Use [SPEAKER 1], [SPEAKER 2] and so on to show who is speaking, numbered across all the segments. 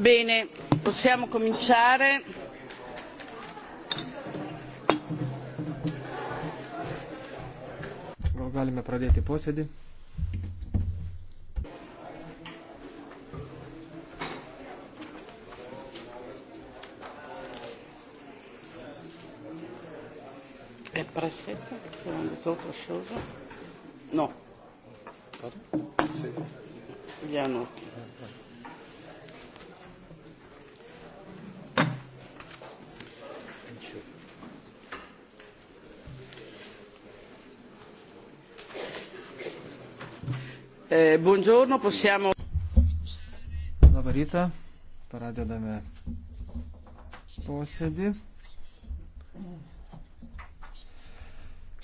[SPEAKER 1] Bene, possiamo cominciare.
[SPEAKER 2] Gal galime pradėti posėdį? È presetto? C'è un'altra cosa? No.
[SPEAKER 1] Gianotti. buongiorno, possiamo. Labą rytą, pradedame posėdį.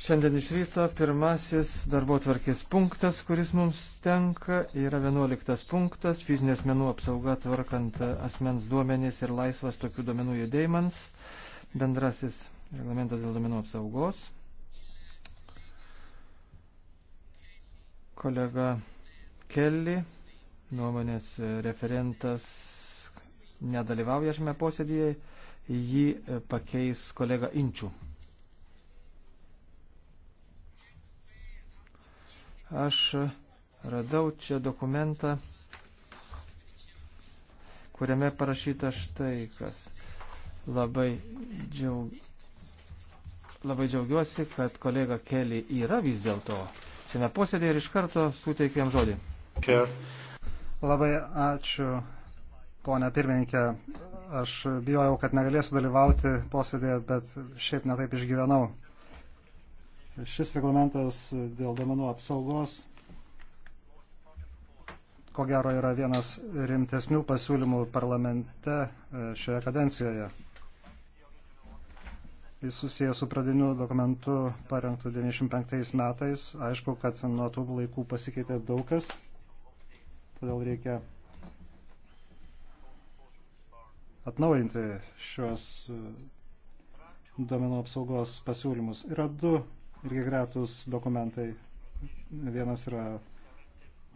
[SPEAKER 2] Šiandien iš ryto pirmasis darbo tvarkės punktas, kuris mums tenka, yra 11 punktas - fizinės menų apsauga tvarkant asmens duomenys ir laisvas tokių duomenų judėjimams, bendrasis reglamentas dėl duomenų apsaugos. Kolega Kelly, nuomonės referentas nedalyvauja šiame posėdėje, jį pakeis kolega Inčių. Aš radau čia dokumentą, kuriame parašyta štai kas. Labai, džiaug... Labai džiaugiuosi, kad kolega Kelly yra vis dėlto šiame posėdėje ir iš karto
[SPEAKER 3] suteikėm žodį. Sure. Labai ačiū, ponia pirmininkė. Aš bijojau, kad negalėsiu dalyvauti posėdėje, bet šiaip netaip išgyvenau. Šis reglamentas dėl domenų apsaugos ko gero yra vienas rimtesnių pasiūlymų parlamente e, šioje kadencijoje. Jis susijęs su pradiniu dokumentu parengtu 95 metais. Aišku, kad nuo tų laikų pasikeitė daugas. Todėl reikia atnaujinti šios e, duomenų apsaugos pasiūlymus. Yra du irgi gretus dokumentai. Vienas yra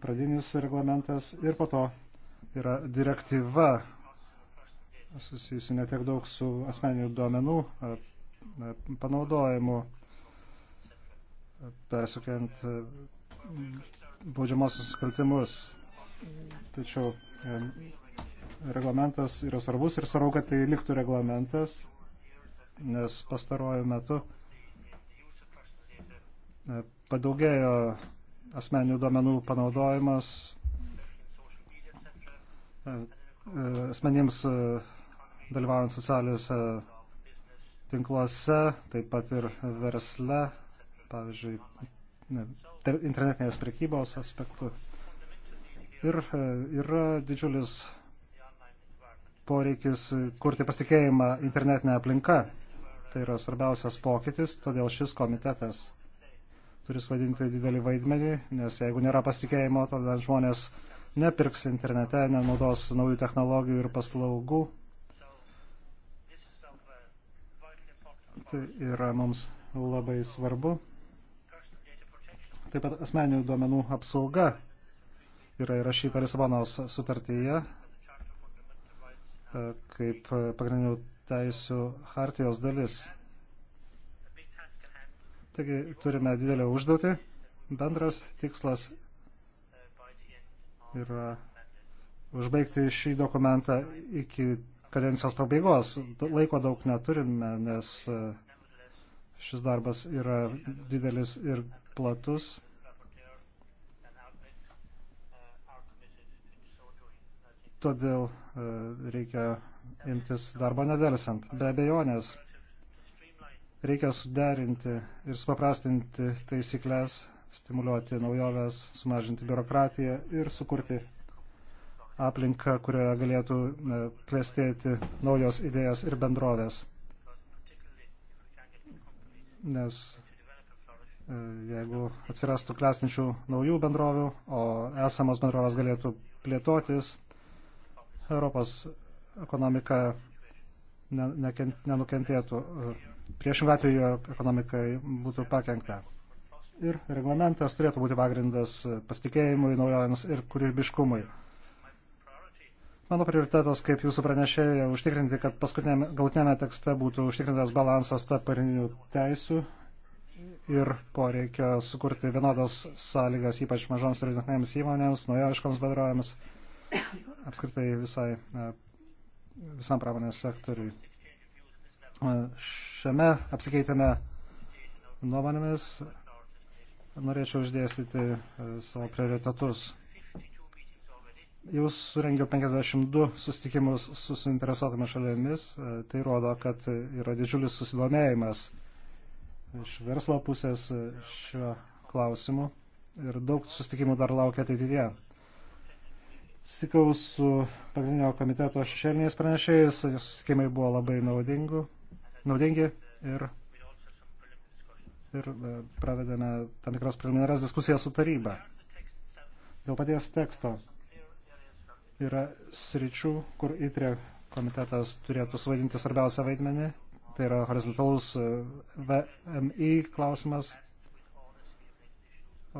[SPEAKER 3] pradinis reglamentas ir po to yra direktyva susijusi netiek daug su asmeninių duomenų e, e, panaudojimu, persukiant baudžiamosius nusikaltimus. Tačiau reglamentas yra svarbus ir svarbu, kad tai liktų reglamentas, nes pastaruoju metu e, padaugėjo asmeninių duomenų panaudojimas e, e, asmenims dalyvaujant socialiniuose tinkluose, taip pat ir versle, pavyzdžiui, internetinės prekybos aspektu. Ir e, yra didžiulis poreikis kurti pasitikėjimą internetinę aplinką. Tai yra svarbiausias pokytis, todėl šis komitetas turi vadinti didelį vaidmenį, nes jeigu nėra pasitikėjimo, tada žmonės nepirks internete, nenaudos naujų technologijų ir paslaugų. Tai yra mums labai svarbu. Taip pat asmeninių duomenų apsauga yra įrašyta Lisabonos sutartyje e, kaip pagrindinių teisų hartijos dalis. Taigi turime didelę užduotį. Bendras tikslas yra užbaigti šį dokumentą iki kadencijos pabaigos. Laiko daug neturime, nes e, šis darbas yra didelis ir platus. todėl e, reikia imtis darbo nedelsant. Be abejonės, reikia suderinti ir supaprastinti taisyklės, stimuliuoti naujoves, sumažinti biurokratiją ir sukurti aplinką, kurioje galėtų e, klestėti naujos idėjas ir bendrovės. Nes e, jeigu atsirastų klestinčių naujų bendrovių, o esamos bendrovės galėtų plėtotis, Europos ekonomika nenukentėtų. Priešingą atveju ekonomikai būtų pakengta. Ir reglamentas turėtų būti pagrindas pasitikėjimui, naujojams ir kūrybiškumui. Mano prioritetas, kaip jūsų pranešėja, užtikrinti, kad galutinėme tekste būtų užtikrintas balansas tarp parinių teisių ir poreikio sukurti vienodas sąlygas ypač mažoms ir vidutinėms įmonėms, naujoviškoms bendrovėms apskritai visai, e, visam pramonės sektoriui. E, šiame apsikeitėme nuomonėmis. Norėčiau išdėstyti e, savo prioritetus. Jau surengiau 52 susitikimus su suinteresuotomis šalėmis. Tai rodo, kad yra didžiulis susidomėjimas iš verslo pusės šiuo klausimu ir daug susitikimų dar laukia ateityje. Sutikau su pagrindinio komiteto šešėliniais pranešėjais, jos skimai buvo labai naudingu, naudingi ir, ir e, pravedėme tam tikras preliminaras diskusijas su taryba. Dėl paties teksto yra sričių, kur ITRE komitetas turėtų suvaidinti svarbiausią vaidmenį. Tai yra horizontalus e, VMI klausimas.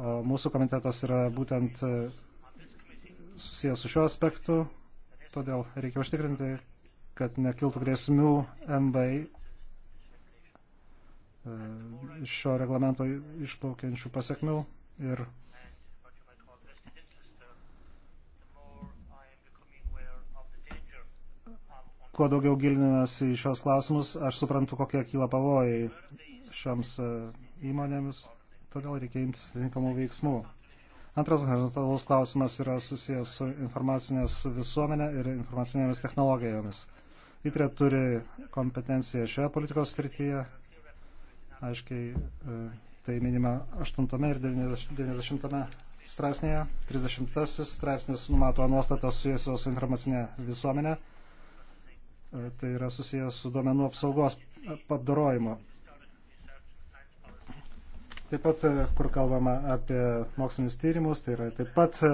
[SPEAKER 3] O mūsų komitetas yra būtent e, susijęs su šiuo aspektu, todėl reikia užtikrinti, kad nekiltų grėsmių MBI e, šio reglamento išplaukiančių pasiekmių ir kuo daugiau gilinamės į šios klausimus, aš suprantu, kokie kyla pavojai šioms e, įmonėmis, todėl reikia imtis atitinkamų veiksmų. Antras horizontalus klausimas yra susijęs su informacinės visuomenė ir informacinėmis technologijomis. ITRE turi kompetenciją šioje politikos srityje. Aiškiai, e, tai minima 8 ir 90 straipsnėje. 30 straipsnis numato nuostatas susijusios su informacinė visuomenė. E, tai yra susijęs su duomenų apsaugos apdorojimu. Taip pat, e, kur kalbama apie mokslinius tyrimus, tai yra taip pat e,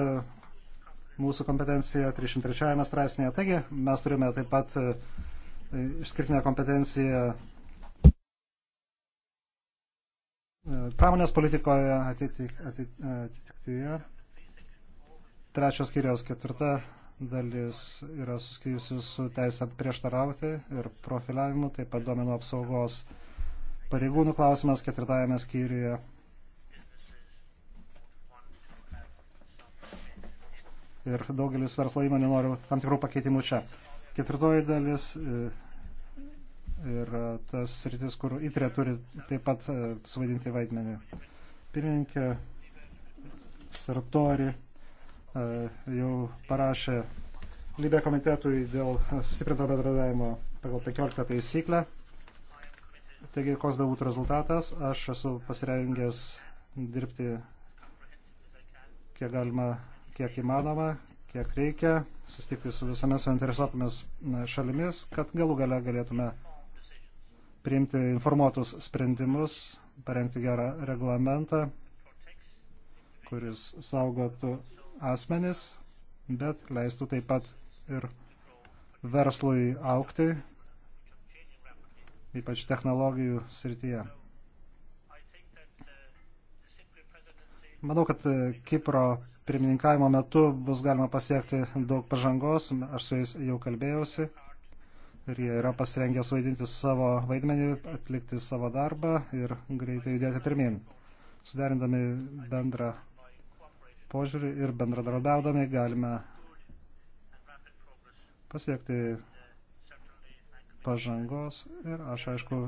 [SPEAKER 3] mūsų kompetencija 303 straipsnėje. Taigi, mes turime taip pat e, išskirtinę kompetenciją pramonės politikoje atitiktyje. Atitik, atitik, Trečios skyriaus ketvirta dalis yra susijusi su teisė prieštarauti ir profiliavimu, taip pat duomenų apsaugos Pareigūnų klausimas ketvirtajame skyriuje. Ir daugelis verslo įmonių nori tam tikrų pakeitimų čia. Ketvirtoji dalis ir e, tas sritis, kur ITRE turi taip pat e, suvaidinti vaidmenį. Pirmininkė Sartori e, jau parašė Libė komitetui dėl stiprinto bendradavimo pagal 15 taisyklę. Taigi, koks be būtų rezultatas, aš esu pasirengęs dirbti kiek galima, kiek įmanoma, kiek reikia, susitikti su visomis suinteresuotomis šalimis, kad galų gale galėtume priimti informuotus sprendimus, parengti gerą reglamentą, kuris saugotų asmenis, bet leistų taip pat ir verslui aukti ypač technologijų srityje. Manau, kad e, Kipro pirmininkavimo metu bus galima pasiekti daug pažangos, aš su jais jau kalbėjausi ir jie yra pasirengę suvaidinti savo vaidmenį, atlikti savo darbą ir greitai judėti pirmin. Suderindami bendrą požiūrį ir bendradarbiaudami galime pasiekti pažangos ir aš, aišku,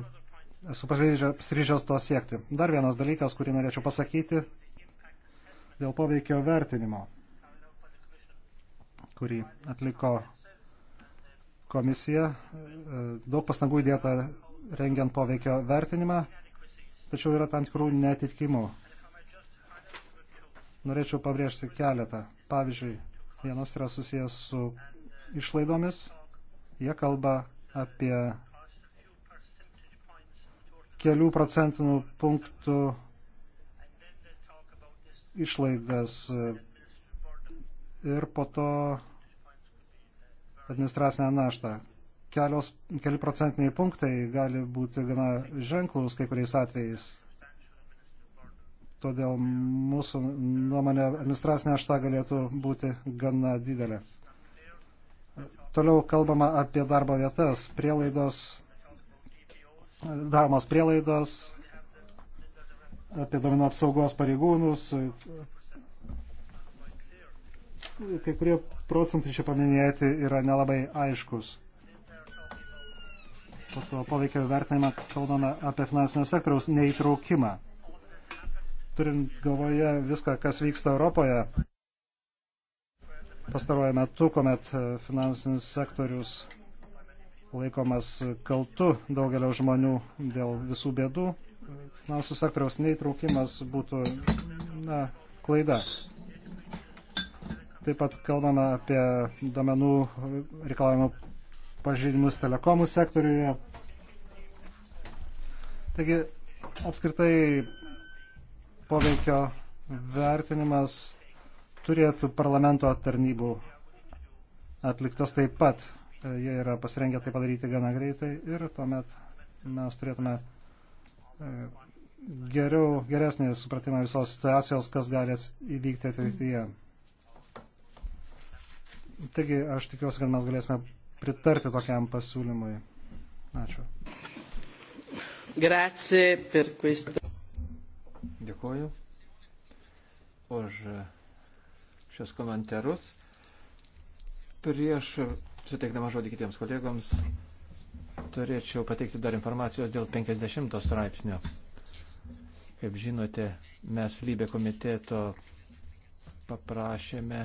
[SPEAKER 3] esu pasiryžęs to siekti. Dar vienas dalykas, kurį norėčiau pasakyti dėl poveikio vertinimo, kurį atliko komisija. Daug pastangų įdėta rengiant poveikio vertinimą, tačiau yra tam tikrų netitikimų. Norėčiau pabrėžti keletą. Pavyzdžiui, vienas yra susijęs su išlaidomis. Jie kalba apie kelių procentinių punktų išlaidas ir po to administracinę naštą. Kelios, keli procentiniai punktai gali būti gana ženklus kai kuriais atvejais. Todėl mūsų nuomonė administracinė našta galėtų būti gana didelė. Toliau kalbama apie darbo vietas, prielaidos, daromos prielaidos, apie domino apsaugos pareigūnus. Kai kurie procentai čia paminėti yra nelabai aiškus. Po to poveikio vertinimą kalbame apie finansinio sektoriaus neįtraukimą. Turint galvoje viską, kas vyksta Europoje, pastaruoju metu, kuomet finansinis sektorius laikomas kaltu daugelio žmonių dėl visų bėdų, finansų sektoriaus neįtraukimas būtų na, klaida. Taip pat kalbame apie domenų reikalavimų pažeidimus telekomų sektoriuje. Taigi, apskritai poveikio vertinimas turėtų parlamento tarnybų atliktas taip pat. Jie yra pasirengę tai padaryti gana greitai ir tuomet mes turėtume e, geriau, geresnį supratimą visos situacijos, kas gali įvykti ateityje. Taigi aš tikiuosi, kad mes galėsime pritarti tokiam pasiūlymui. Ačiū. Grazie per questo. Dėkuoju už
[SPEAKER 2] šios komentarus. Prieš suteikdama žodį kitiems kolegoms, turėčiau pateikti dar informacijos dėl 50 straipsnio. Kaip žinote, mes lybė komiteto paprašėme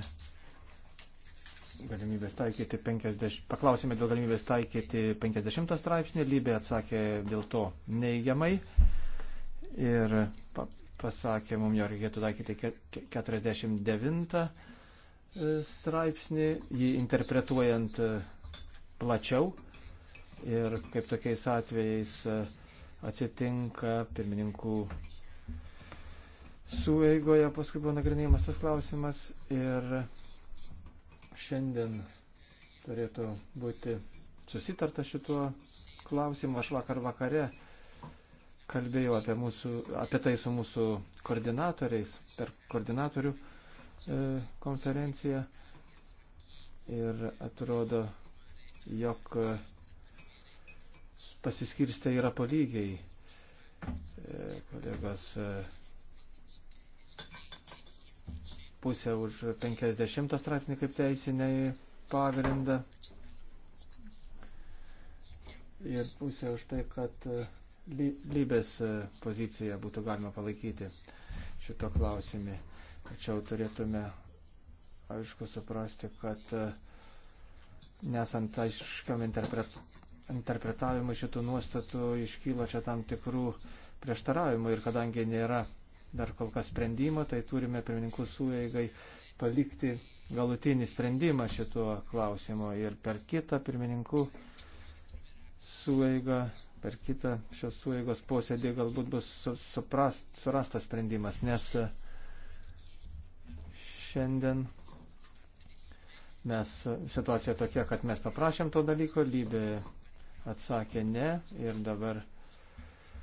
[SPEAKER 2] galimybės taikyti 50, paklausėme dėl galimybės taikyti 50 straipsnį, lybė atsakė dėl to neigiamai ir pasakė mums, jog reikėtų taikyti 49 e, straipsnį, jį interpretuojant e, plačiau ir kaip tokiais atvejais e, atsitinka pirmininkų sueigoje, paskui buvo nagrinėjimas tas klausimas ir šiandien turėtų būti susitarta šituo klausimu. Aš vakar vakare kalbėjau apie, mūsų, apie tai su mūsų koordinatoriais per koordinatorių e, konferenciją ir atrodo, jog e, pasiskirstę yra polygiai. E, kolegos e, pusė už 50 straipsnį kaip teisiniai pagrindą ir pusė už tai, kad e, lybės e, poziciją būtų galima palaikyti šito klausimį. Tačiau turėtume aišku suprasti, kad e, nesant aiškiam interpretavimui šitų nuostatų iškyla čia tam tikrų prieštaravimų ir kadangi nėra dar kol kas sprendimo, tai turime pirmininkų sueigai palikti galutinį sprendimą šituo klausimu ir per kitą pirmininkų sueigą, per kitą šios sueigos posėdį galbūt bus suprast, surastas sprendimas, nes e, šiandien mes e, situacija tokia, kad mes paprašėm to dalyko, lybė atsakė ne ir dabar,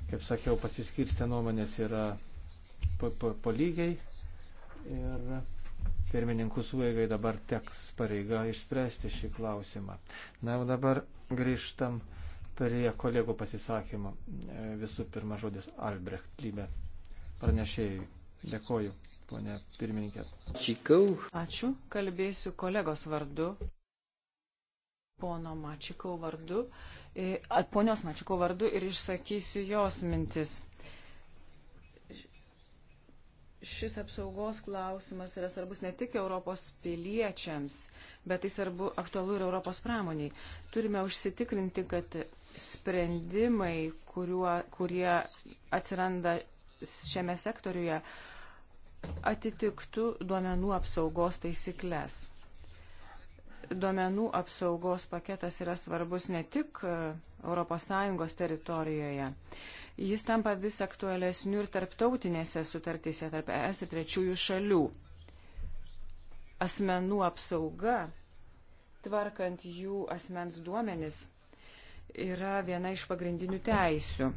[SPEAKER 2] kaip sakiau, pasiskirstė nuomonės yra polygiai ir pirmininkų suvaigai dabar teks pareiga išspręsti šį klausimą. Na, o dabar grįžtam prie kolegų pasisakymų. E, visų pirma žodis Albrecht Lybė. Pranešėjai. Dėkoju, ponė pirmininkė. Čikau.
[SPEAKER 4] Ačiū. Kalbėsiu kolegos vardu. Pono Mačikau vardu. E, ponios Mačikau vardu ir išsakysiu jos mintis šis apsaugos klausimas yra svarbus ne tik Europos piliečiams, bet tai svarbu aktualu ir Europos pramoniai. Turime užsitikrinti, kad sprendimai, kuriuo, kurie atsiranda šiame sektoriuje, atitiktų duomenų apsaugos taisyklės. Duomenų apsaugos paketas yra svarbus ne tik ES teritorijoje. Uh, jis tampa vis aktualesniu ir tarptautinėse sutartyse tarp ES ir trečiųjų šalių. Asmenų apsauga, tvarkant jų asmens duomenis, yra viena iš pagrindinių teisių.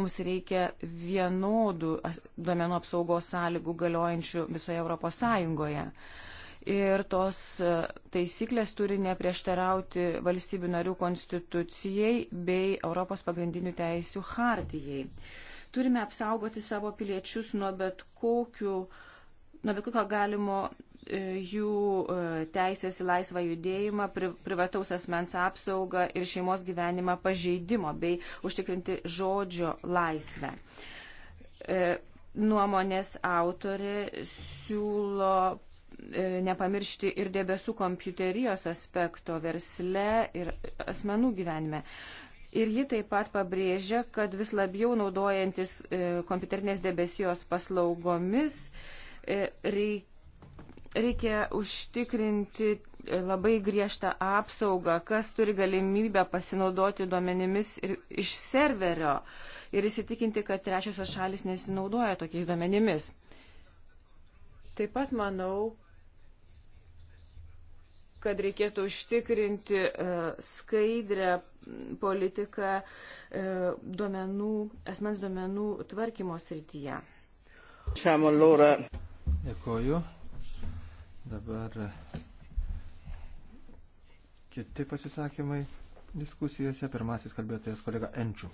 [SPEAKER 4] Mums reikia vienodų duomenų apsaugos sąlygų galiojančių visoje Europos Sąjungoje. Uh, ir tos e, taisyklės turi neprieštarauti valstybių narių konstitucijai bei Europos pagrindinių teisių hartijai. Turime apsaugoti savo piliečius nuo bet kokių, nuo bet kokio galimo e, jų e, teisės į laisvą judėjimą, pri, privataus asmens apsaugą ir šeimos gyvenimą pažeidimo bei užtikrinti žodžio laisvę. Nuomonės autorė siūlo E, nepamiršti ir debesų kompiuterijos aspekto versle ir asmenų gyvenime. Ir ji taip pat pabrėžia, kad vis labiau naudojantis e, kompiuterinės debesijos paslaugomis e, reikia užtikrinti labai griežtą apsaugą, kas turi galimybę pasinaudoti duomenimis ir iš serverio ir įsitikinti, kad trečiosios šalis nesinaudoja tokiais duomenimis. Taip pat manau, kad reikėtų užtikrinti e, skaidrę politiką e, duomenų, asmens duomenų tvarkymo srityje. Čia, Malora.
[SPEAKER 2] Dėkoju. Dabar kiti pasisakymai diskusijose. Pirmasis kalbėtojas kolega Enčių.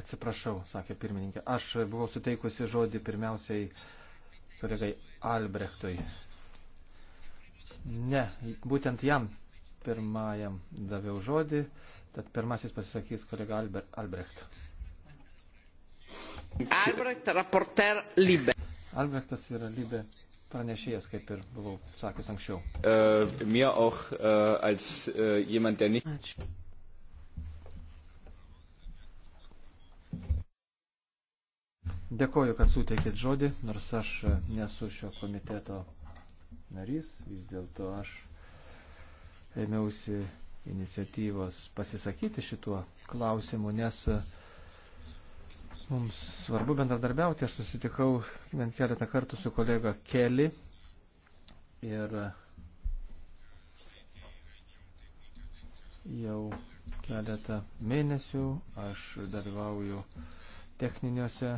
[SPEAKER 2] Atsiprašau, sakė pirmininkė. Aš buvau suteikusi žodį pirmiausiai kolegai Albrechtui. Ne, būtent jam pirmajam daviau žodį, tad pirmasis pasisakys kolega Albert,
[SPEAKER 5] Albrecht.
[SPEAKER 1] Albrecht, raporter Libe.
[SPEAKER 2] Albrechtas yra Libe pranešėjas, kaip ir buvau sakęs anksčiau.
[SPEAKER 5] Uh, mir auch uh, als uh, jemand, der nicht. Ačiū.
[SPEAKER 2] Dėkoju, kad suteikėt žodį, nors aš nesu šio komiteto narys, vis dėlto aš ėmiausi iniciatyvos pasisakyti šituo klausimu, nes e, mums svarbu bendradarbiauti. Aš susitikau bent keletą kartų su kolega Keli ir e, jau keletą mėnesių aš dalyvauju techniniuose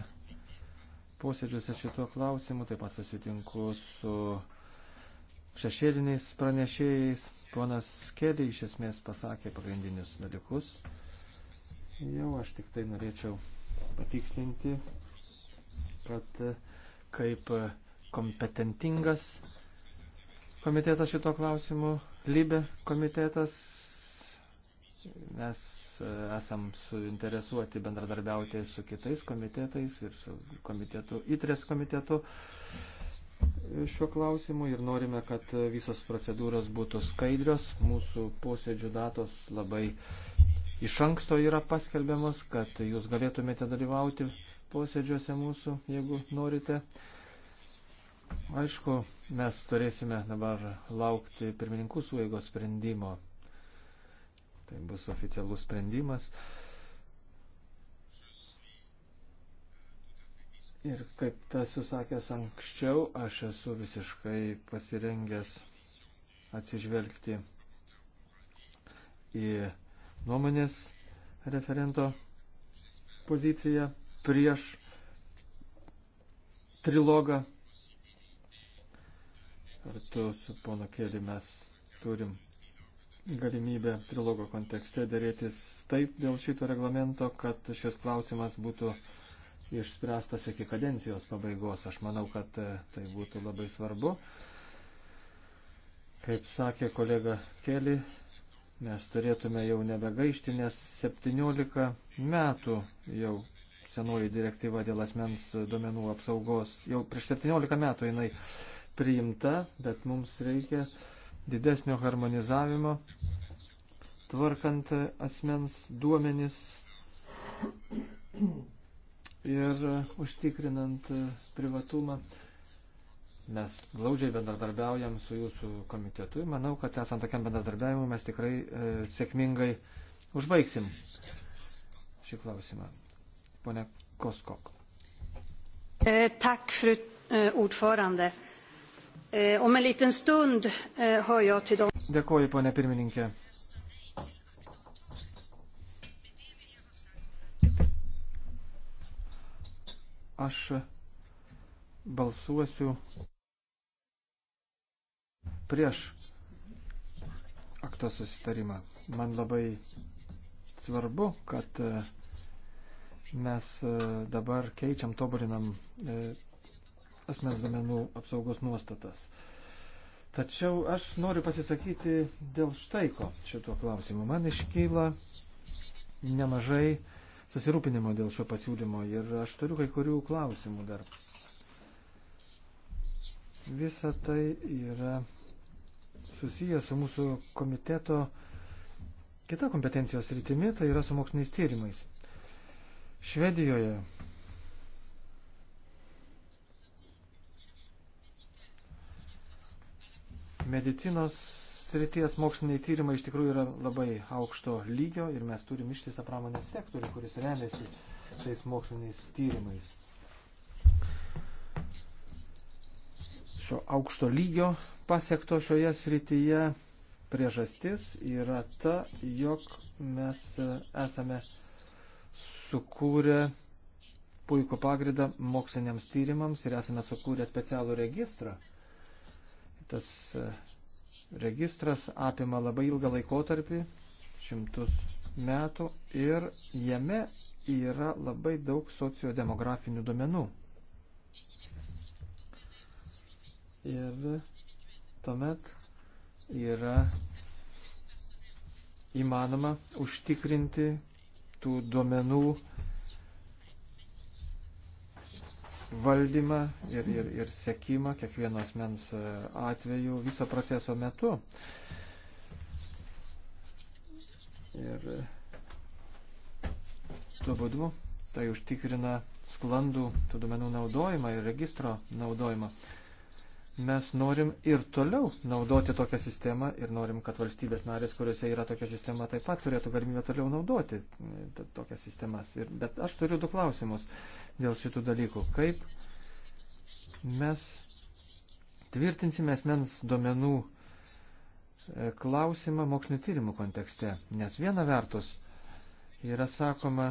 [SPEAKER 2] posėdžiuose šituo klausimu, taip pat susitinku su šešėliniais pranešėjais. Ponas Kėdė iš esmės pasakė pagrindinius dalykus. Jau aš tik tai norėčiau patikslinti, kad e, kaip e, kompetentingas komitetas šito klausimu, Libė komitetas, mes e, esam suinteresuoti bendradarbiauti su kitais komitetais ir su komitetu, ITRES komitetu. Uh, šiuo klausimu ir norime, kad visos procedūros būtų skaidrios. Mūsų posėdžių datos labai iš anksto yra paskelbiamos, kad jūs galėtumėte dalyvauti posėdžiuose mūsų, jeigu norite. Aišku, mes turėsime dabar laukti pirmininkų suėgos sprendimo. Tai bus oficialus sprendimas. Ir kaip tas susakęs anksčiau, aš esu visiškai pasirengęs atsižvelgti į nuomonės referento poziciją prieš trilogą. Kartu su pono Kėlį mes turim galimybę trilogo kontekste dėrėtis taip dėl šito reglamento, kad šis klausimas būtų uh, išspręstas iki kadencijos pabaigos. Aš manau, kad e, tai būtų labai svarbu. Kaip sakė kolega Keli, mes turėtume jau nebegaišti, nes 17 metų jau senoji direktyva dėl asmens duomenų apsaugos, jau prieš 17 metų jinai priimta, bet mums reikia didesnio harmonizavimo, tvarkant asmens duomenis ir e, užtikrinant e, privatumą. Mes glaudžiai bendradarbiaujam su jūsų komitetu ir manau, kad esant tokiam bendradarbiavimui mes tikrai e, sėkmingai užbaigsim šį klausimą. Pone Koskok.
[SPEAKER 6] E, tak, fru e, ordförande. E, om en liten stund e, hör
[SPEAKER 2] jag till dem. Dėkuoju, pone pirmininkė. aš balsuosiu prieš akto susitarimą. Man labai svarbu, kad e, mes e, dabar keičiam, tobulinam e, asmens domenų apsaugos nuostatas. Tačiau aš noriu pasisakyti dėl štaiko šituo klausimu. Man iškyla nemažai uh, susirūpinimo dėl šio pasiūlymo ir aš turiu kai kurių klausimų dar. Visa tai yra susijęs su mūsų komiteto kita kompetencijos rytimi, tai yra su moksliniais tyrimais. Švedijoje medicinos srities moksliniai tyrimai iš tikrųjų yra labai aukšto lygio ir mes turim ištisą pramonės sektorių, kuris remiasi tais moksliniais tyrimais. Šio aukšto lygio pasiekto šioje srityje priežastis yra ta, jog mes esame sukūrę puikų pagrindą moksliniams tyrimams ir esame sukūrę specialų registrą. Tas registras apima labai ilgą laikotarpį, šimtus metų, ir jame yra labai daug sociodemografinių duomenų. Ir tuomet yra įmanoma užtikrinti tų duomenų valdymą ir, ir, ir sekimą kiekvienos mens e, atveju viso proceso metu. Ir e, tuo būdu tai užtikrina sklandų tų duomenų naudojimą ir registro naudojimą mes norim ir toliau naudoti tokią sistemą ir norim, kad valstybės narės, kuriuose yra tokia sistema, taip pat turėtų galimybę toliau naudoti e, tokias sistemas. Ir, bet aš turiu du klausimus dėl šitų dalykų. Kaip mes tvirtinsime asmens duomenų e, klausimą mokslinio tyrimų kontekste? Nes viena vertus yra sakoma,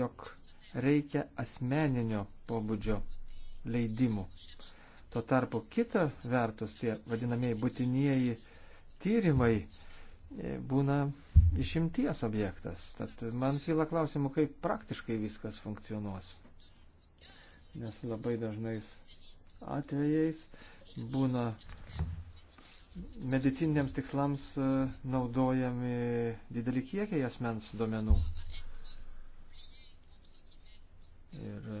[SPEAKER 2] jog reikia asmeninio pobūdžio leidimų. Tuo tarpu kita vertus tie vadinamieji būtinieji tyrimai e, būna išimties objektas. Tad man kyla klausimų, kaip praktiškai viskas funkcionuos. Nes labai dažnais atvejais būna medicininiams tikslams e, naudojami dideli kiekiai asmens duomenų. Ir e,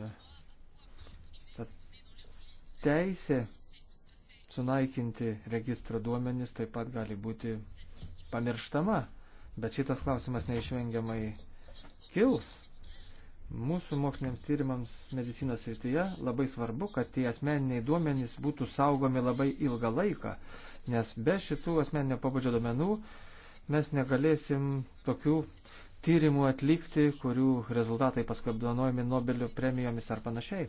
[SPEAKER 2] teisė sunaikinti registro duomenis taip pat gali būti pamirštama, bet šitas klausimas neišvengiamai kils. Mūsų moksliniams tyrimams medicinos srityje labai svarbu, kad tie asmeniniai duomenys būtų saugomi labai ilgą laiką, nes be šitų asmeninio pabudžio duomenų mes negalėsim tokių tyrimų atlikti, kurių rezultatai paskui apdovanojami Nobelio premijomis ar panašiai.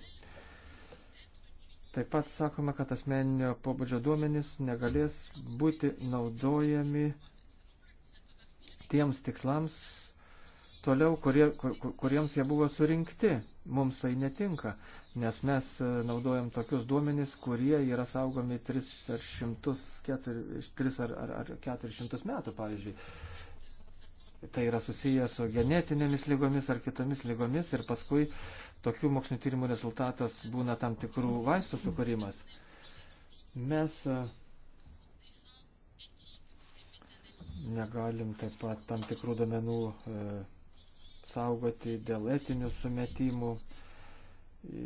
[SPEAKER 2] Taip pat sakoma, kad asmeninio pobūdžio duomenys negalės būti naudojami tiems tikslams toliau, kurie, kur, kuriems jie buvo surinkti. Mums tai netinka, nes mes e, naudojam tokius duomenys, kurie yra saugomi 3 ar, 104, 3 ar, ar, ar 400 metų, pavyzdžiui tai yra susiję su genetinėmis lygomis ar kitomis lygomis ir paskui tokių mokslinio tyrimų rezultatas būna tam tikrų vaistų sukūrimas. Mes e, negalim taip pat tam tikrų domenų e, saugoti dėl etinių sumetimų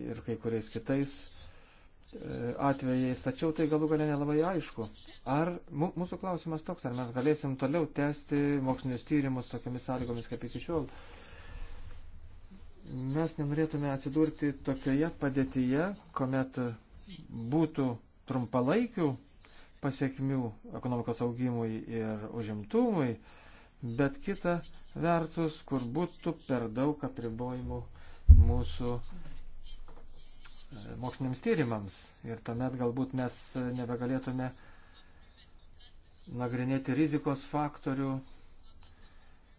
[SPEAKER 2] ir kai kuriais kitais atvejais, tačiau tai galų galę nelabai aišku. Ar mūsų klausimas toks, ar mes galėsim toliau tęsti mokslinius tyrimus tokiamis sąlygomis kaip iki šiol? Mes nenorėtume atsidurti tokioje padėtyje, kuomet būtų trumpalaikių pasiekmių ekonomikos augimui ir užimtumui, bet kita vertus, kur būtų per daug apribojimų mūsų moksliniams tyrimams ir tuomet galbūt mes nebegalėtume nagrinėti rizikos faktorių,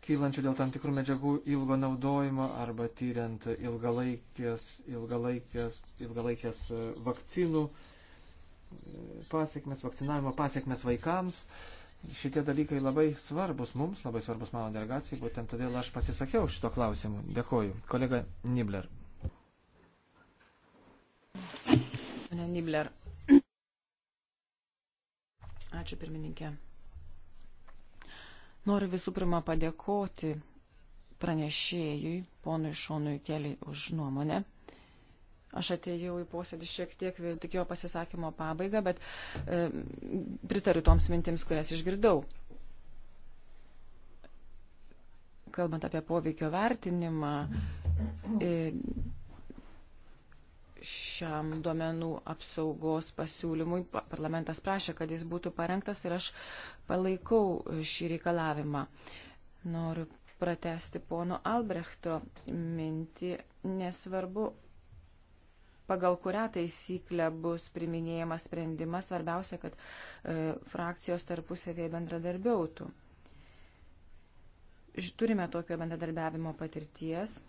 [SPEAKER 2] kylančių dėl tam tikrų medžiagų ilgo naudojimo arba tyriant ilgalaikės, ilgalaikės, ilgalaikės e, vakcinų e, pasiekmes, vakcinavimo pasiekmes vaikams. Šitie dalykai labai svarbus mums, labai svarbus mano delegacijai, būtent todėl aš pasisakiau šito klausimu. Dėkoju. Kolega Nibler.
[SPEAKER 4] Pane Nibler. Ačiū pirmininkė. Noriu visų pirma padėkoti pranešėjui, ponui Šonui Keliai, už nuomonę. Aš atėjau į posėdį šiek tiek tikėjo pasisakymo pabaigą, bet e, pritariu toms mintims, kurias išgirdau. Kalbant apie poveikio vertinimą, e, šiam duomenų apsaugos pasiūlymui. Parlamentas prašė, kad jis būtų parengtas ir aš palaikau šį reikalavimą. Noriu pratesti pono Albrechto mintį, nesvarbu, pagal kurią taisyklę bus priminėjamas sprendimas, svarbiausia, kad e, frakcijos tarpusavėje bendradarbiautų. Turime tokio bendradarbiavimo patirties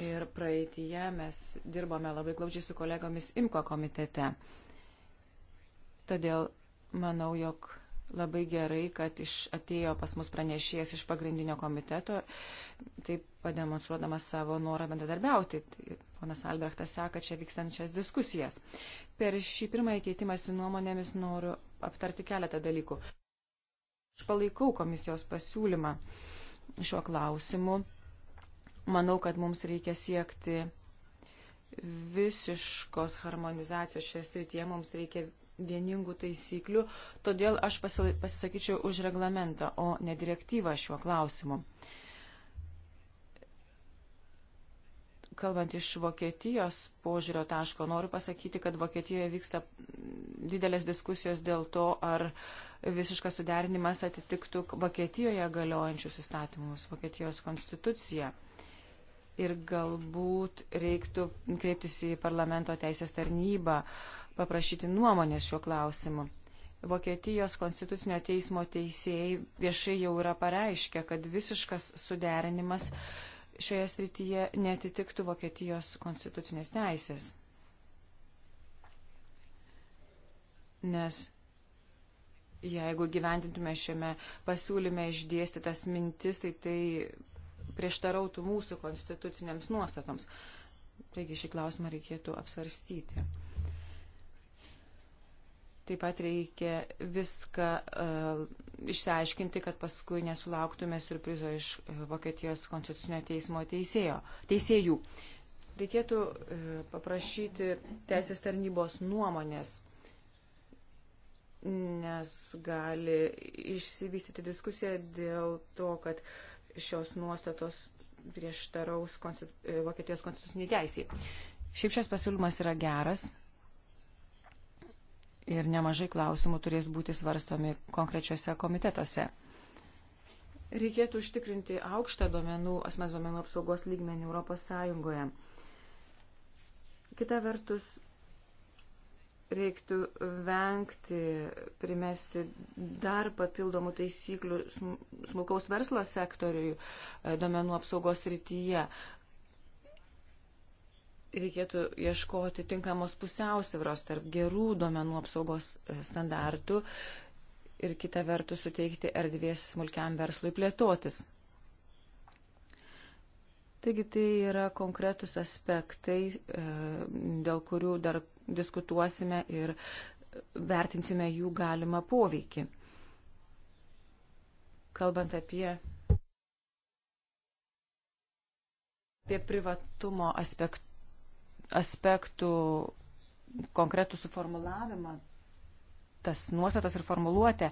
[SPEAKER 4] Ir praeitie mes dirbome labai glaudžiai su kolegomis IMKO komitete. Todėl manau, jog labai gerai, kad iš, atėjo pas mus pranešėjas iš pagrindinio komiteto, taip pademonstruodamas savo norą bendradarbiauti. Tai ponas Albrechtas seka čia vykstančias diskusijas. Per šį pirmąjį keitimąsi nuomonėmis noriu aptarti keletą dalykų. Aš palaikau komisijos pasiūlymą šiuo klausimu manau, kad mums reikia siekti visiškos harmonizacijos šioje srityje, mums reikia vieningų taisyklių, todėl aš pasisakyčiau už reglamentą, o ne direktyvą šiuo klausimu. Kalbant iš Vokietijos požiūrio taško, noriu pasakyti, kad Vokietijoje vyksta didelės diskusijos dėl to, ar visiškas suderinimas atitiktų Vokietijoje galiojančius įstatymus, Vokietijos konstituciją ir galbūt reiktų kreiptis į parlamento teisės tarnybą, paprašyti nuomonės šiuo klausimu. Vokietijos konstitucinio teismo teisėjai viešai jau yra pareiškę, kad visiškas suderinimas šioje srityje netitiktų Vokietijos konstitucinės teisės. Nes jeigu gyventintume šiame pasiūlyme išdėstytas mintis, tai tai prieštarautų mūsų konstituciniams nuostatoms. Taigi šį klausimą reikėtų apsvarstyti. Taip pat reikia viską uh, išsiaiškinti, kad paskui nesulauktume surprizo iš e, Vokietijos konstitucinio teismo teisėjo, teisėjų. Reikėtų uh, paprašyti teisės tarnybos nuomonės, nes gali išsivystyti diskusija dėl to, kad uh, šios nuostatos prieštaraus konstitu, e, Vokietijos konstituciniai teisiai. Šiaip šias pasiūlymas yra geras ir nemažai klausimų turės būti svarstomi konkrečiose komitetuose. Reikėtų užtikrinti aukštą domenų, asmens domenų apsaugos lygmenį Europos Sąjungoje. Kita vertus, reiktų vengti primesti dar papildomų taisyklių smulkaus verslo sektoriui e, domenų apsaugos rytyje. Reikėtų ieškoti tinkamos pusiausvyros tarp gerų domenų apsaugos e, standartų ir kitą vertus suteikti erdvės smulkiam verslui plėtotis. Taigi tai yra konkretus aspektai, e, dėl kurių dar diskutuosime ir vertinsime jų galimą poveikį. Kalbant apie, apie privatumo aspekt, aspektų konkretų suformulavimą, tas nuostatas ir formuluotę,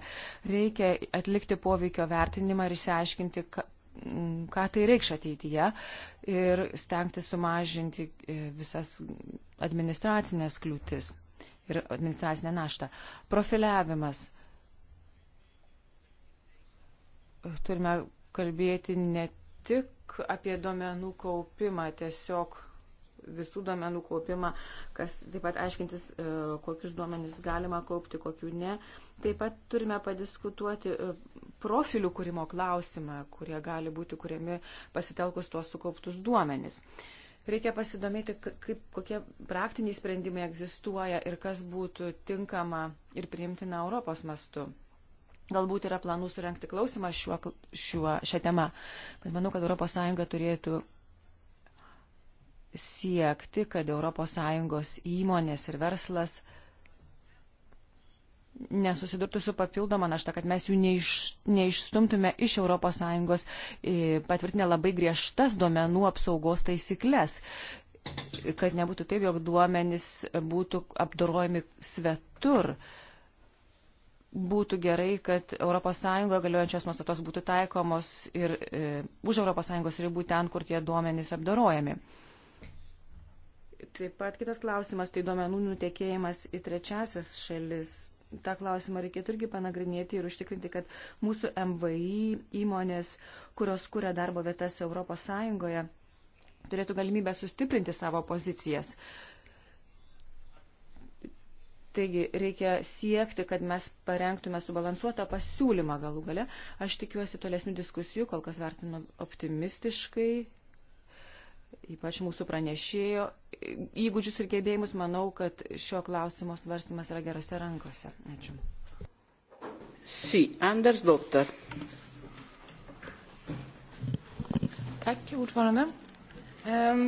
[SPEAKER 4] reikia atlikti poveikio vertinimą ir išsiaiškinti, ką tai reikš ateityje ir stengti sumažinti e, visas administracinės kliūtis ir administracinę naštą. Profiliavimas. Turime kalbėti ne tik apie duomenų kaupimą, tiesiog visų duomenų kaupimą, kas taip pat aiškintis, e, kokius duomenys galima kaupti, kokių ne, Taip pat turime padiskutuoti e, profilių kūrimo klausimą, kurie gali būti kuriami pasitelkus tuos sukauptus duomenis. Reikia pasidomėti, kaip, kokie praktiniai sprendimai egzistuoja ir kas būtų tinkama ir priimtina Europos mastu. Galbūt yra planų surenkti klausimą šiuo, šiuo, šią temą, bet manau, kad ES turėtų siekti, kad ES įmonės ir verslas nesusidurtų su papildoma našta, kad mes jų neiš, neišstumtume iš ES e, patvirtinę labai griežtas duomenų apsaugos taisyklės, kad nebūtų taip, jog duomenys būtų apdorojami svetur. Būtų gerai, kad ES galiojančios nuostatos būtų taikomos ir e, už ES ribų ten, kur tie duomenys apdorojami. Taip pat kitas klausimas, tai duomenų nutekėjimas į trečiasias šalis tą klausimą reikėtų irgi panagrinėti ir užtikrinti, kad mūsų MVI įmonės, kurios kuria darbo vietas ES, turėtų galimybę sustiprinti savo pozicijas. Taigi reikia siekti, kad mes parengtume subalansuotą pasiūlymą galų gale. Aš tikiuosi tolesnių diskusijų, kol kas vertinu optimistiškai ypač mūsų pranešėjo įgūdžius ir gebėjimus, manau, kad šio klausimo svarstymas yra gerose rankose. Ačiū.
[SPEAKER 1] Sí, Anders Dotter.
[SPEAKER 4] Tack, ordförande. Um,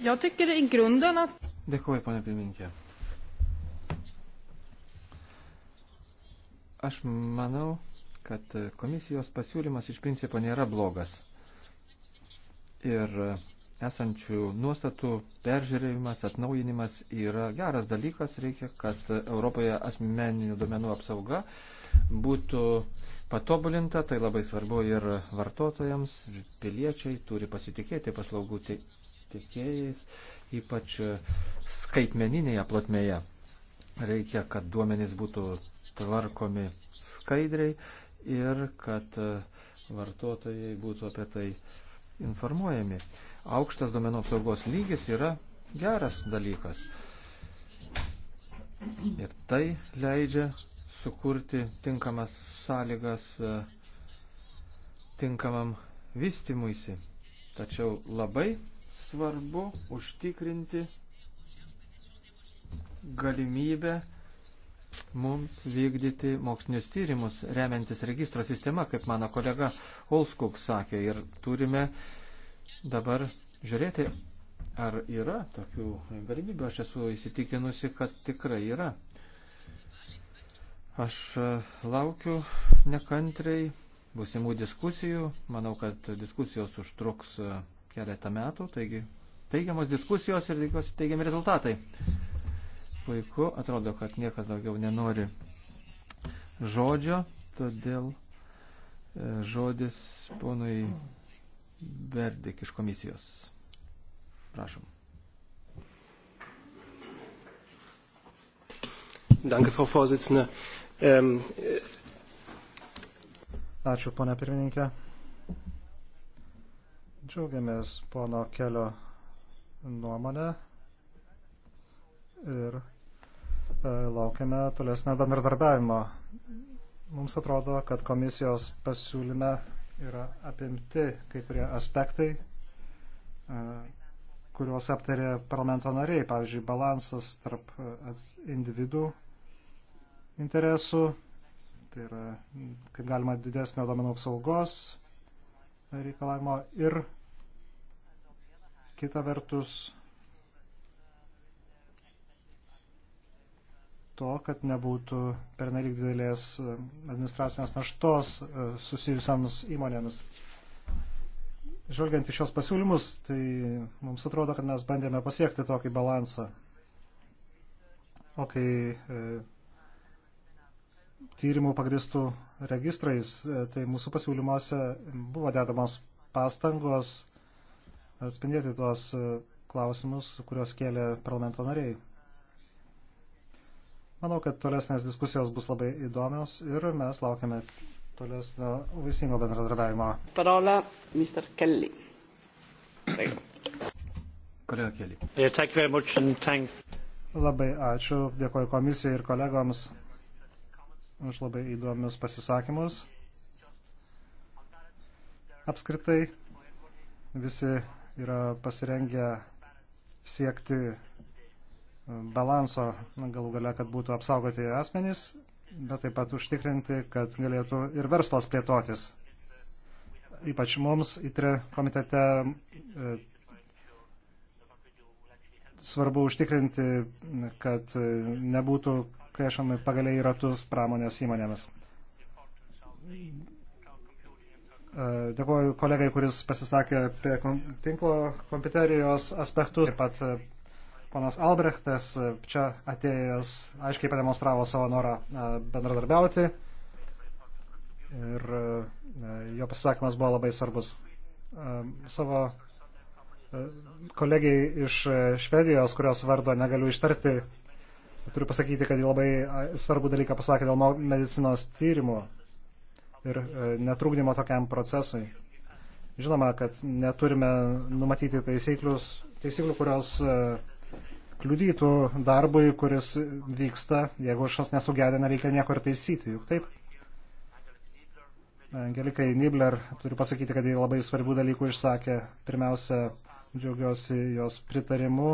[SPEAKER 4] jag tycker i grunden att...
[SPEAKER 2] Dėkuoju, ponia pirmininkė. Aš manau, kad komisijos pasiūlymas iš principo nėra blogas ir esančių nuostatų peržiūrėjimas, atnaujinimas yra geras dalykas, reikia, kad Europoje asmeninių duomenų apsauga būtų patobulinta, tai labai svarbu ir vartotojams, piliečiai turi pasitikėti paslaugų tiekėjais, ypač skaitmeninėje plotmėje. Reikia, kad duomenys būtų tvarkomi skaidriai ir kad vartotojai būtų apie tai uh, informuojami. Aukštas domenų apsaugos lygis yra geras dalykas. Ir tai leidžia sukurti tinkamas sąlygas e, tinkamam vystimuisi. Tačiau labai svarbu užtikrinti galimybę mums vykdyti mokslinius tyrimus, remiantis registro sistema, kaip mano kolega Olskuk sakė. Ir turime dabar žiūrėti, ar yra tokių galimybių. Aš esu įsitikinusi, kad tikrai yra. Aš e, laukiu nekantriai būsimų diskusijų. Manau, kad diskusijos užtruks e, keletą metų, taigi teigiamos diskusijos ir teigiami rezultatai. Puiku, atrodo, kad niekas daugiau nenori žodžio, todėl e, žodis ponui Verdik iš komisijos. Prašom. Danke, Frau Vorsitzende. Ähm, äh,
[SPEAKER 3] Ačiū, ponia pirmininkė. Džiaugiamės pono kelio nuomonę ir e, laukiame tolesnio bendradarbiavimo. Mums atrodo, kad komisijos pasiūlyme yra apimti kai kurie aspektai, e, kuriuos aptarė parlamento nariai, pavyzdžiui, balansas tarp e, individų interesų, tai yra kaip galima didesnio domenų apsaugos reikalavimo ir kita vertus to, kad nebūtų pernelyg didelės e, administracinės naštos e, susijusiams įmonėmis. Žvelgiant į šios pasiūlymus, tai mums atrodo, kad mes bandėme pasiekti tokį balansą. O kai e, tyrimų pagristų registrais, e, tai mūsų pasiūlymuose buvo dedamos pastangos atspindėti tuos e, klausimus, kuriuos kėlė parlamento nariai. Manau, kad tolesnės diskusijos bus labai įdomios ir mes laukiame tolesnio vaisingo bendradarbiavimo.
[SPEAKER 1] Parola, Mr. Kelly.
[SPEAKER 3] Kolega Kelly. Yeah, labai ačiū, dėkoju komisijai ir kolegoms už labai įdomius pasisakymus. Apskritai visi yra pasirengę siekti balanso galų gale, kad būtų apsaugoti asmenys, bet taip pat užtikrinti, kad galėtų ir verslas plėtotis. Ypač mums įtri komitete e, svarbu užtikrinti, kad nebūtų kaišami pagaliai į ratus pramonės įmonėmis. E, Dėkuoju kolegai, kuris pasisakė apie tinklo kompiuterijos aspektus, taip pat Ponas Albrechtas e, čia atėjęs aiškiai pademonstravo savo norą e, bendradarbiauti ir e, jo pasisakymas buvo labai svarbus. Savo kolegijai iš Švedijos, kurios vardo negaliu ištarti, turiu pasakyti, kad jį labai svarbų dalyką pasakė dėl medicinos tyrimų ir netrūkdymo tokiam procesui. Žinoma, kad neturime numatyti taisyklių, kurios kliudytų darbui, kuris vyksta, jeigu kažkas nesugedė, nereikia nieko ir taisyti, juk taip. Angelikai Nibler, turiu pasakyti, kad jie labai svarbių dalykų išsakė. Pirmiausia, džiaugiuosi jos pritarimu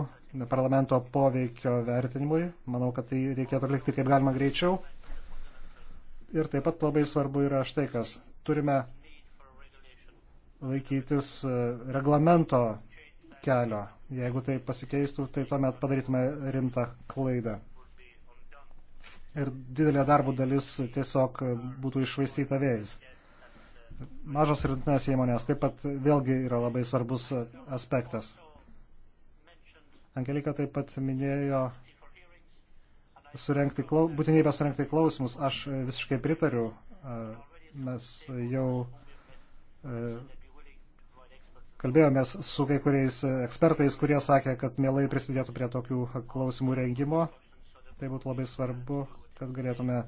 [SPEAKER 3] parlamento poveikio vertinimui. Manau, kad tai reikėtų atlikti kaip galima greičiau. Ir taip pat labai svarbu yra štai kas. Turime laikytis e, reglamento kelio. Jeigu tai pasikeistų, tai tuomet padarytume rimtą klaidą. Ir didelė darbo dalis tiesiog būtų išvaistyta vėjais. Mažos ir vidutinės įmonės taip pat vėlgi yra labai svarbus aspektas. Angelika taip pat minėjo surenkti, būtinybę surenkti klausimus. Aš visiškai pritariu. Mes jau Kalbėjomės su kai kuriais ekspertais, kurie sakė, kad mielai prisidėtų prie tokių klausimų rengimo. Tai būtų labai svarbu, kad galėtume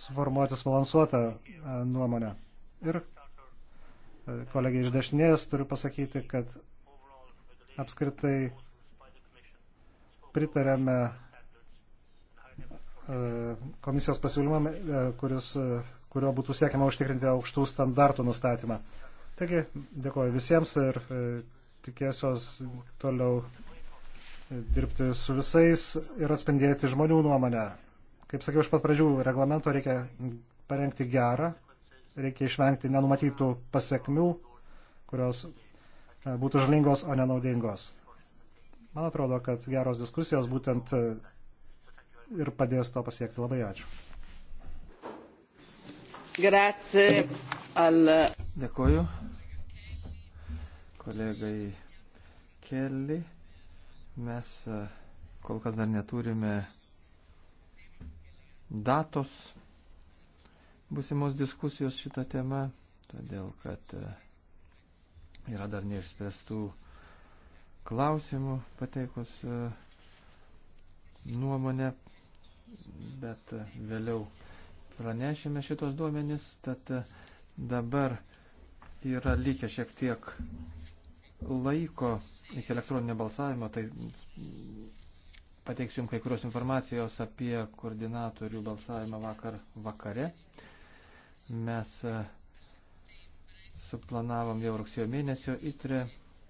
[SPEAKER 3] suformuoti subalansuotą e, nuomonę. Ir e, kolegiai iš dešinės turiu pasakyti, kad apskritai pritarėme e, komisijos pasiūlymam, kuris, kurio būtų siekiama užtikrinti aukštų standartų nustatymą. Taigi, dėkoju visiems ir e, tikėsiuos toliau e, dirbti su visais ir atspindėti žmonių nuomonę. Kaip sakiau, iš pat pradžių reglamento reikia parengti gerą, reikia išvengti nenumatytų pasiekmių, kurios e, būtų žalingos, o nenaudingos. Man atrodo, kad geros diskusijos būtent ir padės to pasiekti. Labai ačiū.
[SPEAKER 1] Grazie. Al...
[SPEAKER 3] Dėkuoju
[SPEAKER 2] kolegai Kelly. Mes e, kol kas dar neturime datos busimos diskusijos šitą temą, todėl kad e, yra dar neišspręstų klausimų pateikus e, nuomonę, bet vėliau pranešime šitos duomenys, tad dabar yra lygia šiek tiek laiko iki elektroninio balsavimo, tai pateiksiu jums kai kurios informacijos apie koordinatorių balsavimą vakar vakare. Mes e, suplanavom jau rugsėjo mėnesio įtre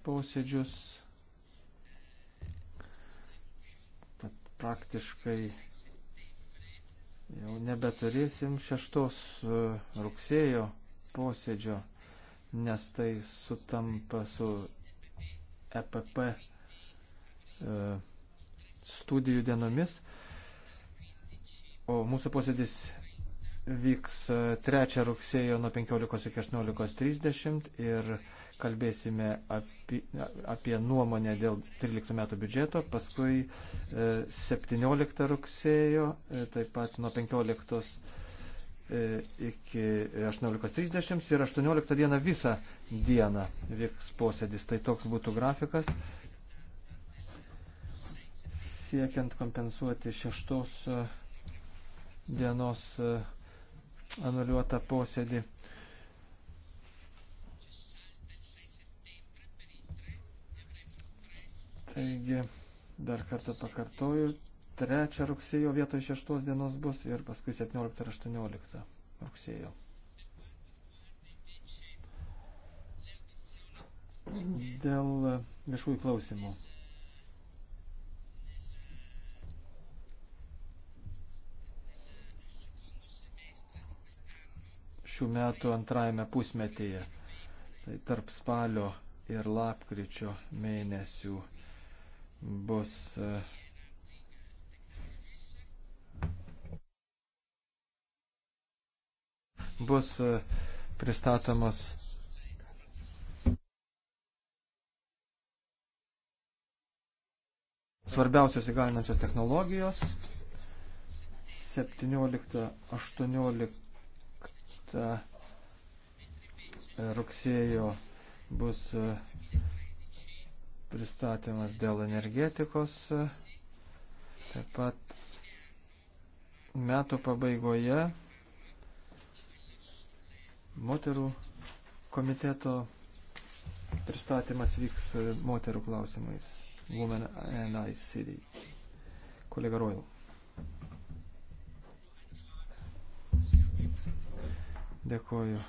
[SPEAKER 2] posėdžius. Tad praktiškai jau nebeturėsim šeštos e, rugsėjo posėdžio, nes tai sutampa su EPP e, studijų dienomis, o mūsų posėdis vyks 3 e, rugsėjo nuo 15 iki 18.30 ir kalbėsime apie, apie nuomonę dėl 13 metų biudžeto, paskui 17 e, rugsėjo, taip pat nuo 15 iki 18.30 ir 18 dieną visą dieną vyks posėdis. Tai toks būtų grafikas. Siekiant kompensuoti šeštos e, dienos e, anuliuotą posėdį. Taigi, dar kartą pakartoju, 3 rugsėjo vietoj 6 dienos bus ir paskui 17 ir 18 rugsėjo. Dėl viešųjų klausimų. šių metų antrajame pusmetyje, tai tarp spalio ir lapkričio mėnesių bus e, bus e, pristatomos svarbiausios įgalinančios technologijos. 17-18 rugsėjo bus e, pristatymas dėl energetikos. Taip pat metų pabaigoje moterų komiteto pristatymas vyks moterų klausimais. Women and ICD. Kolega Royal. Dėkuoju.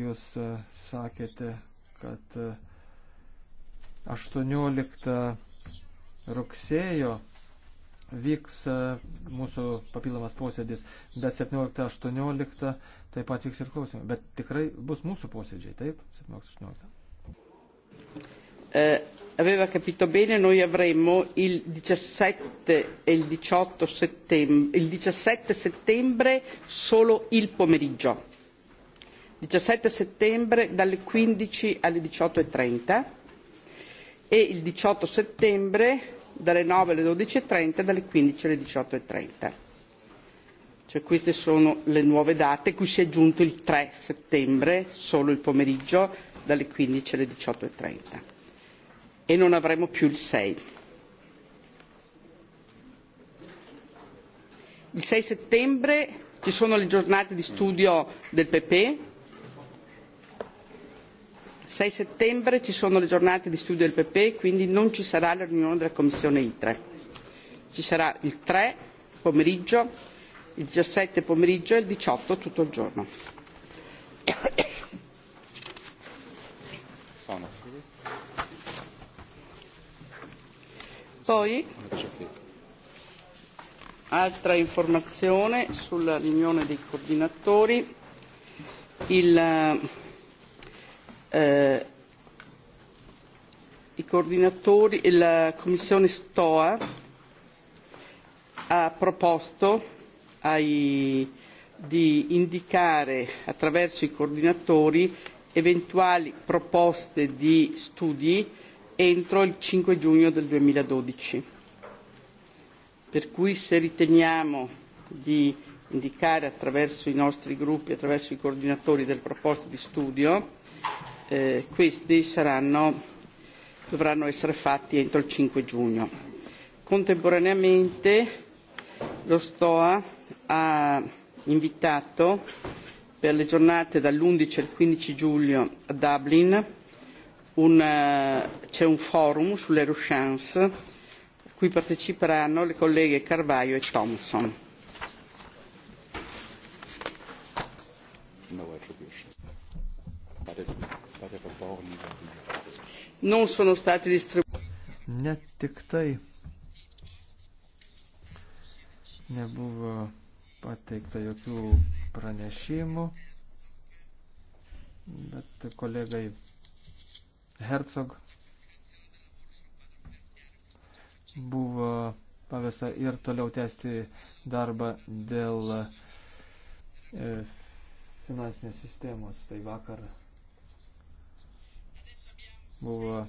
[SPEAKER 2] Jūs e, sakėte, kad 18 e, rugsėjo vyks e, mūsų papildomas posėdis, bet 17-18 taip pat vyks ir klausimai. Bet tikrai bus mūsų posėdžiai, taip? 17-18
[SPEAKER 1] eh, aveva capito bene noi avremmo il 17 e il 18 settembre, il 17 settembre solo il pomeriggio. 17 settembre dalle 15 alle 18.30 e, e il 18 settembre dalle 9 alle 12.30 e dalle 15 alle 18.30. E cioè queste sono le nuove date, cui si è aggiunto il 3 settembre, solo il pomeriggio, dalle 15 alle 18.30 e, e non avremo più il 6. Il 6 settembre ci sono le giornate di studio del PP. 6 settembre ci sono le giornate di studio del PP, quindi non ci sarà la riunione della Commissione ITRE. Ci sarà il 3 pomeriggio, il 17 pomeriggio e il 18 tutto il giorno. Poi altra informazione sulla riunione dei coordinatori. Il, eh, eh i coordinatori e la commissione stoa ha proposto ai, di indicare attraverso i coordinatori eventuali proposte di studi entro il 5 giugno del 2012. Per cui se riteniamo di indicare attraverso i nostri gruppi, attraverso i coordinatori delle proposte di studio, eh, questi saranno, dovranno essere fatti entro il 5 giugno. Contemporaneamente lo STOA ha invitato per le giornate dall'11 al 15 giugno a Dublin un, eh, c'è un forum sulle Ruchance a cui parteciperanno le colleghe Carvaio e Thompson. No non sono stati distribuiti. Net
[SPEAKER 2] tik tai nebuvo pateikta jokių pranešimų, bet kolegai Hercog buvo pavesa ir toliau tęsti darbą dėl e, finansinės sistemos. Tai vakar buvo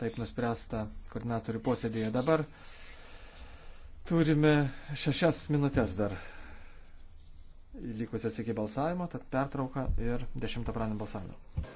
[SPEAKER 2] taip nuspręsta koordinatorių posėdėje. Dabar turime šešias minutės dar likusias iki balsavimo, tad pertrauka ir dešimtą pranį balsavimą.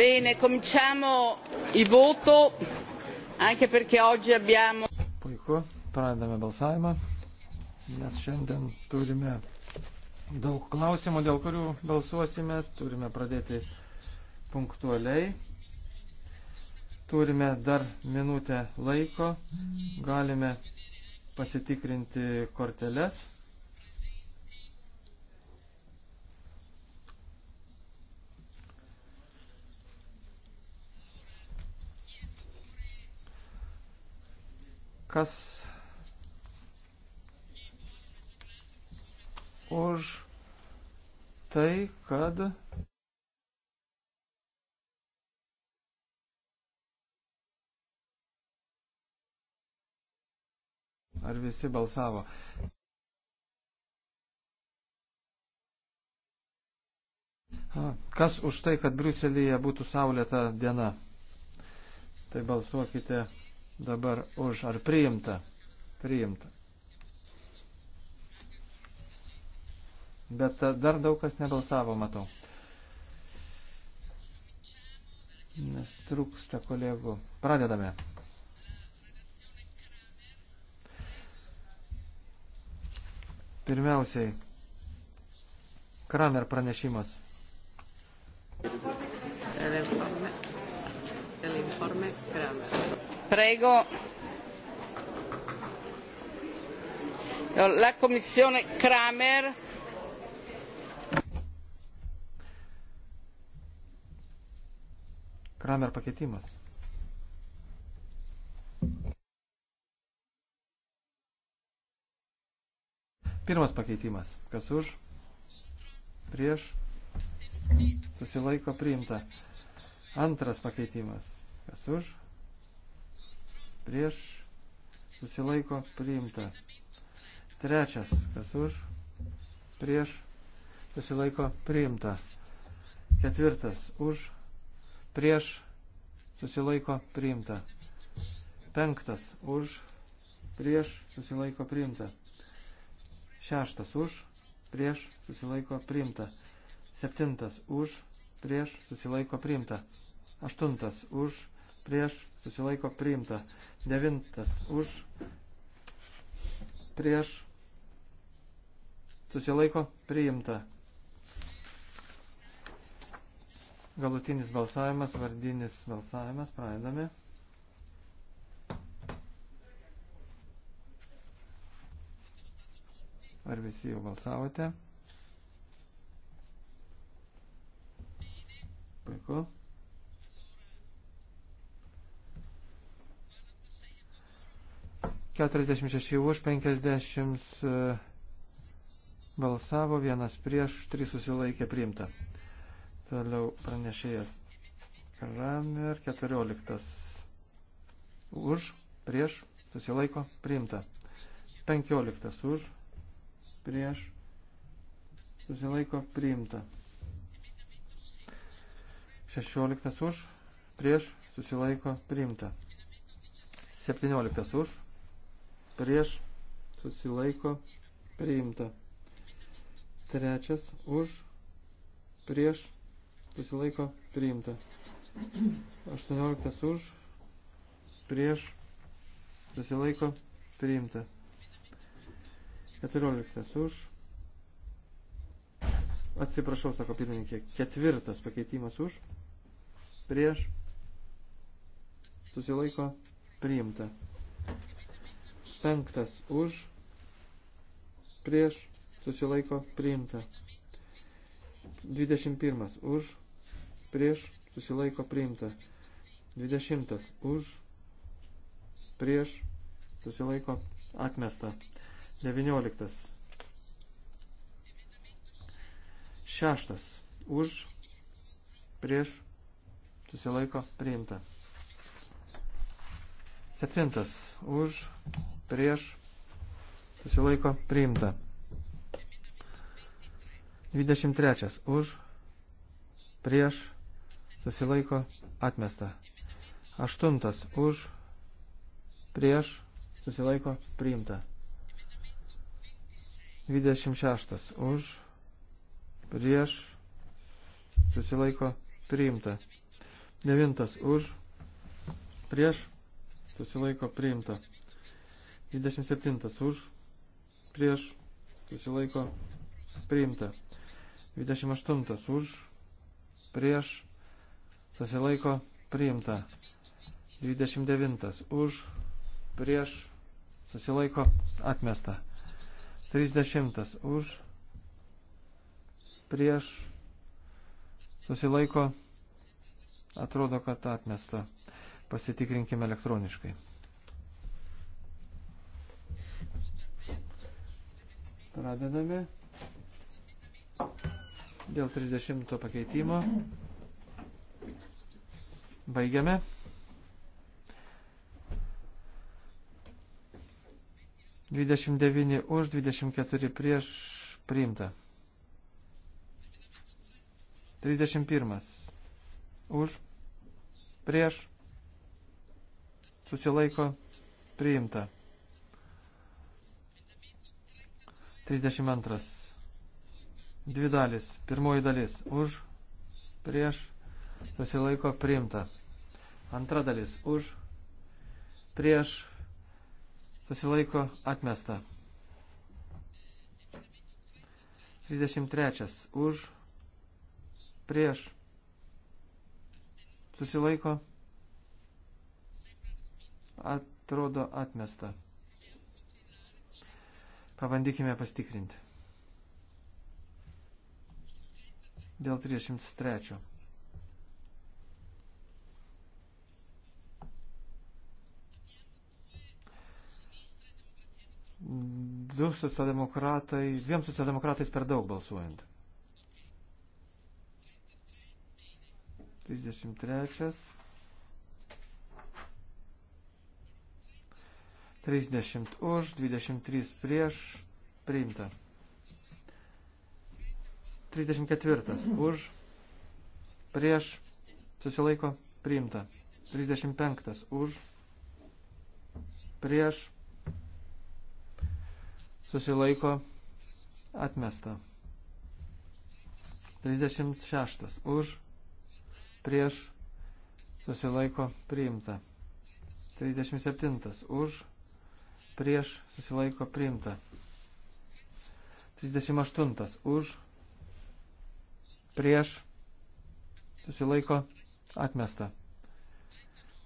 [SPEAKER 1] Bene, cominciamo il voto, anche perché oggi abbiamo... Puiku, pradedame
[SPEAKER 2] balsavimą, nes šiandien turime daug klausimų, dėl kurių balsuosime, turime pradėti punktualiai, turime dar minutę laiko, galime pasitikrinti korteles. kas už tai, kad Ar visi balsavo? Kas už tai, kad Briuselėje būtų saulėta diena? Tai balsuokite dabar už ar priimta. Priimta. Bet dar daug kas nebalsavo, matau. Nes trūksta kolegų. Pradedame. Pirmiausiai, Kramer pranešimas.
[SPEAKER 4] El informe, el informe Kramer.
[SPEAKER 1] Prego. La Commissione Kramer.
[SPEAKER 2] Kramer pakeitimas. Pirmas pakeitimas. Kas už? Prieš? Susilaiko priimta. Antras pakeitimas. Kas už? prieš, susilaiko priimta. Trečias, kas už, prieš, susilaiko priimta. Ketvirtas, už, prieš, susilaiko priimta. Penktas, už, prieš, susilaiko priimta. Šeštas, už, prieš, susilaiko priimta. Septintas, už, prieš, susilaiko priimta. Aštuntas, už, prieš, prieš susilaiko priimta. Devintas už prieš susilaiko priimta. Galutinis balsavimas, vardinis balsavimas, pradedame. Ar visi jau balsavote? Puiku. 46 už, 50 e, balsavo, vienas prieš, 3 susilaikė priimta. Toliau pranešėjas Kramer, 14 už, prieš, susilaiko, priimta. 15 už, prieš, susilaiko, priimta. 16 už, prieš, susilaiko, priimta. 17 už, prieš, susilaiko, priimta. Trečias už, prieš, susilaiko, priimta. 18 už, prieš, susilaiko, priimta. 14 už, atsiprašau, sako pirmininkė, ketvirtas pakeitimas už, prieš, susilaiko, priimta. Penktas už, prieš, susilaiko, priimta. 21. Už, prieš, susilaiko, priimta. 20. Už, prieš, susilaiko, atmesta. 19. Šeštas. Už, prieš, susilaiko, priimta. Septintas. Už, prieš, susilaiko priimta. 23 už, prieš, susilaiko atmesta. 8 už, prieš, susilaiko priimta. 26 už, prieš, susilaiko priimta. 9 už, prieš, susilaiko priimta. 27 už, prieš, susilaiko, priimta. 28 už, prieš, susilaiko, priimta. 29 už, prieš, susilaiko, atmesta. 30 už, prieš, susilaiko, atrodo, kad atmesta. Pasitikrinkime elektroniškai. Pradedame. Dėl 30 pakeitimo. Baigiame. Dvidešimt devyni už, dvidešimt keturi prieš priimta. Trisdešimt pirmas už, prieš susilaiko priimta. 32. Dvi dalis. Pirmoji dalis. Už, prieš, susilaiko priimta. Antra dalis. Už, prieš, susilaiko atmesta. 33. Už, prieš, susilaiko, atrodo atmesta. Pabandykime pastikrinti. Dėl 33. Du socialdemokratai, dviem socialdemokratais per daug balsuojant. 33. 30 už, 23 prieš, priimta. 34 už, prieš, susilaiko, priimta. 35 už, prieš, susilaiko, atmesta. 36 už, prieš, susilaiko, priimta. 37 už, prieš, prieš susilaiko priimta. 38 už, prieš susilaiko atmesta.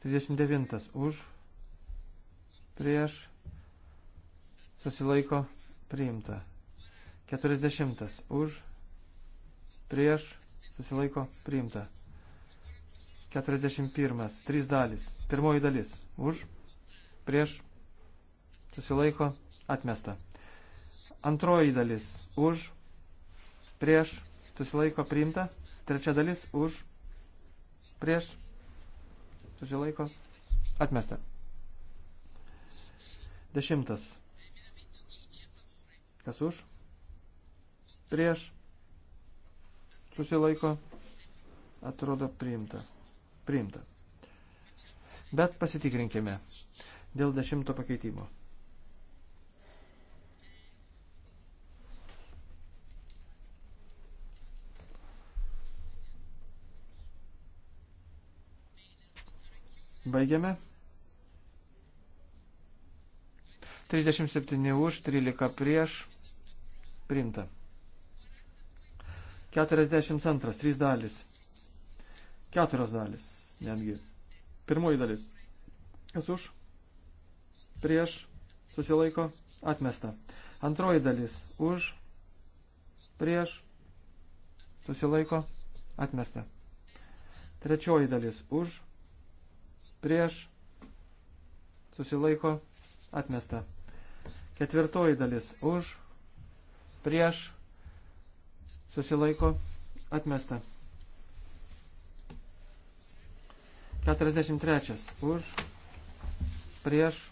[SPEAKER 2] 39 už, prieš susilaiko priimta. 40 už, prieš susilaiko priimta. 41. Trys dalis. Pirmoji dalis. Už, prieš, susilaiko atmesta. Antroji dalis už, prieš, susilaiko priimta. Trečia dalis už, prieš, susilaiko atmesta. Dešimtas. Kas už? Prieš. Susilaiko. Atrodo priimta. Priimta. Bet pasitikrinkime dėl dešimto pakeitimo. baigiame. 37 už, 13 prieš. Primta. 42, 3 dalis. 4 dalis netgi. Pirmoji dalis. Kas už? Prieš. Susilaiko. Atmesta. Antroji dalis. Už. Prieš. Susilaiko. Atmesta. Trečioji dalis. Už prieš, susilaiko, atmesta. Ketvirtoji dalis už, prieš, susilaiko, atmesta. 43. Už, prieš,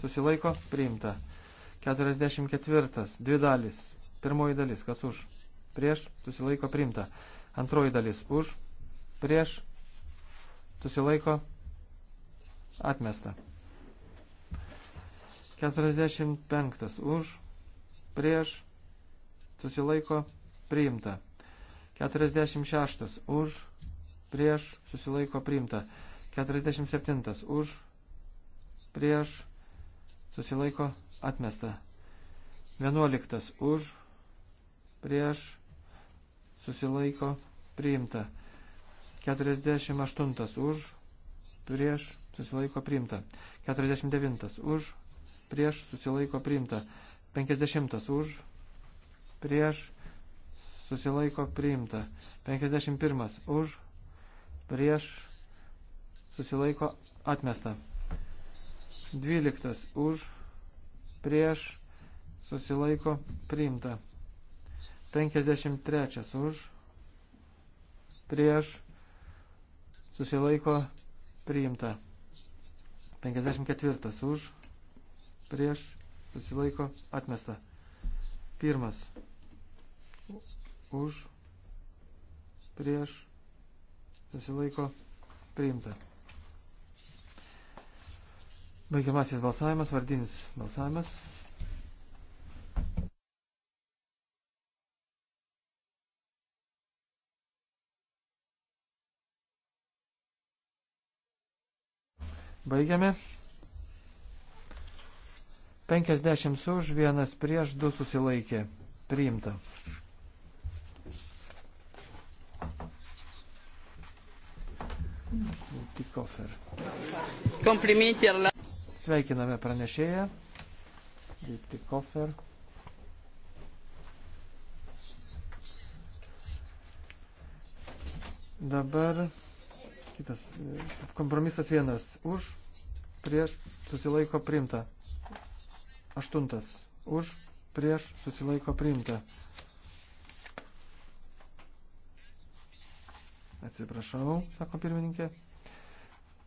[SPEAKER 2] susilaiko, priimta. 44. Dvi dalis. Pirmoji dalis, kas už, prieš, susilaiko, priimta. Antroji dalis, už, prieš, susilaiko atmesta. 45 už, prieš, susilaiko priimta. 46 už, prieš, susilaiko priimta. 47 už, prieš, susilaiko atmesta. 11 už, prieš, susilaiko priimta. 48 už, prieš, susilaiko priimta. 49 už, prieš, susilaiko priimta. 50 už, prieš, susilaiko priimta. 51 už, prieš, susilaiko atmesta. 12 už, prieš, susilaiko priimta. 53 už, prieš, susilaiko priimta. 54 už, prieš, susilaiko atmesta. Pirmas už, prieš, susilaiko priimta. Baigiamasis balsavimas, vardinis balsavimas. Baigiame. 50 už, vienas prieš, du susilaikė. Priimta. Tikofer.
[SPEAKER 1] Komplimentė.
[SPEAKER 2] Sveikiname pranešėją. Tikofer. Dabar kitas e, kompromisas vienas už, prieš, susilaiko priimta. Aštuntas už, prieš, susilaiko priimta. Atsiprašau, sako pirmininkė.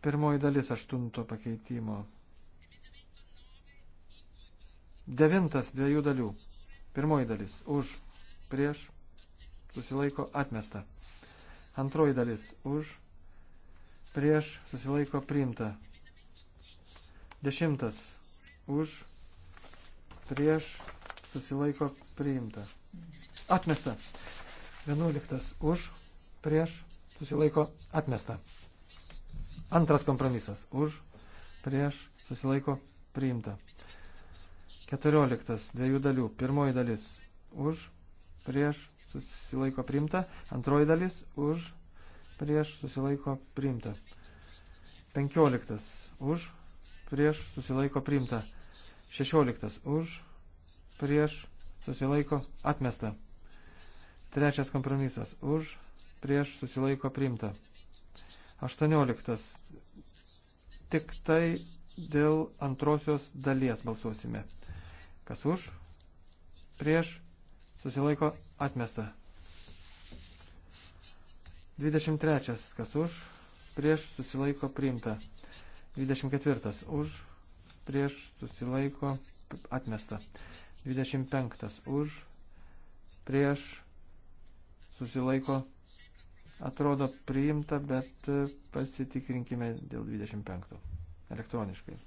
[SPEAKER 2] Pirmoji dalis aštunto pakeitimo. Devintas dviejų dalių. Pirmoji dalis už, prieš, susilaiko atmesta. Antroji dalis už, prieš susilaiko priimta. Dešimtas už prieš susilaiko priimta. Atmesta. Vienuoliktas už prieš susilaiko atmesta. Antras kompromisas už prieš susilaiko priimta. Keturioliktas dviejų dalių. Pirmoji dalis už prieš susilaiko priimta. Antroji dalis už prieš prieš susilaiko priimta. 15 už, prieš susilaiko priimta. 16 už, prieš susilaiko atmesta. Trečias kompromisas už, prieš susilaiko priimta. 18. Tik tai dėl antrosios dalies balsuosime. Kas už, prieš susilaiko atmesta. 23. Kas už, prieš susilaiko priimta. 24. Už, prieš susilaiko atmesta. 25. Už, prieš susilaiko atrodo priimta, bet pasitikrinkime dėl 25. Elektroniškai.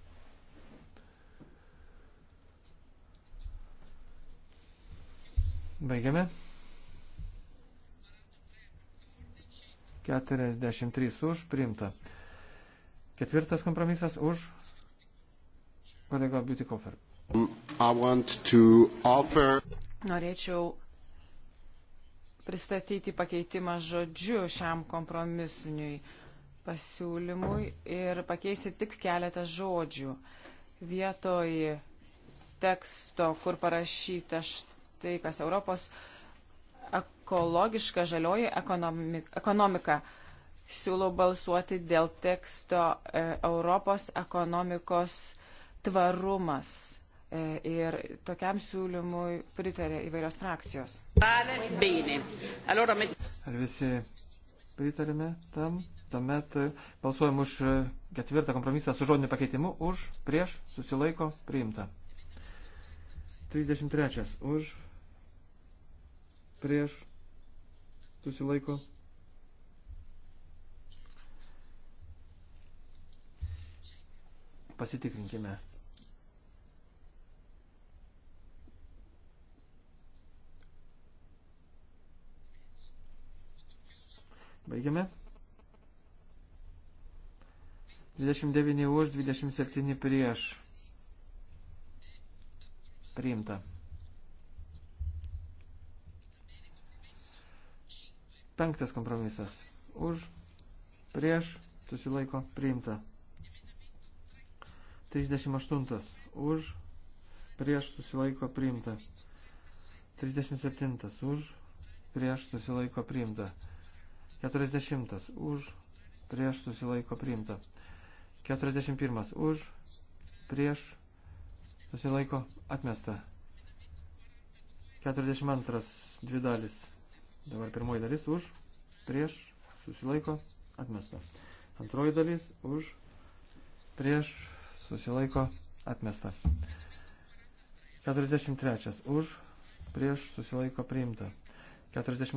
[SPEAKER 2] Baigiame. 43 už priimta. Ketvirtas kompromisas už kolega Butikofer.
[SPEAKER 3] Offer...
[SPEAKER 4] Norėčiau pristatyti pakeitimą žodžiu šiam kompromisiniui pasiūlymui ir pakeisti tik keletą žodžių. Vietoj teksto, kur parašyta štai kas Europos uh, ekologiška žalioji ekonomika. Siūlau balsuoti dėl teksto e, Europos ekonomikos tvarumas. E, ir tokiam siūlymui pritarė įvairios frakcijos.
[SPEAKER 1] Ar
[SPEAKER 2] visi pritarėme tam? Tuomet balsuojam už ketvirtą kompromisą su žodiniu pakeitimu. Už, prieš, susilaiko, priimta. 33. Už, prieš susilaiko. Pasitikrinkime. Baigiame. 29 už, 27 prieš. Priimta. Penktas kompromisas. Už, prieš, susilaiko, priimta. 38. Už, prieš, susilaiko, priimta. 37. Už, prieš, susilaiko, priimta. 40. Už, prieš, susilaiko, priimta. 41. Už, prieš, susilaiko, atmesta. 42. Dvi dalis Dabar pirmoji dalis už, prieš, susilaiko, atmesta. Antroji dalis už, prieš, susilaiko, atmesta. 43. Už, prieš, susilaiko, priimta. 44.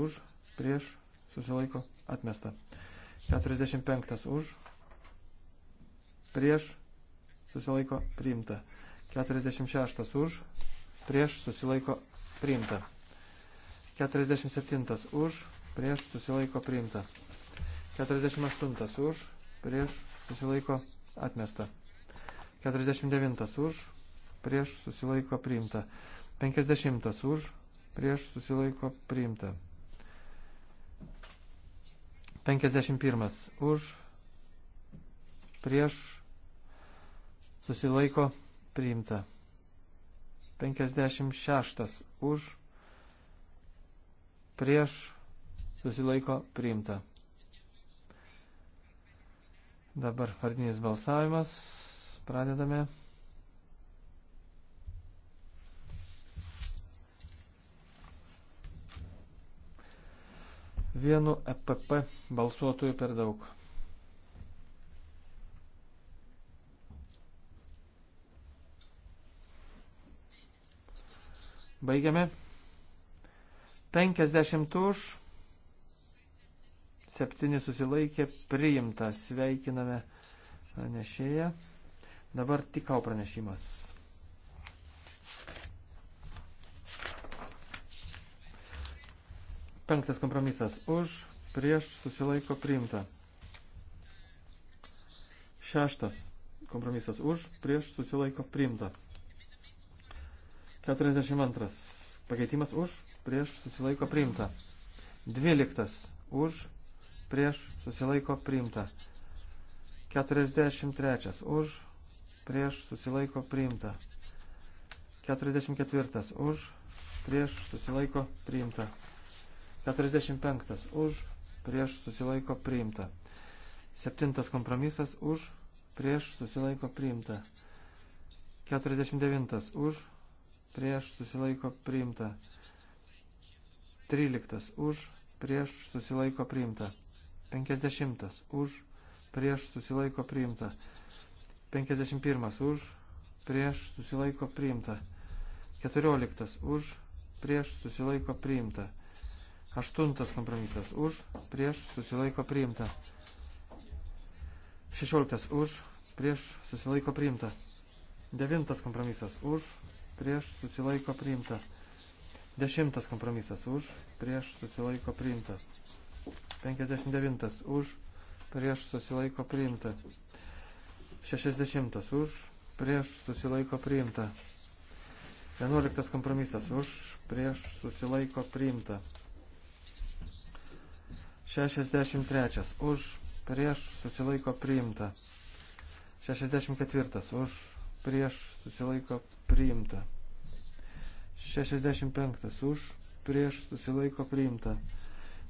[SPEAKER 2] Už, prieš, susilaiko, atmesta. 45. Už, prieš, susilaiko, priimta. 46. Už, prieš, susilaiko, priimta. 47 už, prieš susilaiko priimta. 48 už, prieš susilaiko atmesta. 49 už, prieš susilaiko priimta. 50 už, prieš susilaiko priimta. 51 už, prieš susilaiko priimta. 56 už, prieš susilaiko priimta. Dabar vardinis balsavimas. Pradedame. Vienu EPP balsuotojų per daug. Baigiame. 50 už, 7 susilaikė, priimta. Sveikiname pranešėją. Dabar tikau pranešimas. Penktas kompromisas už, prieš, susilaiko, priimta. Šeštas kompromisas už, prieš, susilaiko, priimta. 42. Pakeitimas už, prieš susilaiko priimta. 12 už, prieš susilaiko priimta. 43 už, prieš susilaiko priimta. 44 už, prieš susilaiko priimta. 45 už, prieš susilaiko priimta. 7 kompromisas už, prieš susilaiko priimta. 49 už, prieš susilaiko priimta. 13 už, prieš susilaiko priimta. 50 už, prieš susilaiko priimta. 51 už, prieš susilaiko priimta. 14 už, prieš susilaiko priimta. 8 kompromisas už, prieš susilaiko priimta. 16 už, prieš susilaiko priimta. 9 kompromisas už, prieš susilaiko priimta. Dešimtas kompromisas už, prieš susilaiko priimta. 59 už, prieš susilaiko priimta. 60 už, prieš susilaiko priimta. 11 kompromisas už, prieš susilaiko priimta. 63 už, prieš susilaiko priimta. 64 už, prieš susilaiko priimta. 65 už, prieš susilaiko priimta.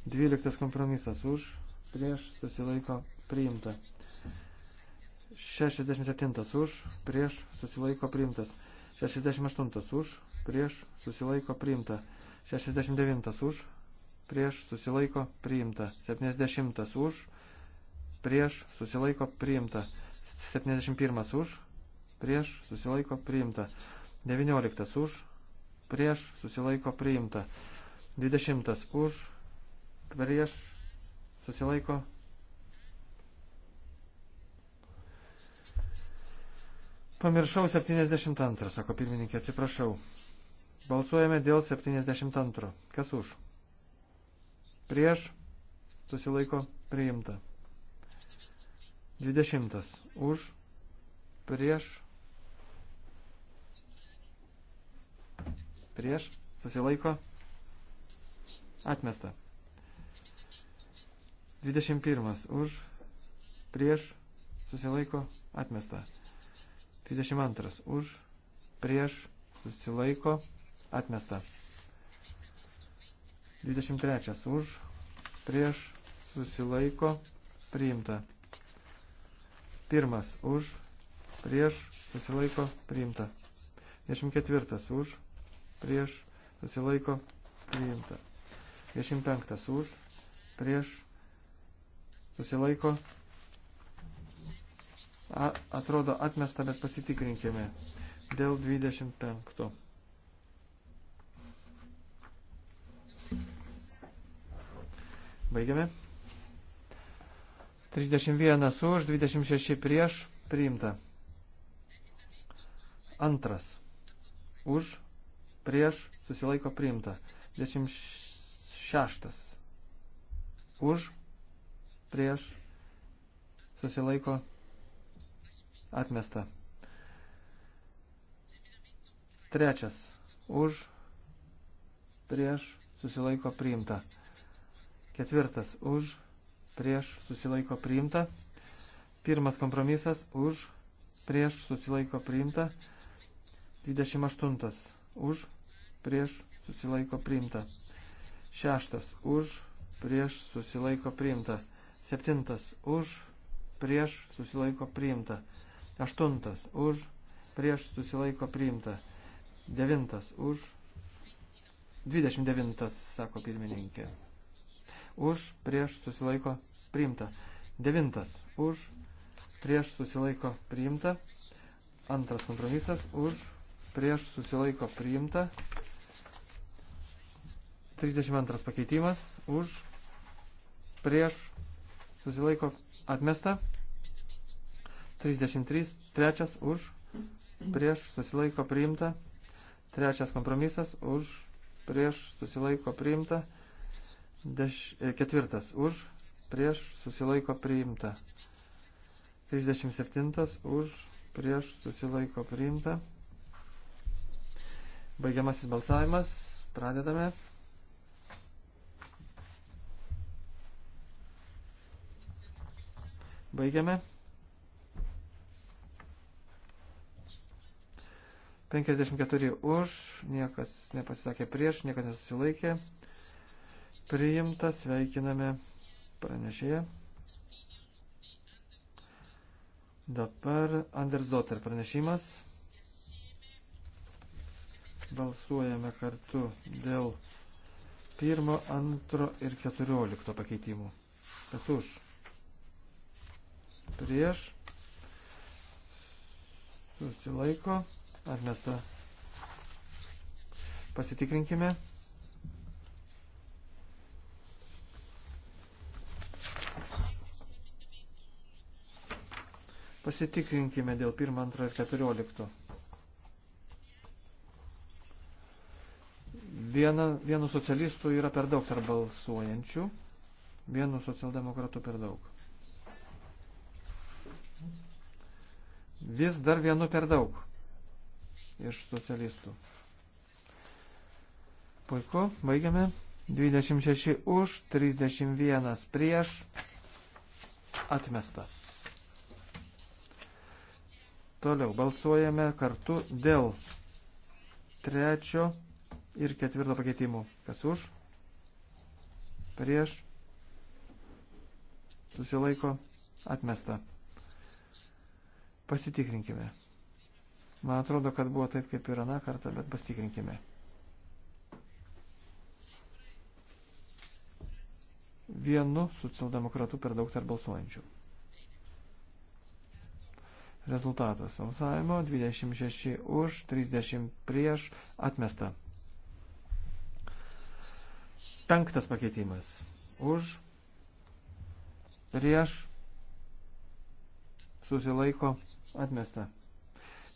[SPEAKER 2] 12 kompromisas už, prieš susilaiko priimta. 67 už, prieš susilaiko priimtas. 68 už, prieš susilaiko priimta. 69 už, prieš susilaiko priimta. 70 už, prieš susilaiko priimta. 71 už, prieš susilaiko priimta. 19 už, prieš susilaiko priimta. 20 už, prieš susilaiko. Pamiršau 72, sako pirmininkė, atsiprašau. Balsuojame dėl 72. Kas už? Prieš susilaiko priimta. 20. Už prieš prieš, susilaiko, atmesta. 21 už, prieš, susilaiko, atmesta. 22 už, prieš, susilaiko, atmesta. 23 už, prieš, susilaiko, priimta. Pirmas už, prieš, susilaiko, priimta. 24 už, prieš, susilaiko, priimta. 25 už, prieš, susilaiko, A, atrodo atmesta, bet pasitikrinkime dėl 25. Baigiame. 31 už, 26 prieš, priimta. Antras. Už, prieš, susilaiko priimta. 26. Už, prieš, susilaiko atmesta. Trečias. Už, prieš, susilaiko priimta. Ketvirtas. Už, prieš, susilaiko priimta. Pirmas kompromisas. Už, prieš, susilaiko priimta. 28. Už, prieš susilaiko priimta. Šeštas už, prieš susilaiko priimta. Septintas už, prieš susilaiko priimta. Aštuntas už, prieš susilaiko priimta. Devintas už, 29, sako pirmininkė. Už, prieš susilaiko priimta. Devintas už, prieš susilaiko priimta. Antras kompromisas už, prieš susilaiko priimta. 32 pakeitimas už, prieš, susilaiko atmesta. 33, trečias už, prieš, susilaiko priimta. Trečias kompromisas už, prieš, susilaiko priimta. Deš, e, ketvirtas už, prieš, susilaiko priimta. 37 už, prieš, susilaiko priimta. Baigiamasis balsavimas. Pradedame. Baigiame. 54 už, niekas nepasisakė prieš, niekas nesusilaikė. Priimta, sveikiname pranešėją. Dabar Anders Dotter pranešimas. Balsuojame kartu dėl pirmo, antro ir keturiolikto pakeitimų. Kas už? prieš, susilaiko, atmesta. Pasitikrinkime. Pasitikrinkime dėl 1, 2 ir 14. Viena, vienu socialistų yra per daug tarp balsuojančių, vienu socialdemokratu per daug. vis dar vienu per daug iš socialistų. Puiku, baigiame. 26 už, 31 prieš, atmesta. Toliau balsuojame kartu dėl trečio ir ketvirto pakeitimų. Kas už? Prieš. Susilaiko. Atmesta. Pasitikrinkime. Man atrodo, kad buvo taip kaip ir aną kartą, bet pasitikrinkime. Vienu socialdemokratu per daug tarp balsuojančių. Rezultatas balsavimo 26 už, 30 prieš, atmesta. Penktas pakeitimas. Už, prieš, susilaiko atmesta.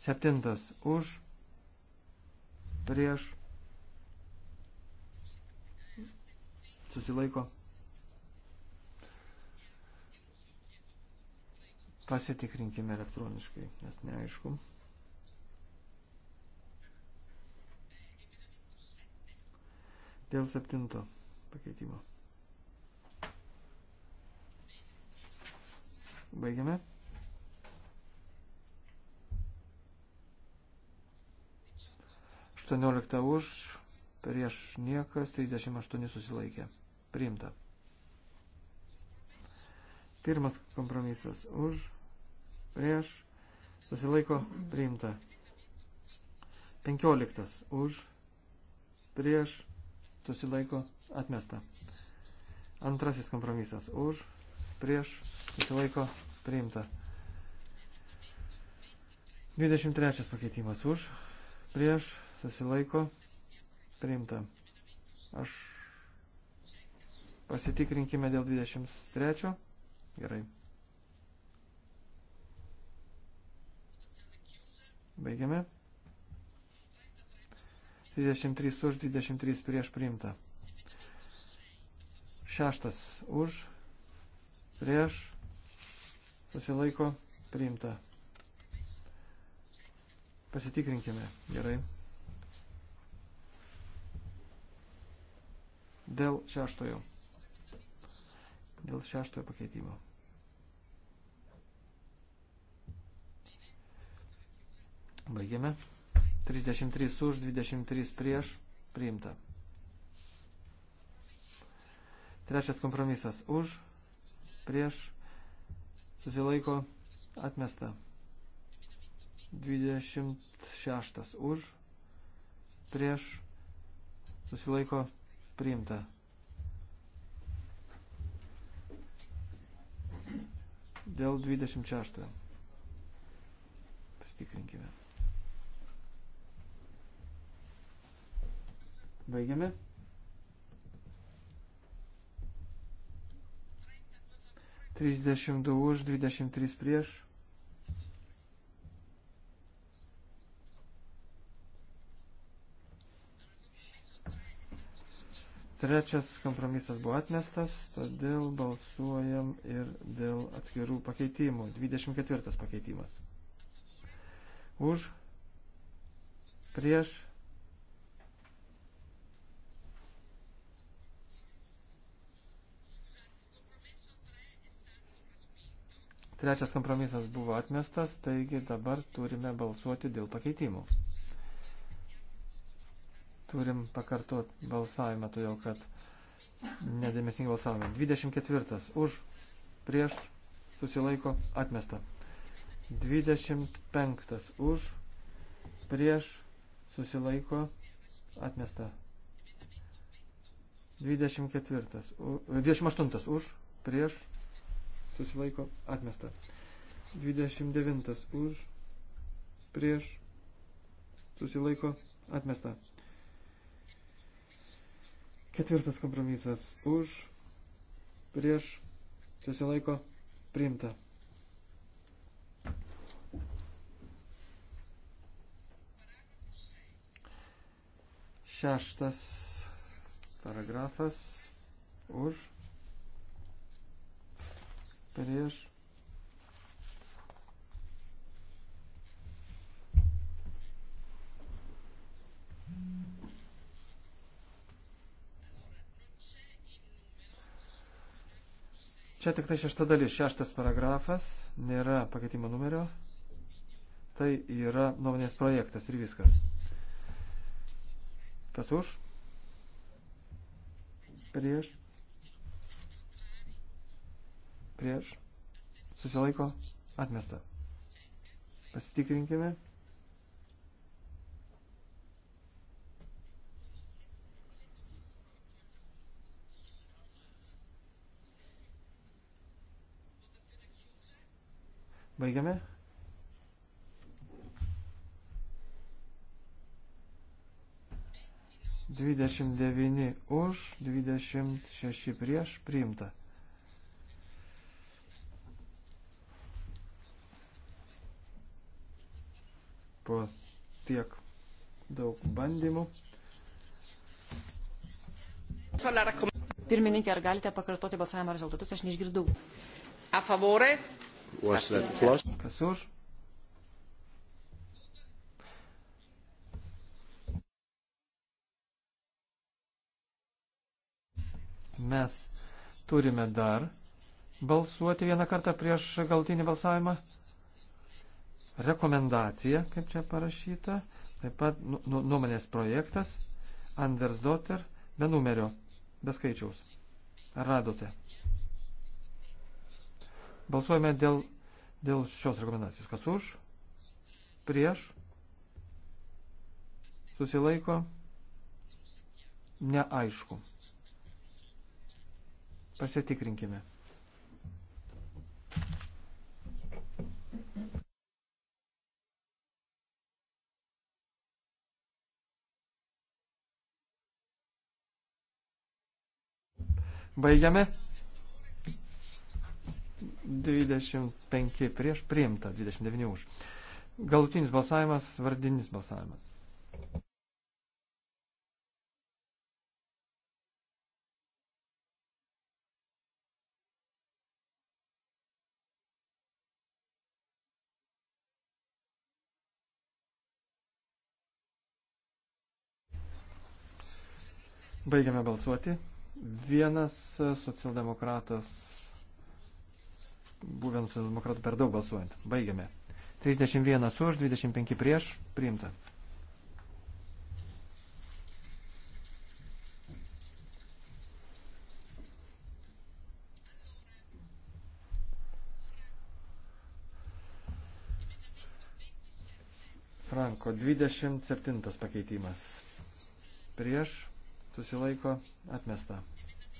[SPEAKER 2] Septintas už, prieš, susilaiko. Pasitikrinkime elektroniškai, nes neaišku. Dėl septinto pakeitimo. Baigiame. 18 už, prieš niekas, 38 susilaikė. Priimta. Pirmas kompromisas už, prieš, susilaiko, priimta. 15 už, prieš, susilaiko, atmesta. Antrasis kompromisas už, prieš, susilaiko, priimta. 23 pakeitimas už, prieš, susilaiko, priimta. Aš pasitikrinkime dėl 23. Gerai. Baigiame. 23 už, 23 prieš priimta. Šeštas už, prieš, susilaiko, priimta. Pasitikrinkime. Gerai. Dėl šeštojo. Dėl šeštojo pakeitimo. Baigiame. 33 už, 23 prieš, priimta. Trečias kompromisas už, prieš, susilaiko, atmesta. 26 už, prieš, susilaiko, atmesta Priimta. Dėl 26. Pasitikrinkime. Baigiame. Trisdešimt du už, dvidešimt trys prieš. Trečias kompromisas buvo atmestas, todėl balsuojam ir dėl atskirų pakeitimų. 24 pakeitimas. Už, prieš, Trečias kompromisas buvo atmestas, taigi dabar turime balsuoti dėl pakeitimų. Turim pakartoti balsavimą, todėl kad nedėmesingai balsavome. 24. Už, prieš, susilaiko, atmesta. 25. Už, prieš, susilaiko, atmesta. 24. U, 28. Už, prieš, susilaiko, atmesta. 29. Už, prieš, susilaiko, atmesta. Ketvirtas kompromisas už, prieš, susilaiko, priimta. Šeštas paragrafas už, prieš, Mm-hmm. Čia tik tai šešta dalis, šeštas paragrafas, nėra pakeitimo numerio. Tai yra nuomonės projektas ir viskas. Kas už? Prieš? Prieš? Susilaiko? Atmesta. Pasitikrinkime. Baigiame. Dvidešimt devyni už, dvidešimt šeši prieš, priimta. Po tiek daug bandymų.
[SPEAKER 4] Pirmininkė, ar galite pakartoti balsavimo rezultatus? Aš neišgirdau. A favore?
[SPEAKER 5] Was that
[SPEAKER 2] plus? Kas už? Mes turime dar balsuoti vieną kartą prieš galtinį balsavimą. Rekomendacija, kaip čia parašyta, taip pat nu, nu, nuomonės projektas, Anders Dotter, be numerio, be skaičiaus. Ar radote? Balsuojame dėl, dėl šios rekomendacijos. Kas už? Prieš? Susilaiko? Neaišku. Pasitikrinkime. Baigiame. 25 prieš priimta, 29 už. Galutinis balsavimas, vardinis balsavimas. Baigiame balsuoti. Vienas socialdemokratas buvę socialdemokratų per daug balsuojant. Baigiame. 31 už, 25 prieš, priimta. Franko 27 pakeitimas. Prieš susilaiko atmesta.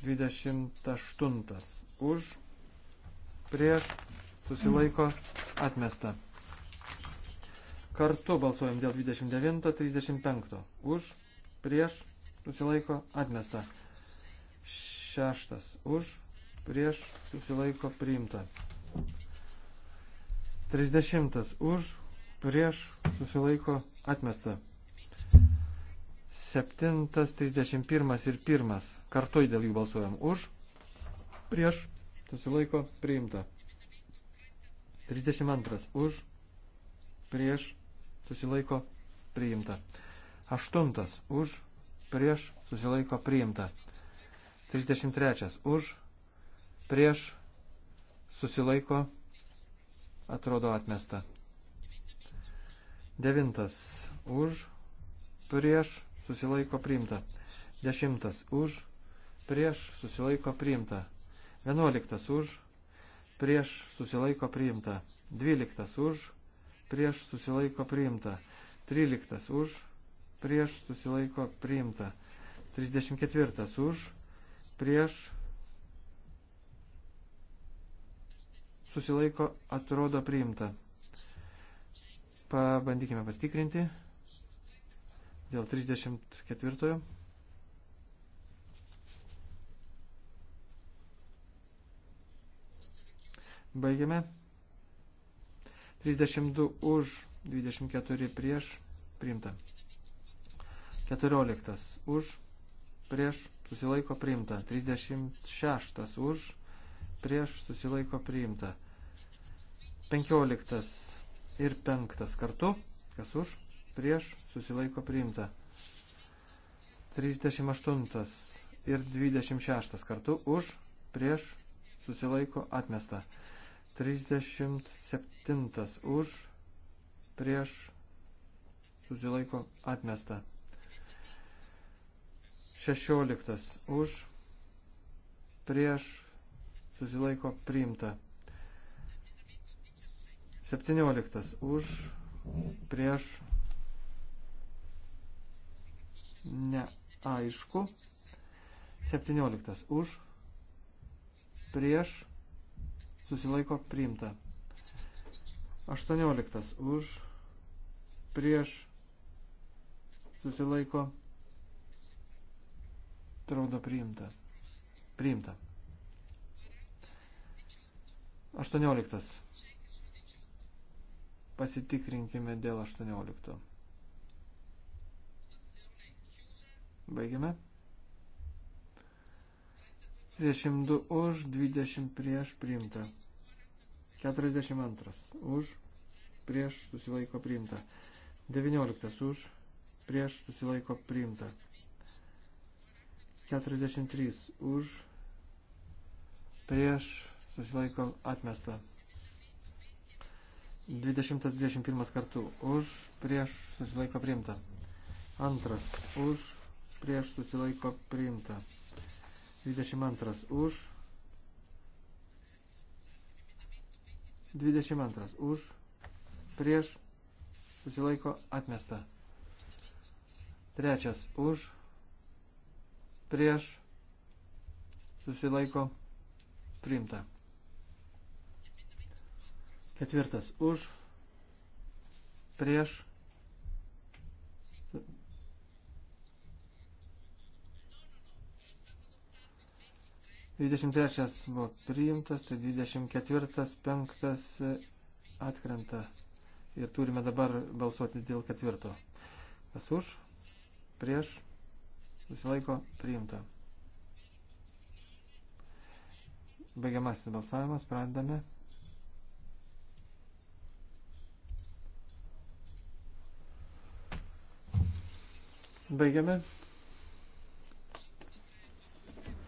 [SPEAKER 2] 28 už prieš, susilaiko, atmesta. Kartu balsuojam dėl 29-35. Už, prieš, susilaiko, atmesta. Šeštas. Už, prieš, susilaiko, priimta. 30. Už, prieš, susilaiko, atmesta. 7, 31 ir 1. Kartu dėl jų balsuojam. Už, prieš, susilaiko priimta. 32 už, prieš, susilaiko priimta. 8 už, prieš, susilaiko priimta. 33 už, prieš, susilaiko, atrodo atmesta. 9 už, prieš, susilaiko priimta. 10 už, prieš, susilaiko priimta. 11 už, prieš susilaiko priimta. 12 už, prieš susilaiko priimta. 13 už, prieš susilaiko priimta. 34 už, prieš susilaiko atrodo priimta. Pabandykime pastikrinti dėl 34. Baigiame. 32 už, 24 prieš, priimta. 14 už, prieš, susilaiko priimta. 36 už, prieš, susilaiko priimta. 15 ir 5 kartu, kas už, prieš, susilaiko priimta. 38 ir 26 kartu, už, prieš, susilaiko atmesta. 37 už, prieš, susilaiko atmesta. 16 už, prieš, susilaiko priimta. 17 už, prieš, neaišku. 17 už, prieš, susilaiko priimta. 18 už, prieš, susilaiko, atrodo priimta. Priimta. 18. Pasitikrinkime dėl 18. Baigiame. 32 už, 20 prieš priimta. 42 už, prieš susilaiko priimta. 19 už, prieš susilaiko priimta. 43 už, prieš susilaiko atmesta. 20-21 kartų už, prieš susilaiko priimta. Antras už, prieš susilaiko priimta. 22 už, 22 už, prieš, susilaiko atmesta. Trečias už, prieš, susilaiko priimta. Ketvirtas už, prieš, 23 buvo priimtas, tai 24, 5 e, atkrenta. Ir turime dabar balsuoti dėl ketvirto. Kas už, prieš, susilaiko, priimta. Baigiamasis balsavimas, pradedame. Baigiame.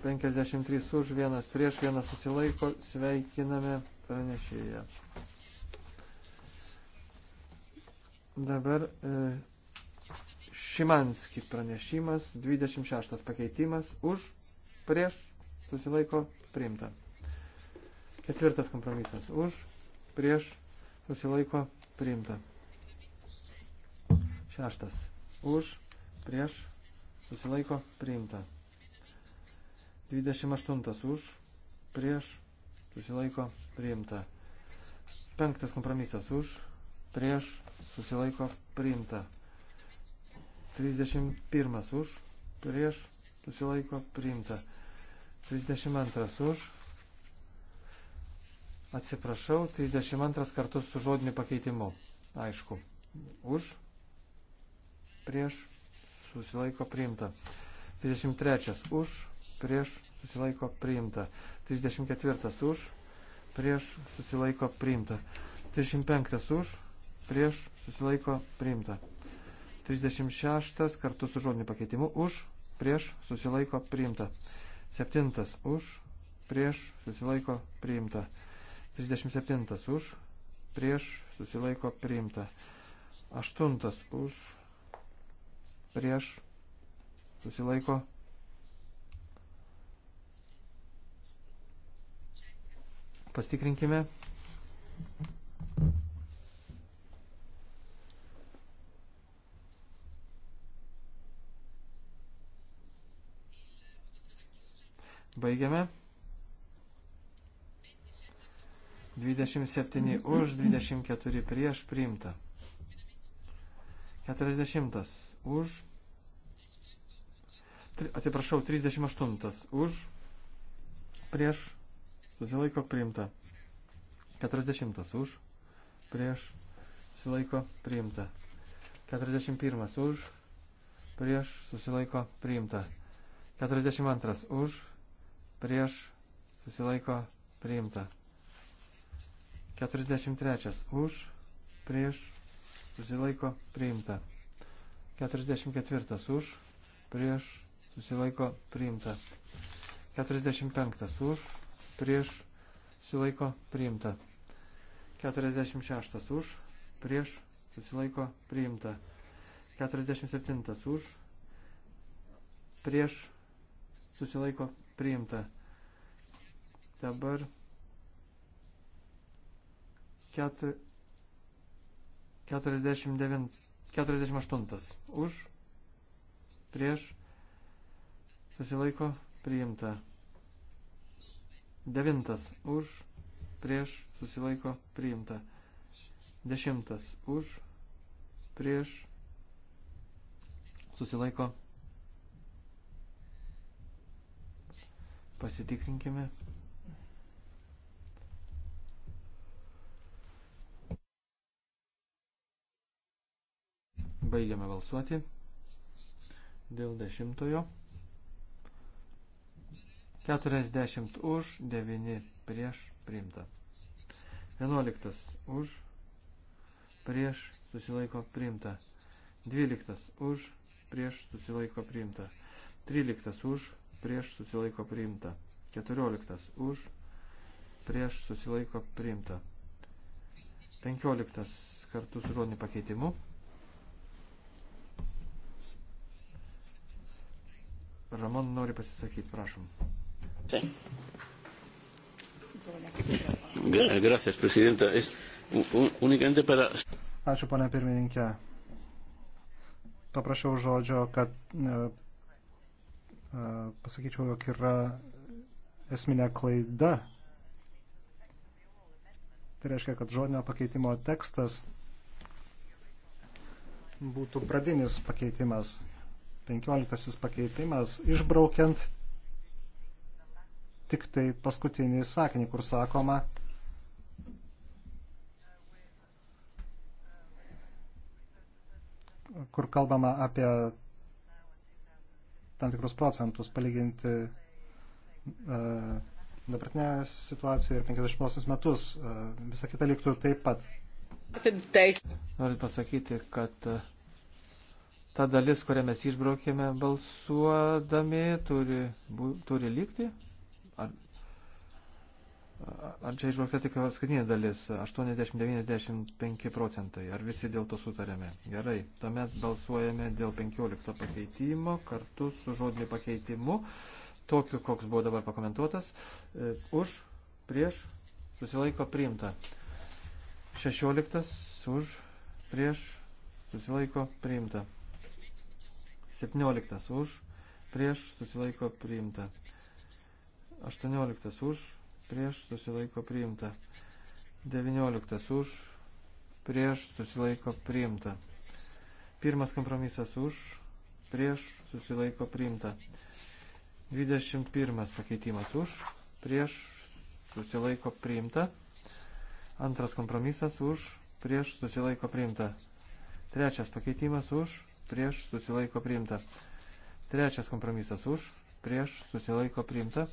[SPEAKER 2] 53 už, vienas prieš, vienas susilaiko, sveikiname pranešėją. Dabar e, Šimanski pranešimas, 26 pakeitimas, už, prieš, susilaiko, priimta. Ketvirtas kompromisas, už, prieš, susilaiko, priimta. Šeštas, už, prieš, susilaiko, priimta. 28 už, prieš, susilaiko, priimta. Penktas kompromisas už, prieš, susilaiko, priimta. 31 už, prieš, susilaiko, priimta. 32 už, atsiprašau, 32 kartus su žodiniu pakeitimu. Aišku, už, prieš, susilaiko, priimta. 33 už, prieš susilaiko priimta. 34 už, prieš susilaiko priimta. 35 už, prieš susilaiko priimta. 36 kartu su žodiniu pakeitimu už, prieš susilaiko priimta. 7 už, prieš susilaiko priimta. 37 už, prieš susilaiko priimta. 8 už, prieš susilaiko priimta. Pastikrinkime. Baigiame. 27 už, 24 prieš priimta. 40 už. Atsiprašau, 38 už. Prieš susilaiko priimta. 40 už, prieš, susilaiko priimta. 41 už, prieš, susilaiko priimta. 42 už, prieš, susilaiko priimta. 43 už, prieš, susilaiko priimta. 44 už, prieš, susilaiko priimta. 45 už, prieš susilaiko priimta. 46 už prieš susilaiko priimta. 47 už prieš susilaiko priimta. Dabar 4, 49, 48 už prieš susilaiko priimta. Devintas už, prieš, susilaiko, priimta. Dešimtas už, prieš, susilaiko. Pasitikrinkime. Baigiame balsuoti dėl dešimtojo. 40 už, 9 prieš priimta. 11 už, prieš susilaiko priimta. 12 už, prieš susilaiko priimta. 13 už, prieš susilaiko priimta. 14 už, prieš susilaiko priimta. 15 kartu su žodiniu pakeitimu. Ramon nori pasisakyti, prašom. Sí.
[SPEAKER 5] Eh, gracias, presidenta. Es únicamente para.
[SPEAKER 3] Ačiū, ponia pirmininkė. Paprašiau žodžio, kad e, e, pasakyčiau, jog yra esminė klaida. Tai reiškia, kad žodinio pakeitimo tekstas būtų pradinis pakeitimas, penkioliktasis pakeitimas, išbraukiant tik tai paskutinį sakinį, kur sakoma, kur kalbama apie tam tikrus procentus palyginti uh, dabartinę situaciją ir 50 metus. Uh, visa kita liktų taip pat.
[SPEAKER 1] Noriu
[SPEAKER 2] pasakyti, kad e, ta dalis, kurią mes išbraukėme balsuodami, turi, bu, turi likti Ar čia išbraukta tik paskutinė dalis, 80-95 procentai, ar visi dėl to sutarėme? Gerai, tuomet balsuojame dėl 15 pakeitimo kartu su žodiniu pakeitimu, tokiu, koks buvo dabar pakomentuotas, e, už, prieš, susilaiko priimta. 16 už, prieš, susilaiko priimta. 17 už, prieš, susilaiko priimta. 18 už, prieš susilaiko priimta. 19 už, prieš susilaiko priimta. Pirmas kompromisas už, prieš susilaiko priimta. 21 pakeitimas už, prieš susilaiko priimta. Antras kompromisas už, prieš susilaiko priimta. Trečias pakeitimas už, prieš susilaiko priimta. Trečias kompromisas už, prieš susilaiko priimta.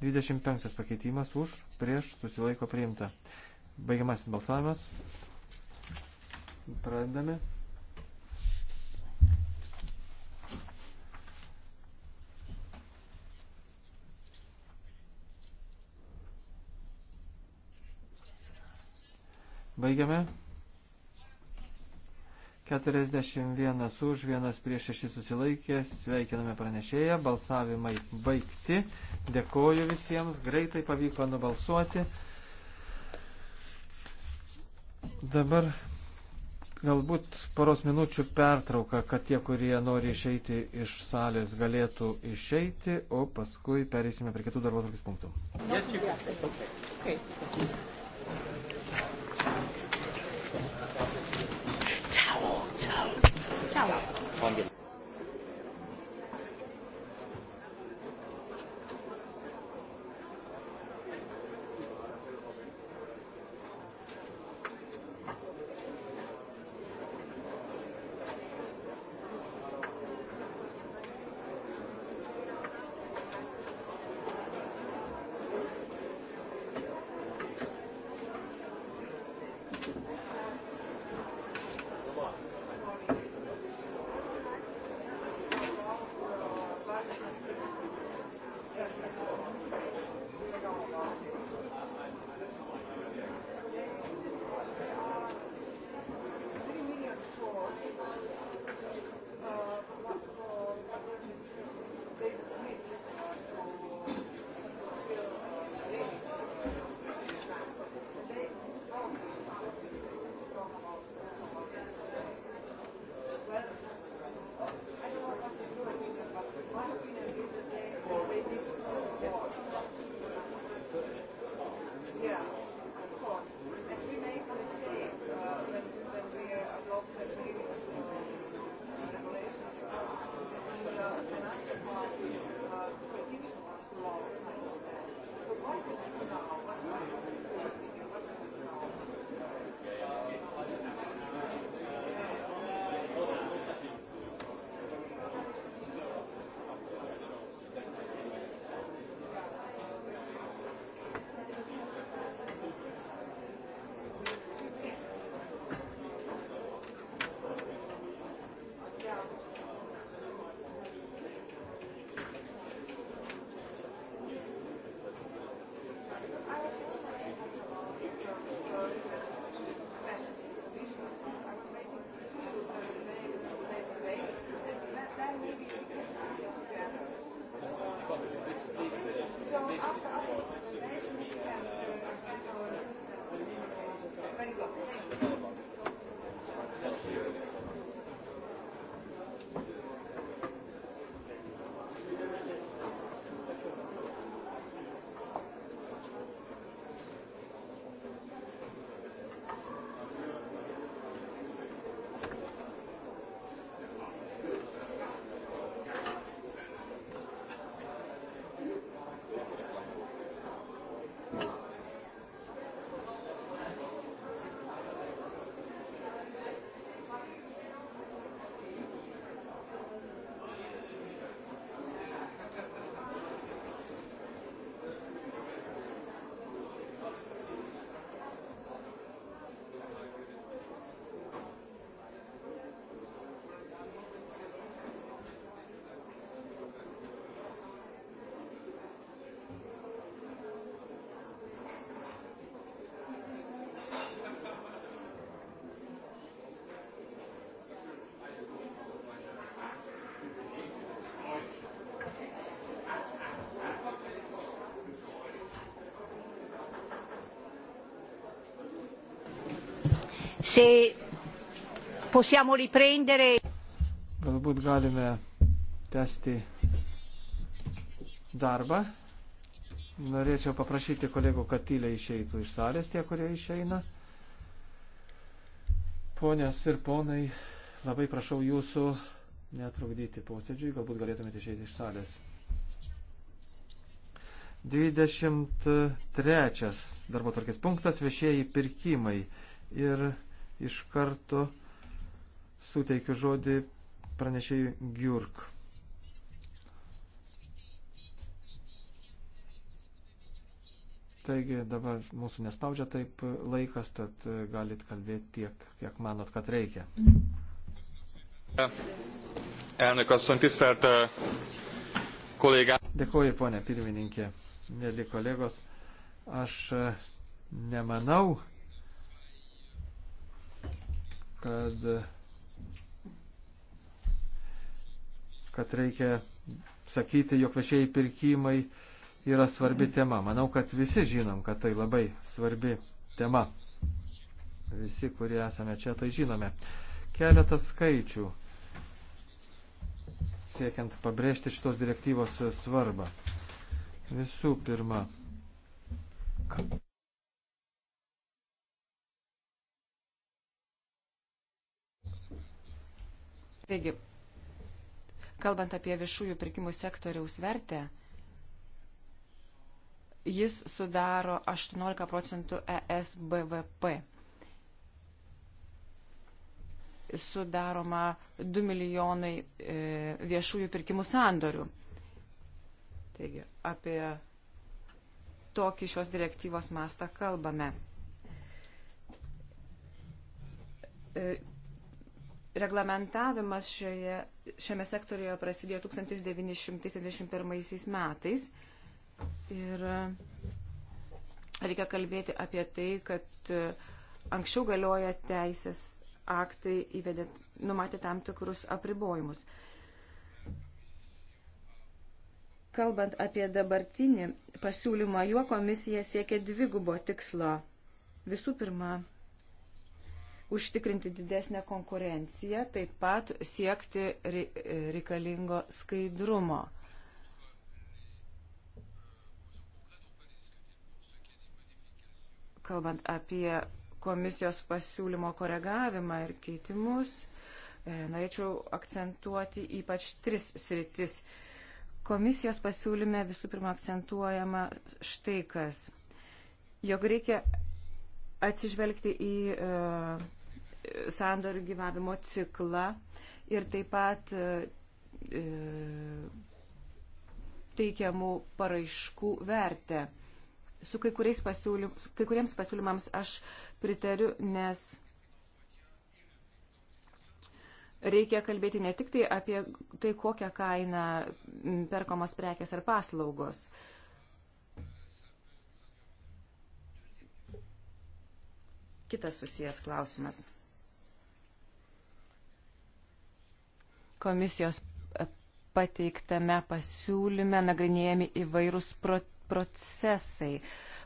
[SPEAKER 2] 25 pakeitimas už, prieš, susilaiko priimta. Baigiamasis balsavimas. Pradedame. Baigiame. 41 už, 1 prieš 6 susilaikė, sveikiname pranešėją, balsavimai baigti, dėkoju visiems, greitai pavyko nubalsuoti. Dabar galbūt poros minučių pertrauka, kad tie, kurie nori išeiti iš salės, galėtų išeiti, o paskui perėsime prie kitų darbo punktų.
[SPEAKER 4] Yes,
[SPEAKER 2] Se possiamo riprendere. Galbūt galime tęsti darbą. Norėčiau paprašyti kolegų, kad tyliai išeitų iš salės tie, kurie išeina. Ponios ir ponai, labai prašau jūsų netrukdyti posėdžiui, galbūt galėtumėte išeiti iš salės. 23 darbo tvarkės punktas viešieji pirkimai. Ir iš karto suteikiu žodį pranešėjui Gjurk. Taigi dabar mūsų nespaudžia taip laikas, tad galit kalbėti tiek, kiek manot, kad reikia. Dėkuoju, ponė pirmininkė, mėly kolegos. Aš nemanau, kad, kad reikia sakyti, jog viešieji pirkimai yra svarbi tema. Manau, kad visi žinom, kad tai labai svarbi tema. Visi, kurie esame čia, tai žinome. Keletas skaičių siekiant pabrėžti šitos direktyvos svarbą. Visų pirma,
[SPEAKER 4] Taigi, kalbant apie viešųjų pirkimų sektoriaus vertę, jis sudaro 18 procentų ES BVP. Sudaroma 2 milijonai e, viešųjų pirkimų sandorių. Taigi, apie tokį šios direktyvos mastą kalbame. E, Reglamentavimas šioje, šiame sektorijoje prasidėjo 1971 metais ir reikia kalbėti apie tai, kad e, anksčiau galioja teisės aktai įvedė, numatė tam tikrus apribojimus. Kalbant apie dabartinį pasiūlymą, juo komisija siekia dvigubo tikslo. Visų pirma, užtikrinti didesnę konkurenciją, taip pat siekti reikalingo skaidrumo. Kalbant apie komisijos pasiūlymo koregavimą ir keitimus, e, norėčiau akcentuoti ypač tris sritis. Komisijos pasiūlyme visų pirma akcentuojama štai kas, jog reikia atsižvelgti į uh, sandorių gyvavimo ciklą ir taip pat e, e, teikiamų paraiškų vertę. Su kai, pasiūlym, su kai kuriems pasiūlymams aš pritariu, nes reikia kalbėti ne tik tai apie tai, kokią kainą perkomos prekės ar paslaugos. Kitas susijęs klausimas. Komisijos e, pateiktame pasiūlyme nagrinėjami įvairūs pro procesai,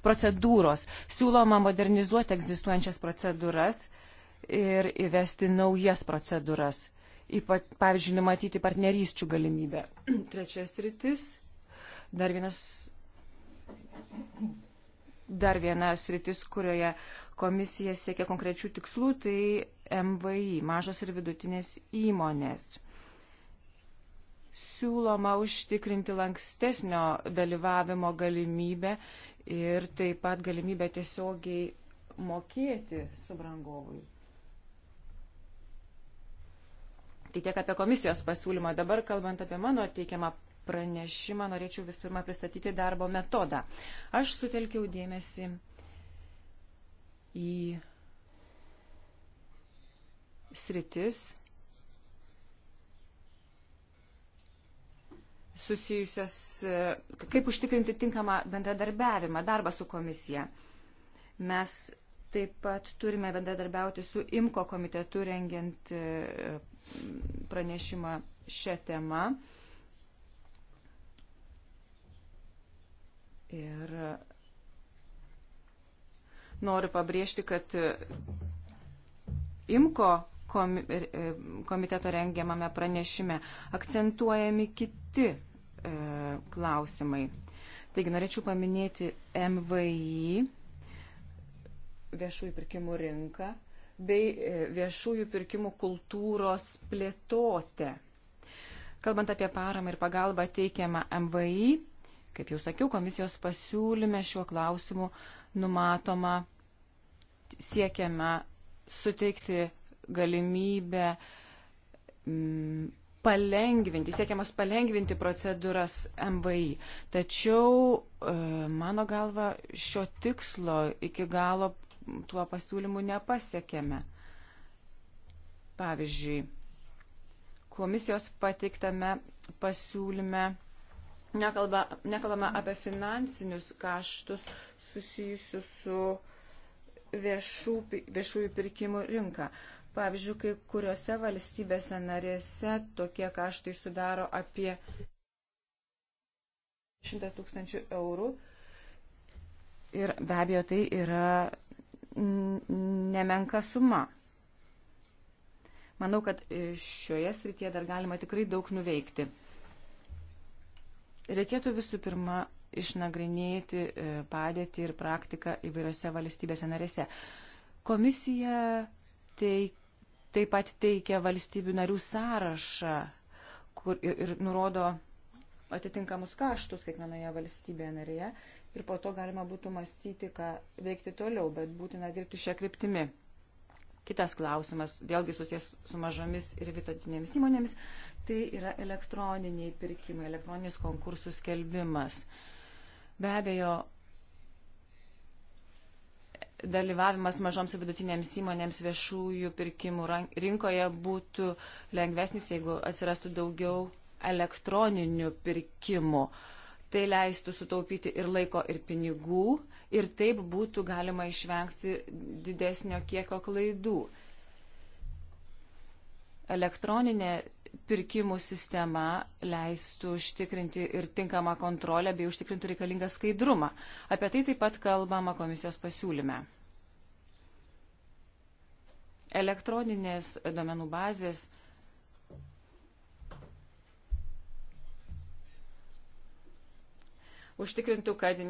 [SPEAKER 4] procedūros. Siūloma modernizuoti egzistuojančias procedūras ir įvesti naujas procedūras. Ypač, pavyzdžiui, numatyti partnerysčių galimybę. Trečias rytis. Dar vienas. Dar viena sritis, kurioje komisija siekia konkrečių tikslų, tai MVI, mažos ir vidutinės įmonės siūloma užtikrinti lankstesnio dalyvavimo galimybę ir taip pat galimybę tiesiogiai mokėti subrangovui. Tai tiek apie komisijos pasiūlymą. Dabar, kalbant apie mano teikiamą pranešimą, norėčiau visų pirma pristatyti darbo metodą. Aš sutelkiau dėmesį į sritis, susijusias, e, kaip užtikrinti tinkamą bendradarbiavimą, darbą su komisija. Mes taip pat turime bendradarbiauti su IMKO komitetu rengiant e, pranešimą šią temą. Ir noriu pabrėžti, kad e, IMKO E, e, komiteto rengiamame pranešime akcentuojami kiti e, klausimai. Taigi norėčiau paminėti MVI, viešųjų pirkimų rinką, bei e, viešųjų pirkimų kultūros plėtotę. Kalbant apie paramą ir pagalbą teikiamą MVI, kaip jau sakiau, komisijos pasiūlyme šiuo klausimu numatoma siekiama suteikti galimybę mm, palengvinti, siekiamas palengvinti procedūras MVI. Tačiau, e, mano galva, šio tikslo iki galo tuo pasiūlymu nepasiekėme. Pavyzdžiui, komisijos pateiktame pasiūlyme nekalba, nekalbame apie finansinius kaštus susijusius su viešų, viešųjų pirkimų rinka. Uh, Pavyzdžiui, kai kuriuose valstybėse narėse tokie kaštai sudaro apie 100 tūkstančių eurų. Ir be abejo, tai yra nemenka suma. Manau, kad e, šioje srityje dar galima tikrai daug nuveikti. Reikėtų visų pirma išnagrinėti e, padėtį ir praktiką įvairiose valstybėse narėse. Komisija teik, taip pat teikia valstybių narių sąrašą kur, ir, ir nurodo atitinkamus kaštus kiekvienoje valstybėje narėje ir po to galima būtų mąstyti, ką veikti toliau, bet būtina dirbti šią kryptimį. Kitas klausimas, vėlgi susijęs su mažomis ir vidutinėmis įmonėmis, tai yra elektroniniai pirkimai, elektroninis konkursų skelbimas. Be abejo, dalyvavimas mažoms ir vidutinėms įmonėms viešųjų pirkimų rinkoje būtų lengvesnis, jeigu atsirastų daugiau elektroninių pirkimų. Tai leistų sutaupyti ir laiko, ir pinigų, ir taip būtų galima išvengti didesnio kiekio klaidų. Elektroninė pirkimų sistema leistų užtikrinti ir tinkamą kontrolę bei užtikrintų reikalingą skaidrumą. Apie tai taip pat kalbama komisijos pasiūlyme. Elektroninės duomenų bazės užtikrintų, kad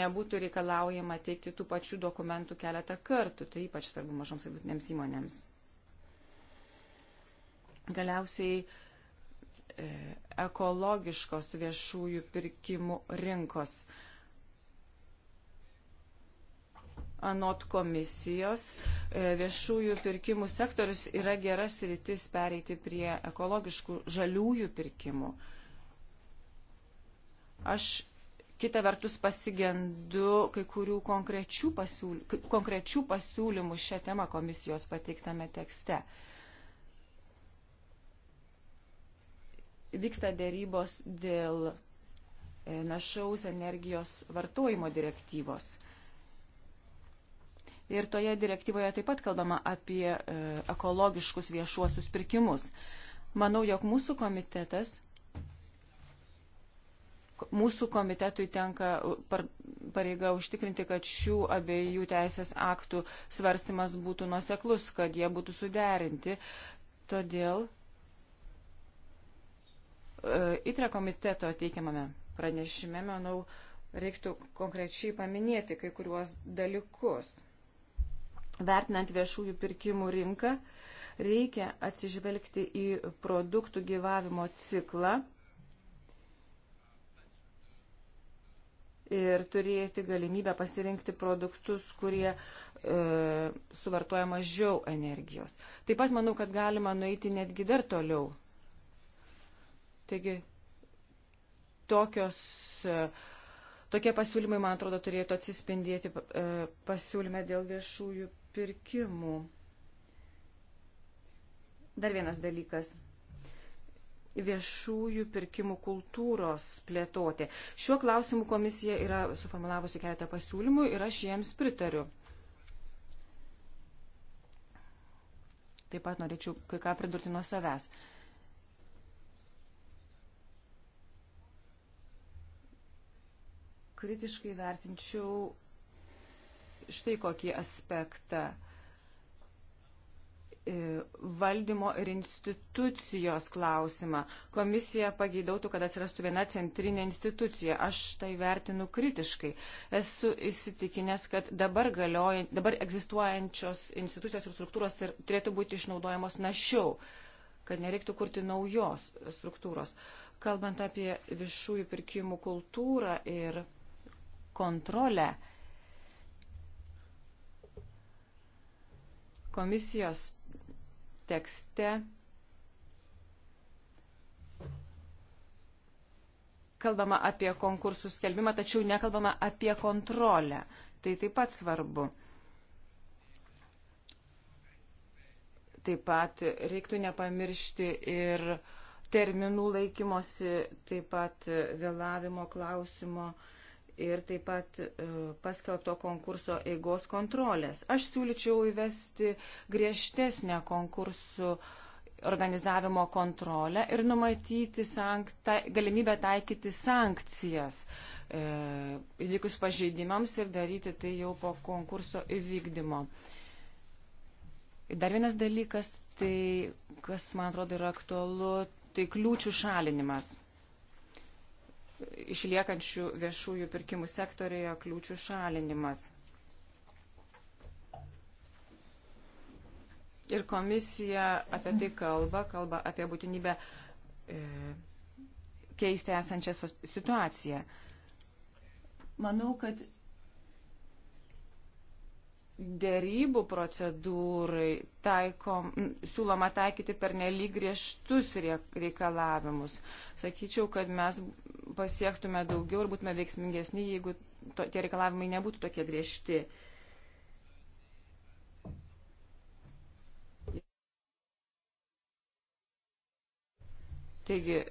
[SPEAKER 4] nebūtų reikalaujama teikti tų pačių dokumentų keletą kartų. Tai ypač svarbu mažoms ir būtinėms įmonėms. Galiausiai e, ekologiškos viešųjų pirkimų rinkos. E, Anot komisijos e, viešųjų pirkimų sektorius yra geras rytis pereiti prie ekologiškų žaliųjų pirkimų. Aš Kita vertus pasigendu kai kurių konkrečių, pasiūly, konkrečių pasiūlymų šią temą komisijos pateiktame tekste. Vyksta dėrybos dėl e, našaus energijos vartojimo direktyvos. Ir toje direktyvoje taip pat kalbama apie e, ekologiškus viešuosius pirkimus. Manau, jog mūsų komitetas, mūsų komitetui tenka pareiga užtikrinti, kad šių abiejų teisės aktų svarstymas būtų nuoseklus, kad jie būtų suderinti. Todėl įtre e, komiteto teikiamame pranešime, manau, reiktų konkrečiai paminėti kai kuriuos dalykus vertinant viešųjų pirkimų rinką, reikia atsižvelgti į produktų gyvavimo ciklą ir turėti galimybę pasirinkti produktus, kurie e, suvartoja mažiau energijos. Taip pat manau, kad galima nueiti netgi dar toliau. Taigi, tokios, e, tokie pasiūlymai, man atrodo, turėtų atsispindėti e, pasiūlyme dėl viešųjų pirkimų. Dar vienas dalykas viešųjų pirkimų kultūros plėtoti. Šiuo klausimu komisija yra suformulavusi keletą pasiūlymų ir aš jiems pritariu. Taip pat norėčiau kai ką pridurti nuo savęs. Kritiškai vertinčiau štai kokį aspektą e, valdymo ir institucijos klausimą. Komisija pageidautų, kad atsirastų viena centrinė institucija. Aš tai vertinu kritiškai. Esu įsitikinęs, kad dabar, galioja, dabar egzistuojančios institucijos ir struktūros ir turėtų būti išnaudojamos našiau, kad nereiktų kurti naujos struktūros. Kalbant apie viešųjų pirkimų kultūrą ir kontrolę, Komisijos tekste kalbama apie konkursų skelbimą, tačiau nekalbama apie kontrolę. Tai taip pat svarbu. Taip pat reiktų nepamiršti ir terminų laikymosi, taip pat vėlavimo klausimo. Uh, ir taip pat e, paskelbto konkurso eigos kontrolės. Aš siūlyčiau įvesti griežtesnę konkursų organizavimo kontrolę ir numatyti sank, ta, galimybę taikyti sankcijas e, likus pažeidimams ir daryti tai jau po konkurso įvykdymo. Dar vienas dalykas, tai kas man atrodo yra aktualu, tai kliūčių šalinimas išliekančių viešųjų pirkimų sektorėje kliūčių šalinimas. Ir komisija apie tai kalba, kalba apie būtinybę e, keisti esančią situaciją. Manau, kad dėrybų procedūrai taikom, siūloma taikyti per nelyg griežtus reikalavimus. Sakyčiau, kad mes pasiektume daugiau ir būtume veiksmingesni, jeigu to, tie reikalavimai nebūtų tokie griežti. Taigi,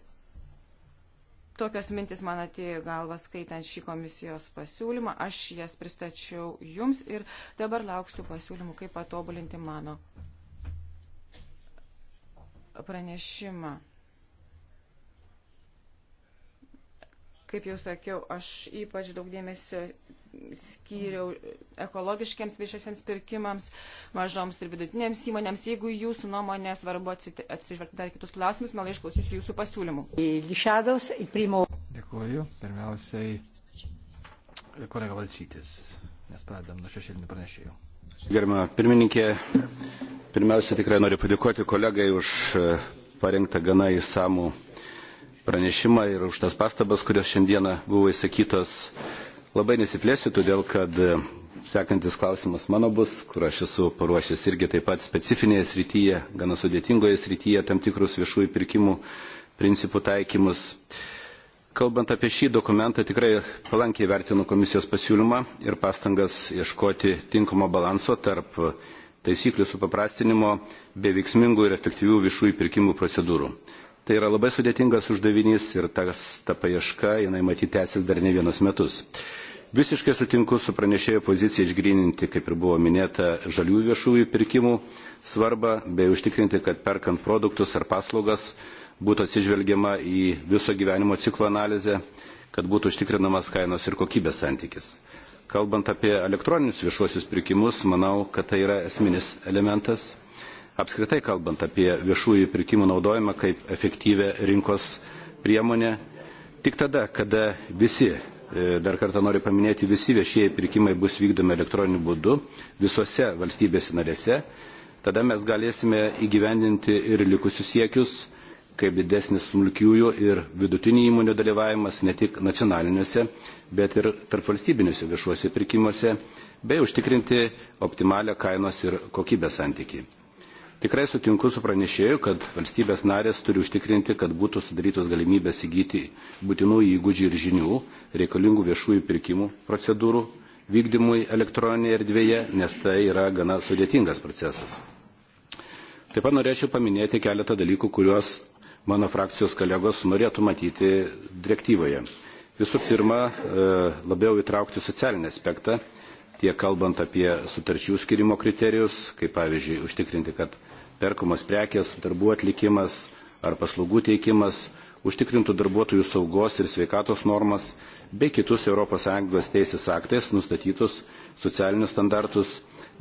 [SPEAKER 4] Tokios mintis man atėjo galvas skaitant šį komisijos pasiūlymą. Aš jas pristačiau jums ir dabar lauksiu pasiūlymų, kaip patobulinti mano pranešimą. Kaip jau sakiau, aš ypač daug dėmesio skyriau ekologiškiams viešiesiems pirkimams, mažoms ir vidutinėms įmonėms. Jeigu jūsų nuomonė svarbu atsižvelgti dar kitus klausimus, melai išklausysiu jūsų pasiūlymų.
[SPEAKER 2] Dėkuoju. Pirmiausiai kolega Valčytis, nes pradedam nuo šešėlinių pranešėjų.
[SPEAKER 5] Gerbama pirmininkė, pirmiausia tikrai noriu padėkoti kolegai už e, parengtą gana įsamų pranešimą ir už tas pastabas, kurios šiandieną buvo įsakytos. Labai nesiplėsiu, todėl kad e, sekantis klausimas mano bus, kur aš esu paruošęs irgi taip pat specifinėje srityje, gana sudėtingoje srityje tam tikrus viešųjų pirkimų principų taikymus. Kalbant apie šį dokumentą, tikrai palankiai vertinu komisijos pasiūlymą ir pastangas ieškoti tinkamo balanso tarp taisyklių supaprastinimo bei veiksmingų ir efektyvių viešųjų pirkimų procedūrų. Tai yra labai sudėtingas uždavinys ir tas, ta paieška, jinai matyti tęsis dar ne vienus metus. Visiškai sutinku su pranešėjo pozicija išgrininti, kaip ir buvo minėta, žalių viešųjų pirkimų svarbą, bei užtikrinti, kad perkant produktus ar paslaugas būtų atsižvelgiama į viso gyvenimo ciklo analizę, kad būtų užtikrinamas kainos ir kokybės santykis. Kalbant apie elektroninius viešuosius pirkimus, manau, kad tai yra esminis elementas apskritai kalbant apie viešųjų pirkimų naudojimą kaip efektyvę rinkos priemonę tik tada, kada visi e, Dar kartą noriu paminėti, visi viešieji pirkimai bus vykdomi elektroniniu būdu visose valstybėse narėse. Tada mes galėsime įgyvendinti ir likusius siekius, kaip didesnis smulkiųjų ir vidutinių įmonių dalyvavimas ne tik nacionaliniuose, bet ir tarpvalstybiniuose viešuose pirkimuose, bei užtikrinti optimalią kainos ir kokybės santykiai. Tikrai sutinku su pranešėju, kad valstybės narės turi užtikrinti, kad būtų sudarytos galimybės įgyti būtinų įgūdžių ir žinių reikalingų viešųjų pirkimų procedūrų vykdymui elektroninėje erdvėje, nes tai yra gana sudėtingas procesas. Taip pat norėčiau paminėti keletą dalykų, kuriuos mano frakcijos kolegos norėtų matyti direktyvoje. Visų pirma, e, labiau įtraukti socialinį aspektą tiek kalbant apie sutarčių skirimo kriterijus, kaip pavyzdžiui, užtikrinti, kad perkamos prekės, darbų atlikimas ar paslaugų teikimas, užtikrintų darbuotojų saugos ir sveikatos normas bei kitus ES teisės aktais nustatytus socialinius standartus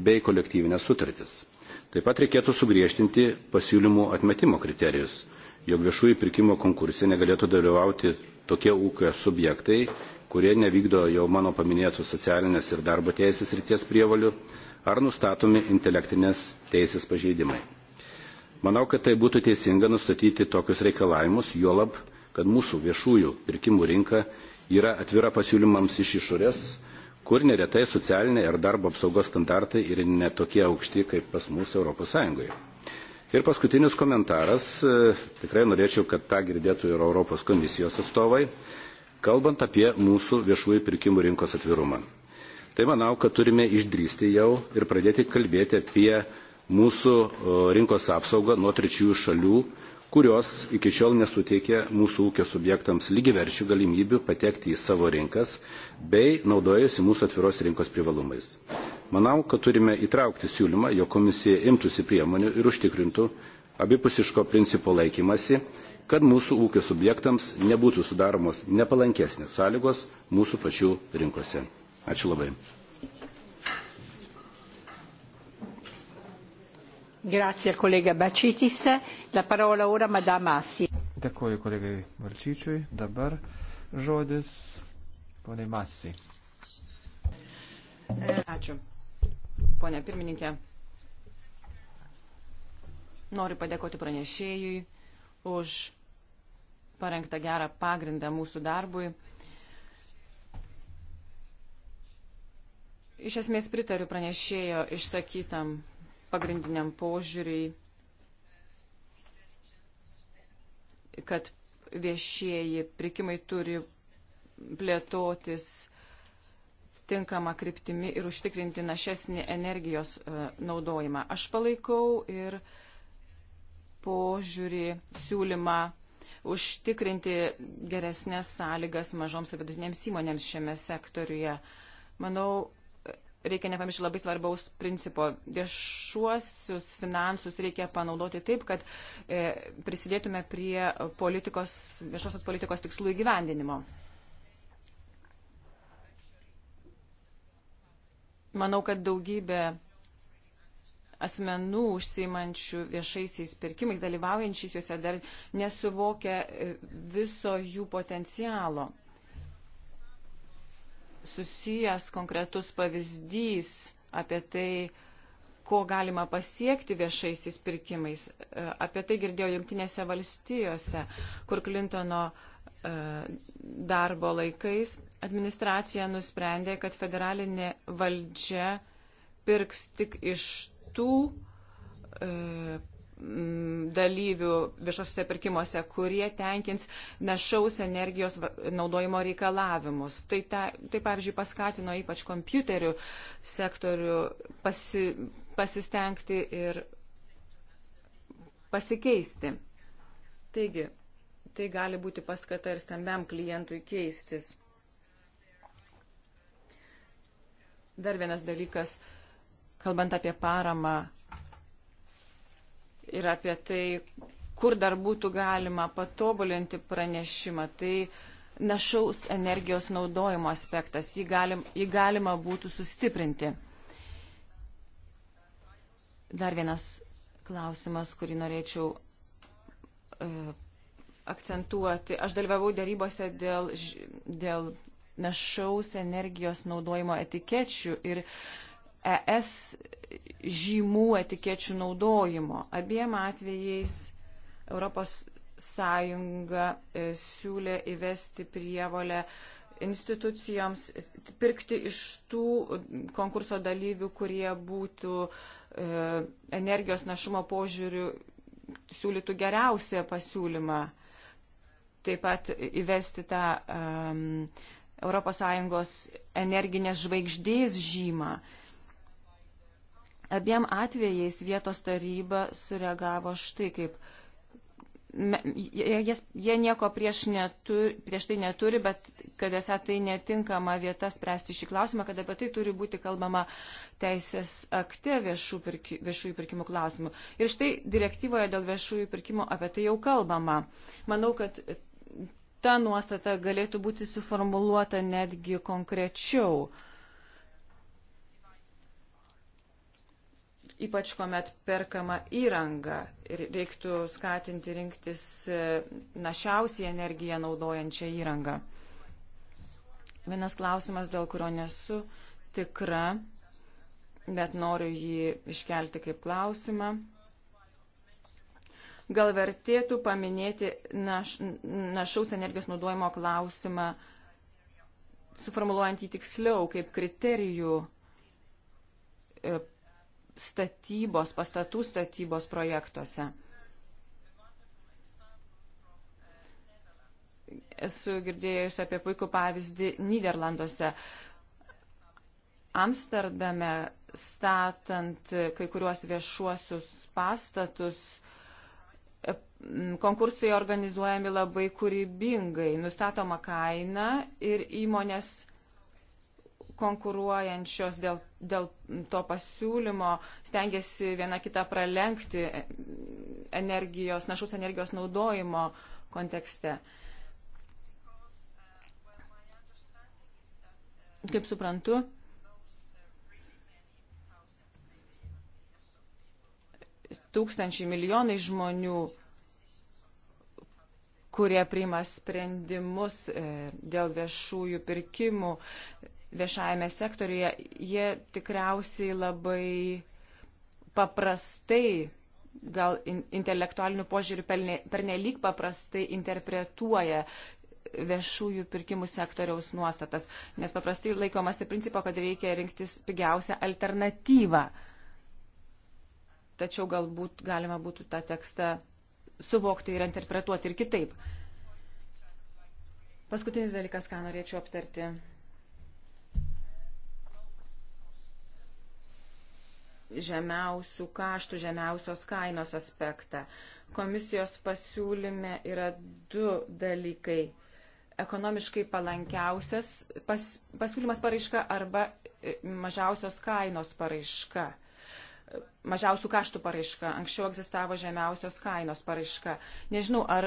[SPEAKER 5] bei kolektyvinės sutartis. Taip pat reikėtų sugriežtinti pasiūlymų atmetimo kriterijus, jog viešųjų pirkimo konkursė negalėtų dalyvauti tokie ūkio subjektai, kurie nevykdo jau mano paminėtų socialinės ir darbo teisės ryties prievalių ar nustatomi intelektinės teisės pažeidimai. Manau, kad tai būtų teisinga nustatyti tokius reikalavimus, juolab, kad mūsų viešųjų pirkimų rinka yra atvira pasiūlymams iš išorės, kur neretai socialiniai ar darbo apsaugos standartai yra netokie aukšti kaip pas mus ES. Ir paskutinis komentaras, e, tikrai norėčiau, kad tą girdėtų ir Europos komisijos atstovai, kalbant apie mūsų viešųjų pirkimų rinkos atvirumą. Tai manau, kad turime išdrysti jau ir pradėti kalbėti apie mūsų rinkos apsaugą nuo trečiųjų šalių, kurios iki šiol nesuteikė mūsų ūkio subjektams lygiverčių galimybių patekti į savo rinkas bei naudojasi mūsų atviros rinkos privalumais. Manau, kad turime įtraukti siūlymą, jo komisija imtųsi priemonių ir užtikrintų abipusiško principo laikymasi, kad mūsų ūkio subjektams nebūtų sudaromos nepalankesnės sąlygos mūsų pačių rinkose. Ačiū labai.
[SPEAKER 6] Grazie, kolega Bačytis. La parola ora, madama Asi.
[SPEAKER 2] Dėkuoju kolegai Valčyčiui. Dabar žodis poniai Masijai.
[SPEAKER 4] Ačiū. Pone pirmininkė, noriu padėkoti pranešėjui už parengtą gerą pagrindą mūsų darbui. Iš esmės pritariu pranešėjo išsakytam pagrindiniam požiūriui, kad viešieji pirkimai turi plėtotis tinkamą kryptimį ir užtikrinti našesnį energijos e, naudojimą. Aš palaikau ir požiūrį, siūlymą užtikrinti geresnės sąlygas mažoms ir vidutinėms įmonėms šiame sektoriuje. Manau, reikia nepamiršti labai svarbaus principo. Viešuosius finansus reikia panaudoti taip, kad e, prisidėtume prie politikos, viešosios politikos tikslų įgyvendinimo. Manau, kad daugybė asmenų užsimančių viešaisiais pirkimais, dalyvaujančiais juose dar nesuvokia e, viso jų potencialo susijęs konkretus pavyzdys apie tai, ko galima pasiekti viešaisiais pirkimais. E, apie tai girdėjau Junktinėse valstijose, kur Klintono e, darbo laikais administracija nusprendė, kad federalinė valdžia pirks tik iš tų e, Mm, dalyvių viešosiuose pirkimuose, kurie tenkins našaus energijos naudojimo reikalavimus. Tai, ta, tai pavyzdžiui, paskatino ypač kompiuterių sektorių pasi, pasistengti ir pasikeisti. Taigi, tai gali būti paskata ir stambiam klientui keistis. Dar vienas dalykas, kalbant apie paramą ir apie tai, kur dar būtų galima patobulinti pranešimą. Tai našaus energijos naudojimo aspektas, jį, galim, jį galima būtų sustiprinti. Dar vienas klausimas, kurį norėčiau e, akcentuoti. Aš dalyvavau darybose dėl, dėl našaus energijos naudojimo etikečių ir ES žymų etikečių naudojimo. Abiem atvejais ES e, siūlė įvesti prievolę institucijoms pirkti iš tų konkurso dalyvių, kurie būtų e, energijos našumo požiūrių siūlytų geriausią pasiūlymą. Taip pat įvesti tą um, e, ES energinės žvaigždės žymą. Uh, Abiem atvejais vietos taryba sureagavo štai kaip. Jie, jie nieko prieš, neturi, prieš tai neturi, bet kad esą tai netinkama vieta spręsti šį klausimą, kad apie tai turi būti kalbama teisės akte viešų pirki, viešųjų pirkimų klausimų. Ir štai direktyvoje dėl viešųjų pirkimų apie tai jau kalbama. Manau, kad ta nuostata galėtų būti suformuluota netgi konkrečiau. Uh, ypač kuomet perkama įranga ir reiktų skatinti rinktis e, našiausiai energiją naudojančią įrangą. Vienas klausimas, dėl kurio nesu tikra, bet noriu jį iškelti kaip klausimą. Gal vertėtų paminėti naš, našaus energijos naudojimo klausimą, suformuluojant jį tiksliau kaip kriterijų e, statybos, pastatų statybos projektuose. Esu girdėjus apie puikų pavyzdį Niderlanduose. Amsterdame statant kai kuriuos viešuosius pastatus, konkursai organizuojami labai kūrybingai, nustatoma kaina ir įmonės konkuruojančios dėl, dėl to pasiūlymo stengiasi viena kitą pralenkti energijos, našus energijos naudojimo kontekste. Kaip suprantu, tūkstančiai milijonai žmonių, kurie priima sprendimus e, dėl viešųjų pirkimų, viešajame sektoriuje, jie tikriausiai labai paprastai, gal in, intelektualiniu požiūriu pernelyg paprastai interpretuoja viešųjų pirkimų sektoriaus nuostatas, nes paprastai laikomasi principo, kad reikia rinktis pigiausią alternatyvą. Tačiau galbūt galima būtų tą tekstą suvokti ir interpretuoti ir kitaip. Paskutinis dalykas, ką norėčiau aptarti žemiausių kaštų, žemiausios kainos aspektą. Komisijos pasiūlyme yra du dalykai. Ekonomiškai palankiausias pas, pasiūlymas paraiška arba e, mažiausios kainos paraiška mažiausių kaštų paraiška. Anksčiau egzistavo žemiausios kainos paraiška. Nežinau, ar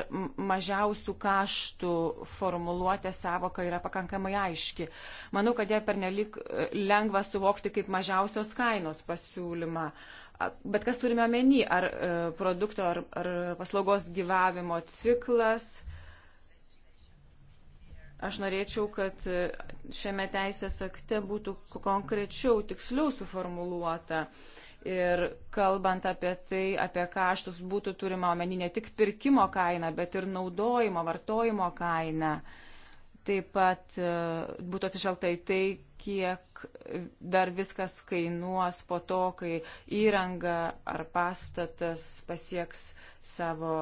[SPEAKER 4] mažiausių kaštų formuluotė savoka yra pakankamai aiški. Manau, kad ją pernelik e, lengva suvokti kaip mažiausios kainos pasiūlymą. Bet kas turime omeny, ar e, produkto ar, ar paslaugos gyvavimo ciklas? Aš norėčiau, kad e, šiame teisės akte būtų konkrečiau, tiksliau suformuluota. Uh, Ir kalbant apie tai, apie kaštus būtų turima omeny ne tik pirkimo kainą, bet ir naudojimo, vartojimo kainą. Taip pat e, būtų atsižvelgta į tai, kiek dar viskas kainuos po to, kai įranga ar pastatas pasieks savo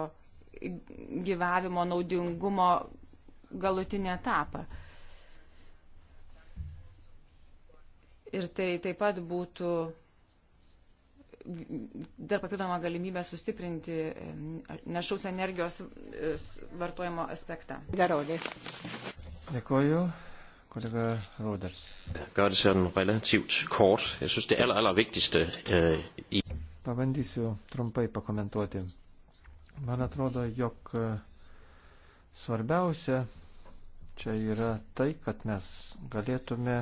[SPEAKER 4] gyvavimo naudingumo galutinį etapą. Ir tai taip pat būtų dar papildomą galimybę sustiprinti nešaus energijos e, vartojimo aspektą. Garodės.
[SPEAKER 2] Dėkuoju. Kolega Roders.
[SPEAKER 3] Gør det sådan relativt kort. Jeg synes, det aller, aller vigtigste øh, i...
[SPEAKER 2] Pabandysiu trumpai pakomentuoti. Man atrodo, jog e, svarbiausia čia yra tai, kad mes galėtume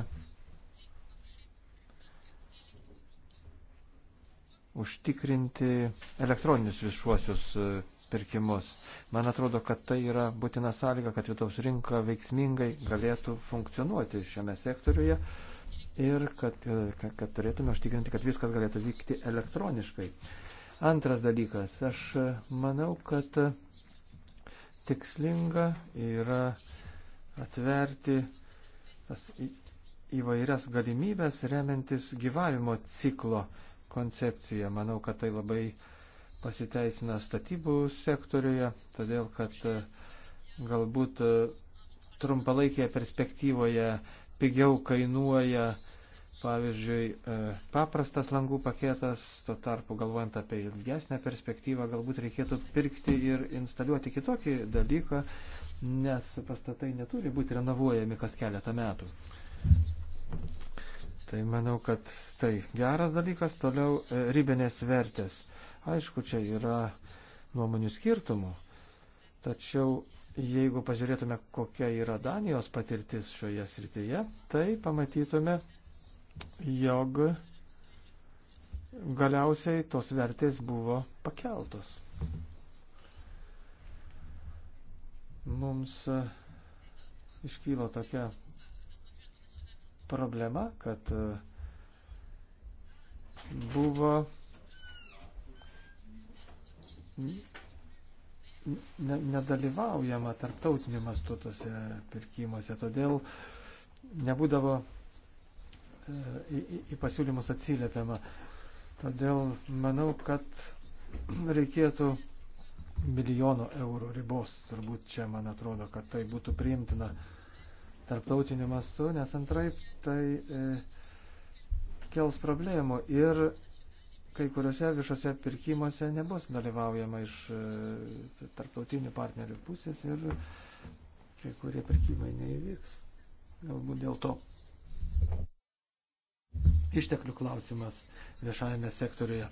[SPEAKER 2] užtikrinti elektroninius viešuosius e, pirkimus. Man atrodo, kad tai yra būtina sąlyga, kad vidaus rinka veiksmingai galėtų funkcionuoti šiame sektoriuje ir kad, e, kad, kad turėtume užtikrinti, kad viskas galėtų vykti elektroniškai. Antras dalykas, aš e, manau, kad tikslinga yra atverti tas įvairias galimybės remiantis gyvavimo ciklo uh, koncepciją. Manau, kad tai labai pasiteisina statybų sektoriuje, todėl kad e, galbūt e, trumpalaikėje perspektyvoje pigiau kainuoja, pavyzdžiui, e, paprastas langų paketas, tuo tarpu galvojant apie ilgesnę perspektyvą, galbūt reikėtų pirkti ir instaliuoti kitokį dalyką, nes pastatai neturi būti renovuojami kas keletą metų. Tai manau, kad tai geras dalykas, toliau e, ribinės vertės. Aišku, čia yra nuomonių skirtumų, tačiau jeigu pažiūrėtume, kokia yra Danijos patirtis šioje srityje, tai pamatytume, jog galiausiai tos vertės buvo pakeltos. Mums e, iškylo tokia problema, kad e, buvo nedalyvaujama tarptautiniu mastu tose pirkimuose, todėl nebūdavo e, į, į, į pasiūlymus atsiliepiama. Todėl manau, kad reikėtų milijono eurų ribos. Turbūt čia man atrodo, kad tai būtų priimtina tarptautiniu mastu, nes antraip tai e, kels problemų ir kai kuriuose viešuose pirkimuose nebus dalyvaujama iš e, tarptautinių partnerių pusės ir kai kurie pirkimai neįvyks. Galbūt dėl to. Išteklių klausimas viešajame sektoriuje.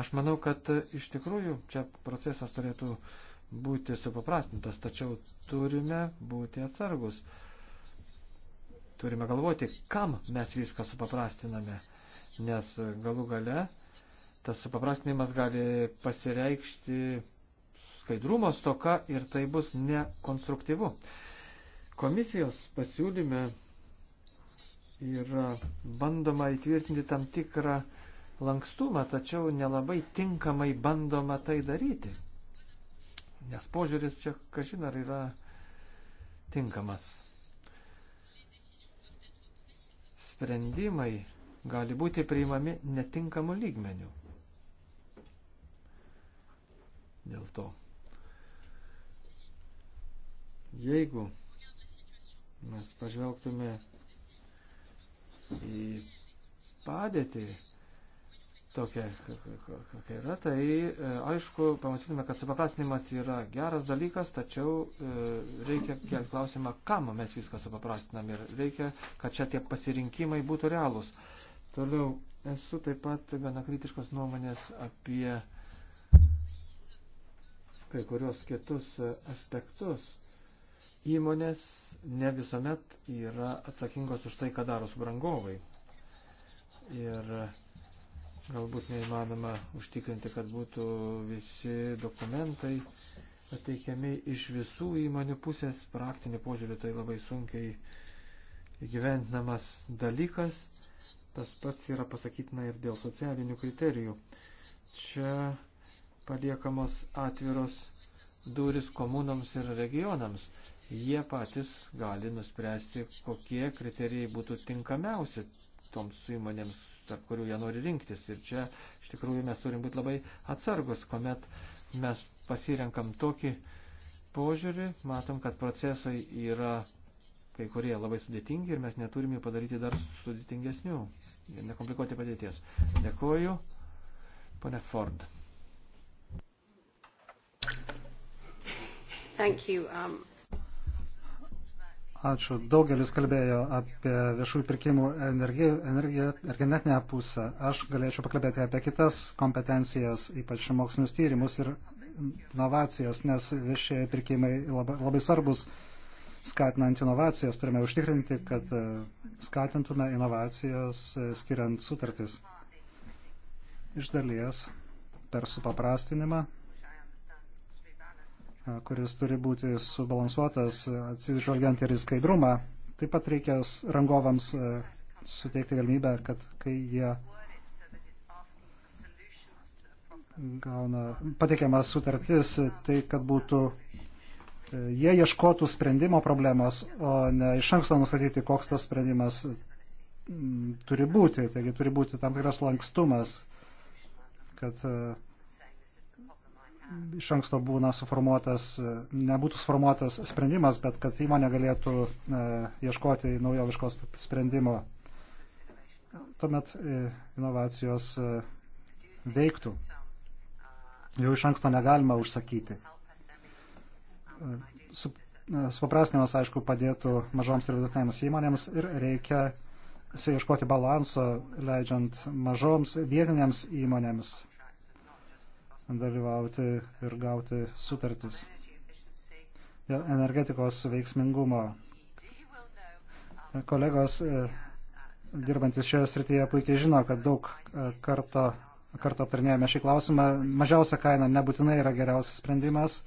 [SPEAKER 2] Aš manau, kad iš tikrųjų čia procesas turėtų būti supaprastintas, tačiau turime būti atsargus. E, turime galvoti, kam mes viską supaprastiname, nes galų gale tas supaprastinimas gali pasireikšti skaidrumo stoka ir tai bus nekonstruktyvu. Komisijos pasiūlyme yra bandoma įtvirtinti tam tikrą lankstumą, tačiau nelabai tinkamai bandoma tai daryti. Nes požiūris čia, kažin ar yra tinkamas. sprendimai gali būti priimami netinkamu lygmeniu. Dėl to, jeigu mes pažvelgtume į padėtį, tokia, kokia yra, tai e, aišku, pamatytume, kad supaprastinimas yra geras dalykas, tačiau e, reikia kelti klausimą, kam mes viską supaprastinam ir reikia, kad čia tie pasirinkimai būtų realūs. Toliau esu taip pat gana kritiškos nuomonės apie kai kurios kitus e, aspektus. Įmonės ne visuomet yra atsakingos už tai, ką daro subrangovai. Ir galbūt neįmanoma užtikrinti, kad būtų visi dokumentai pateikiami iš visų įmonių pusės. Praktiniu požiūriu tai labai sunkiai įgyventinamas dalykas. Tas pats yra pasakytina ir dėl socialinių kriterijų. Čia paliekamos atviros duris komunams ir regionams. Jie patys gali nuspręsti, kokie kriterijai būtų tinkamiausi toms įmonėms tarp kurių jie nori rinktis. Ir čia iš tikrųjų mes turim būti labai atsargus, kuomet mes pasirenkam tokį požiūrį, matom, kad procesai yra kai kurie labai sudėtingi ir mes neturim jų padaryti dar sudėtingesnių ir nekomplikuoti padėties. Dėkuoju, pone Ford.
[SPEAKER 4] Thank you. Um...
[SPEAKER 3] Ačiū. Daugelis kalbėjo apie viešųjų pirkimų energiją, energiją, energetinę pusę. Aš galėčiau pakalbėti apie kitas kompetencijas, ypač mokslinius tyrimus ir inovacijas, nes viešieji pirkimai labai, labai svarbus skatinant inovacijas. Turime užtikrinti, kad e, skatintume inovacijas e, skiriant sutartis. Iš dalies per supaprastinimą kuris turi būti subalansuotas, atsižvelgiant ir į skaidrumą. Taip pat reikia rangovams e, suteikti galimybę, kad kai jie gauna pateikiamas sutartis, tai kad būtų e, jie ieškotų sprendimo problemos, o ne iš anksto nustatyti, koks tas sprendimas turi būti. Taigi turi būti tam tikras lankstumas, kad uh, iš anksto būna suformuotas, nebūtų suformuotas sprendimas, bet kad įmonė galėtų e, ieškoti naujoviškos sprendimo. Tuomet e, inovacijos e, veiktų. Jau iš anksto negalima užsakyti. Supaprastinimas, aišku, padėtų mažoms ir vidutinėms įmonėms ir reikia ieškoti balanso, leidžiant mažoms vietinėms įmonėms dalyvauti ir gauti sutartis. Dėl energetikos veiksmingumo. Kolegos e, dirbantis šioje srityje puikiai žino, kad daug e, karto, karto aptarnėjame šį klausimą. Mažiausia kaina nebūtinai yra geriausias sprendimas.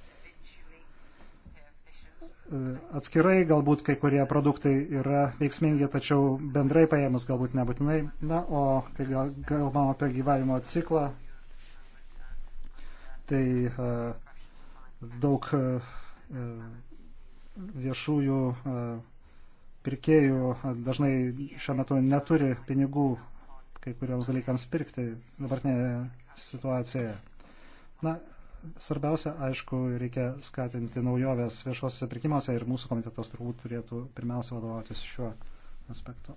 [SPEAKER 3] E, atskirai galbūt kai kurie produktai yra veiksmingi, tačiau bendrai paėmus galbūt nebūtinai. Na, o kai galvom apie gyvavimo ciklą, tai e, daug e, viešųjų e, pirkėjų dažnai šiuo metu neturi pinigų kai kuriems dalykams pirkti dabartinėje situacijoje. Na, svarbiausia, aišku, reikia skatinti naujoves viešuosiuose pirkimuose ir mūsų komitetas turbūt turėtų pirmiausia vadovautis šiuo aspektu.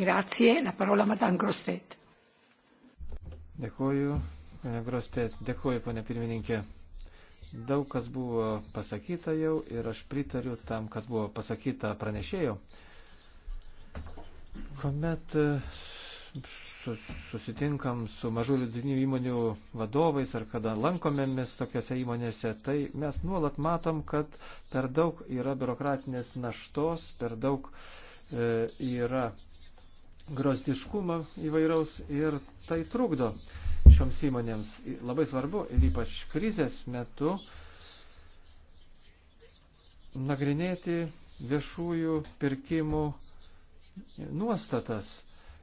[SPEAKER 6] Grazie, la parola Madame Grostet.
[SPEAKER 3] Dėkuoju,
[SPEAKER 2] Pane Grostė, dėkuoju, pane pirmininkė. Daug kas buvo pasakyta jau ir aš pritariu tam, kas buvo pasakyta pranešėjo. Komet e, susitinkam su mažų vidutinių įmonių vadovais ar kada lankomėmis tokiuose įmonėse, tai mes nuolat matom, kad per daug yra biurokratinės naštos, per daug e, yra grozdiškumo įvairaus ir tai trukdo šioms įmonėms labai svarbu ir ypač krizės metu nagrinėti viešųjų pirkimų nuostatas.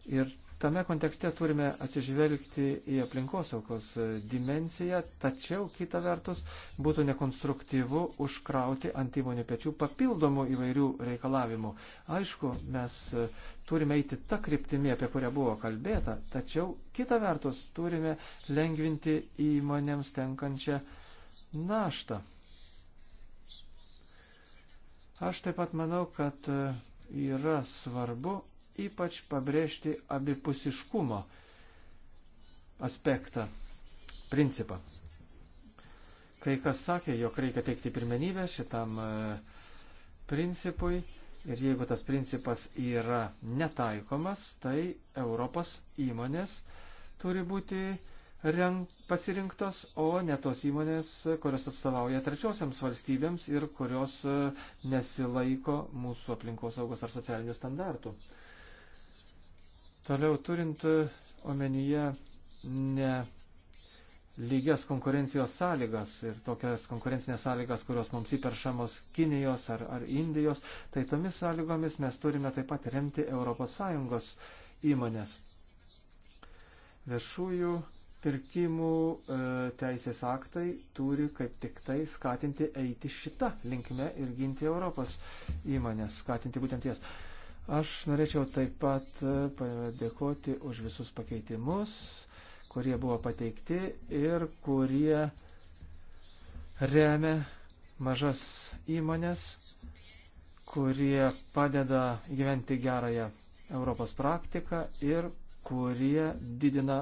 [SPEAKER 2] Ir tame kontekste turime atsižvelgti į aplinkosaugos dimenciją, tačiau kita vertus būtų nekonstruktyvu užkrauti ant įmonių pečių papildomų įvairių reikalavimų. Aišku, mes turime eiti tą kryptimį, apie kurią buvo kalbėta, tačiau kita vertus turime lengvinti įmonėms tenkančią naštą. Aš taip pat manau, kad e, yra svarbu ypač pabrėžti abipusiškumo aspektą, principą. Kai kas sakė, jog reikia teikti pirmenybę šitam e, principui, Ir jeigu tas principas yra netaikomas, tai Europos įmonės turi būti renk, pasirinktos, o ne tos įmonės, kurios atstovauja trečiosiams valstybėms ir kurios e, nesilaiko mūsų aplinkosaugos ar socialinių standartų. Toliau turint e, omenyje ne lygias konkurencijos sąlygas ir tokias konkurencinės sąlygas, kurios mums įperšamos Kinijos ar, ar Indijos, tai tomis sąlygomis mes turime taip pat remti ES įmonės. Viešųjų pirkimų e, teisės aktai turi kaip tik tai skatinti eiti šitą linkme ir ginti Europos įmonės, skatinti būtent jas. Aš norėčiau taip pat e, padėkoti už visus pakeitimus kurie buvo pateikti ir kurie remia mažas įmonės, kurie padeda gyventi gerąją Europos praktiką ir kurie didina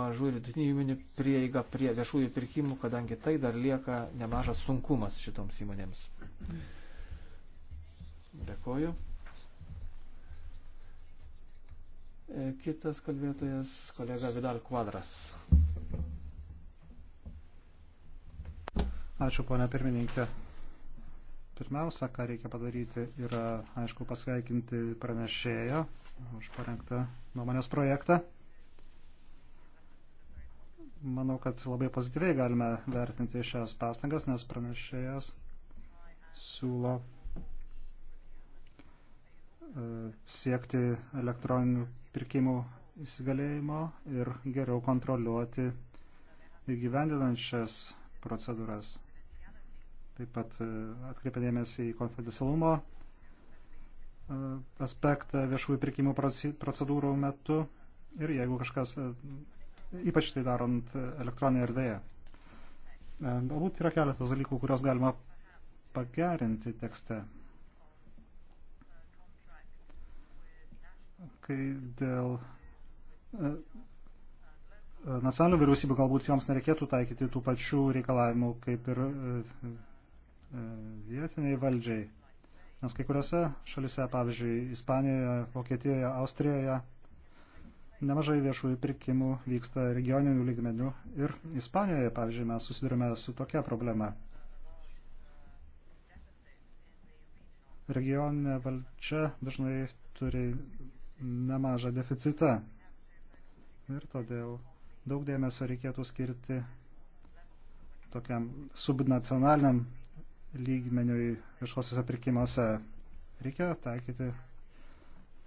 [SPEAKER 2] mažų ir vidutinių įmonių prieigą prie viešųjų pirkimų, kadangi tai dar lieka nemažas sunkumas šitoms įmonėms. Dėkoju. E, kitas kalbėtojas, kolega Vidal Kvadras.
[SPEAKER 3] Ačiū, ponia pirmininkė. Pirmiausia, ką reikia padaryti, yra, aišku, pasveikinti pranešėją už parengtą nuomonės projektą. Manau, kad labai pozityviai galime vertinti šias pastangas, nes pranešėjas siūlo e, siekti elektroninių pirkimų įsigalėjimo ir geriau kontroliuoti įgyvendinančias procedūras. Taip pat e, atkreipia dėmesį į konfidencialumo e, aspektą viešųjų pirkimų procedūrų metu ir jeigu kažkas, e, ypač tai darant elektroninėje erdvėje. Galbūt yra keletas dalykų, kuriuos galima pagerinti tekste. kai dėl e, e, nacionalinių vyriausybių galbūt joms nereikėtų taikyti tų pačių reikalavimų kaip ir e, vietiniai valdžiai. Nes kai kuriuose šalise, pavyzdžiui, Ispanijoje, Vokietijoje, Austrijoje, nemažai viešųjų pirkimų vyksta regioninių lygmenių ir Ispanijoje, pavyzdžiui, mes susidurime su tokia problema. Regioninė valdžia dažnai turi nemažą deficitą. Ir todėl daug dėmesio reikėtų skirti tokiam subnacionaliniam lygmeniui viešuosiuose pirkimuose. Reikia taikyti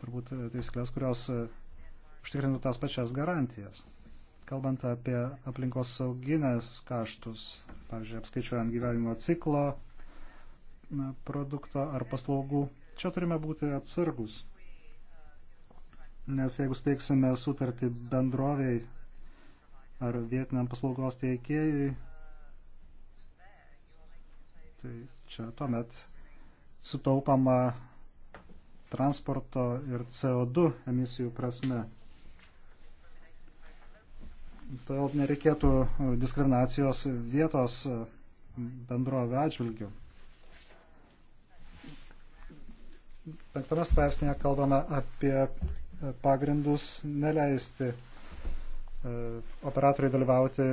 [SPEAKER 3] turbūt taisyklės, kurios e, užtikrintų tas pačias garantijas. Kalbant apie aplinkos sauginės kaštus, pavyzdžiui, apskaičiuojant gyvenimo ciklo na, produkto ar paslaugų, čia turime būti atsargus nes jeigu steiksime sutartį bendroviai ar vietiniam paslaugos teikėjui, tai čia tuomet sutaupama transporto ir CO2 emisijų prasme. Todėl nereikėtų diskriminacijos vietos bendrovio atžvilgių. Penktame straipsnėje kalbame apie pagrindus neleisti e, operatoriai dalyvauti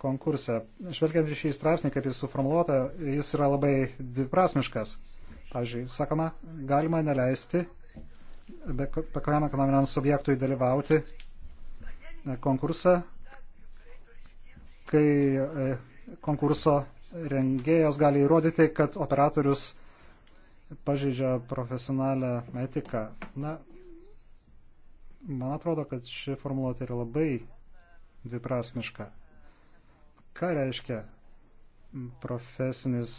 [SPEAKER 3] konkurse. Žvelgiant į šį straipsnį, kaip jis suformuoluota, jis yra labai dviprasmiškas. Pavyzdžiui, sakoma, galima neleisti be kokiam ekonominiam subjektui dalyvauti e, konkursą, kai e, konkurso rengėjas gali įrodyti, kad operatorius pažeidžia profesionalią etiką. Na, Man atrodo, kad ši formuluotė yra labai dviprasmiška. Ką reiškia profesinis,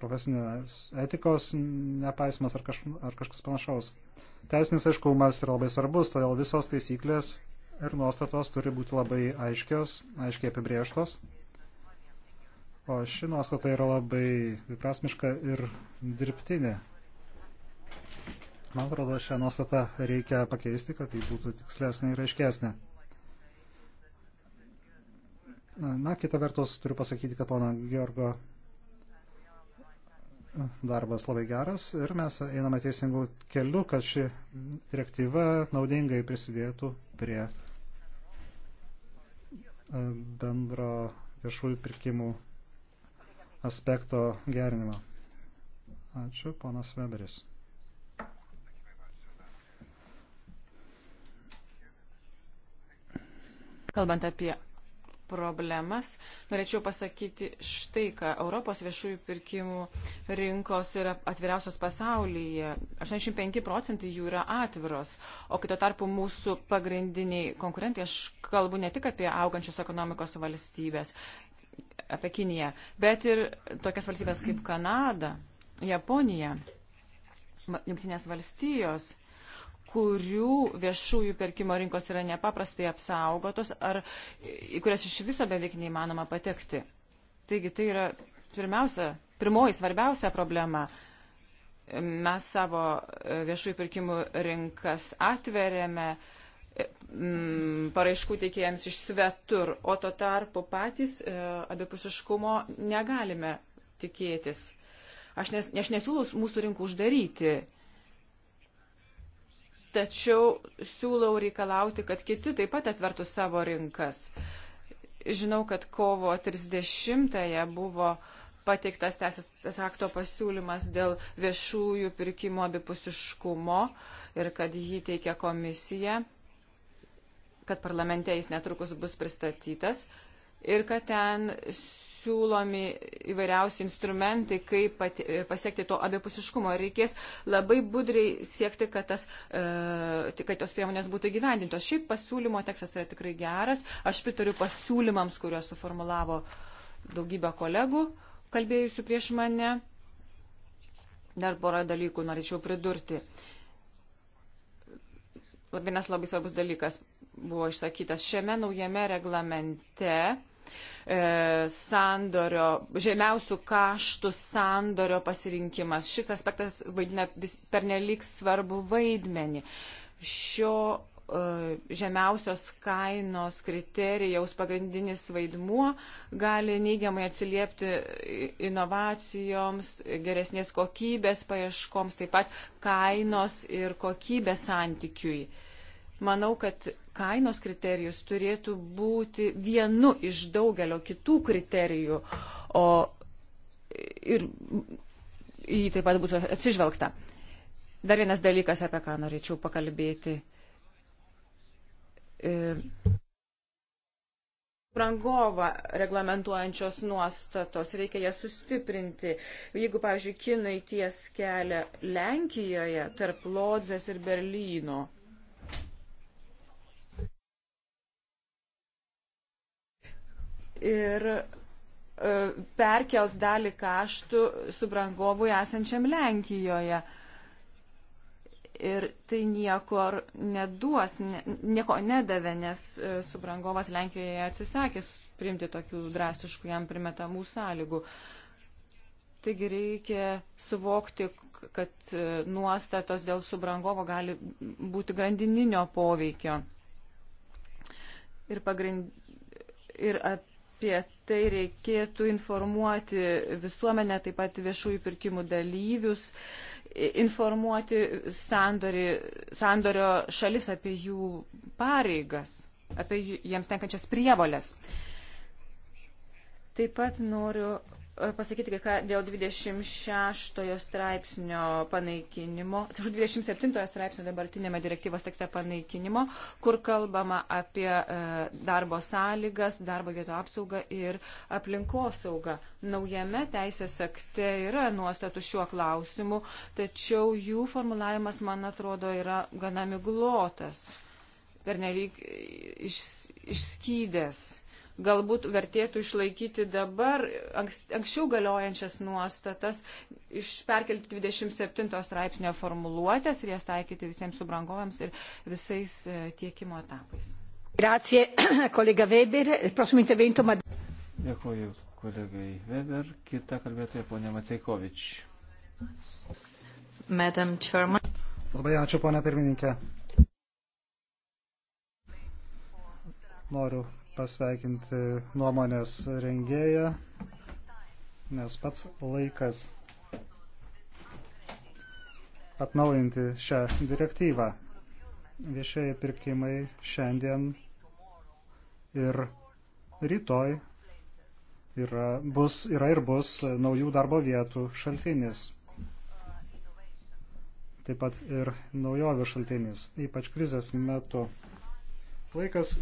[SPEAKER 3] profesinės etikos nepaisimas ar, kaž, ar kažkas panašaus? Teisinis aiškumas yra labai svarbus, todėl visos taisyklės ir nuostatos turi būti labai aiškios, aiškiai apibrieštos. O ši nuostata yra labai dviprasmiška ir dirbtinė. Man atrodo, šią nuostatą reikia pakeisti, kad tai būtų tikslesnė ir aiškesnė. Na, kita vertus, turiu pasakyti, kad pono Georgo darbas labai geras ir mes einame teisingų kelių, kad ši direktyva naudingai prisidėtų prie e, bendro viešųjų pirkimų aspekto gerinimo. Ačiū, ponas Weberis.
[SPEAKER 4] Kalbant apie problemas, norėčiau pasakyti štai, ką Europos viešųjų pirkimų rinkos yra atviriausios pasaulyje. 85 procentai jų yra atviros, o kito tarpu mūsų pagrindiniai konkurentai, aš kalbu ne tik apie augančios ekonomikos valstybės, apie Kiniją, bet ir tokias valstybės kaip Kanada, Japonija, Junktinės valstijos kurių viešųjų pirkimo rinkos yra nepaprastai apsaugotos ar į kurias iš viso beveik neįmanoma patekti. Taigi tai yra pirmiausia, pirmoji svarbiausia problema. Mes savo e, viešųjų pirkimų rinkas atverėme e, paraiškų teikėjams iš svetur, o to tarpu patys e, abipusiškumo negalime tikėtis. Aš, nes, aš nesiūlau mūsų rinkų uždaryti. E, tačiau siūlau reikalauti, kad kiti taip pat atvertų savo rinkas. Žinau, kad kovo 30-ąją buvo pateiktas teisės akto pasiūlymas dėl viešųjų pirkimo abipusiškumo ir kad jį teikia komisija, kad parlamente jis netrukus bus pristatytas ir kad ten siūlomi įvairiausi instrumentai, kaip pati, e, pasiekti to abipusiškumo. Reikės labai budriai siekti, kad, tas, e, kad tos priemonės būtų gyvendintos. Šiaip pasiūlymo tekstas yra tikrai geras. Aš pritariu pasiūlymams, kuriuos suformulavo daugybę kolegų kalbėjusių prieš mane. Dar porą dalykų norėčiau pridurti. Vienas labai svarbus dalykas buvo išsakytas šiame naujame reglamente E, sandorio, žemiausių kaštų sandorio pasirinkimas. Šis aspektas vaidina pernelyg svarbu vaidmenį. Šio e, žemiausios kainos kriterijaus pagrindinis vaidmuo gali neigiamai atsiliepti inovacijoms, geresnės kokybės paieškoms, taip pat kainos ir kokybės santykiui. Manau, kad kainos kriterijus turėtų būti vienu iš daugelio kitų kriterijų, o ir jį taip pat būtų atsižvelgta. Dar vienas dalykas, apie ką norėčiau pakalbėti. Prangovą e, reglamentuojančios nuostatos, reikia jas sustiprinti. Jeigu, pavyzdžiui, kinai ties kelią Lenkijoje tarp Lodzės ir Berlyno, ir e, perkels dalį kaštų subrangovui esančiam Lenkijoje. Ir tai nieko neduos, nieko nedavė, nes e, subrangovas Lenkijoje atsisakė priimti tokių drastiškų jam primetamų sąlygų. Taigi reikia suvokti, kad e, nuostatos dėl subrangovo gali būti grandininio poveikio. Ir, pagrind... ir ap apie tai reikėtų informuoti visuomenę, taip pat viešųjų pirkimų dalyvius, informuoti sandorį, sandorio šalis apie jų pareigas, apie jiems tenkančias prievolės. Taip pat noriu E, pasakyti kai ką dėl 26 straipsnio panaikinimo, atsiprašau, 27 straipsnio dabartinėme direktyvos tekste panaikinimo, kur kalbama apie e, darbo sąlygas, darbo vietų apsaugą ir aplinkosaugą. Naujame teisės akte yra nuostatų šiuo klausimu, tačiau jų formulavimas, man atrodo, yra gana miglotas, pernelyg e, iš, išskydęs galbūt vertėtų išlaikyti dabar anks, anksčiau galiojančias nuostatas, išperkelti 27 straipsnio formuluotės ir jas taikyti visiems subrangovams ir visais e, tiekimo etapais.
[SPEAKER 6] Grazie, kolega Weber. Prosim
[SPEAKER 3] intervento, mad...
[SPEAKER 2] Dėkuoju kolegai Weber. Kita kalbėtoja ponė Maceikovič.
[SPEAKER 3] Madam Chairman. Labai ačiū, ponė pirmininkė. Noriu pasveikinti nuomonės rengėją, nes pats laikas atnaujinti šią direktyvą. Viešieji pirkimai šiandien ir rytoj yra, bus, yra ir bus naujų darbo vietų šaltinis. Taip pat ir naujovių šaltinis, ypač krizės metu. Laikas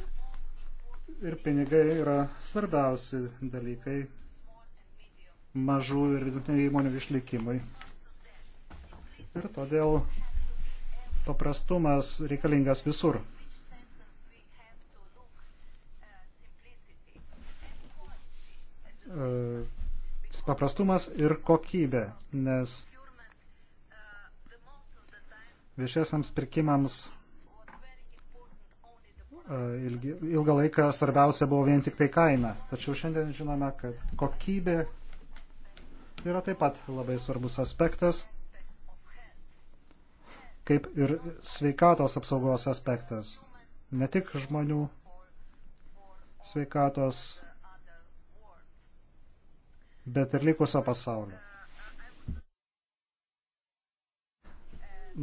[SPEAKER 3] ir pinigai yra svarbiausi dalykai mažų ir vidutinių įmonių išlikimui. Ir todėl paprastumas reikalingas visur. E, paprastumas ir kokybė, nes viešiesiams pirkimams E, ilgi, ilgą laiką svarbiausia buvo vien tik tai kaina. Tačiau šiandien žinome, kad kokybė yra taip pat labai svarbus aspektas, kaip ir sveikatos apsaugos aspektas. Ne tik žmonių sveikatos, bet ir likusio pasaulio.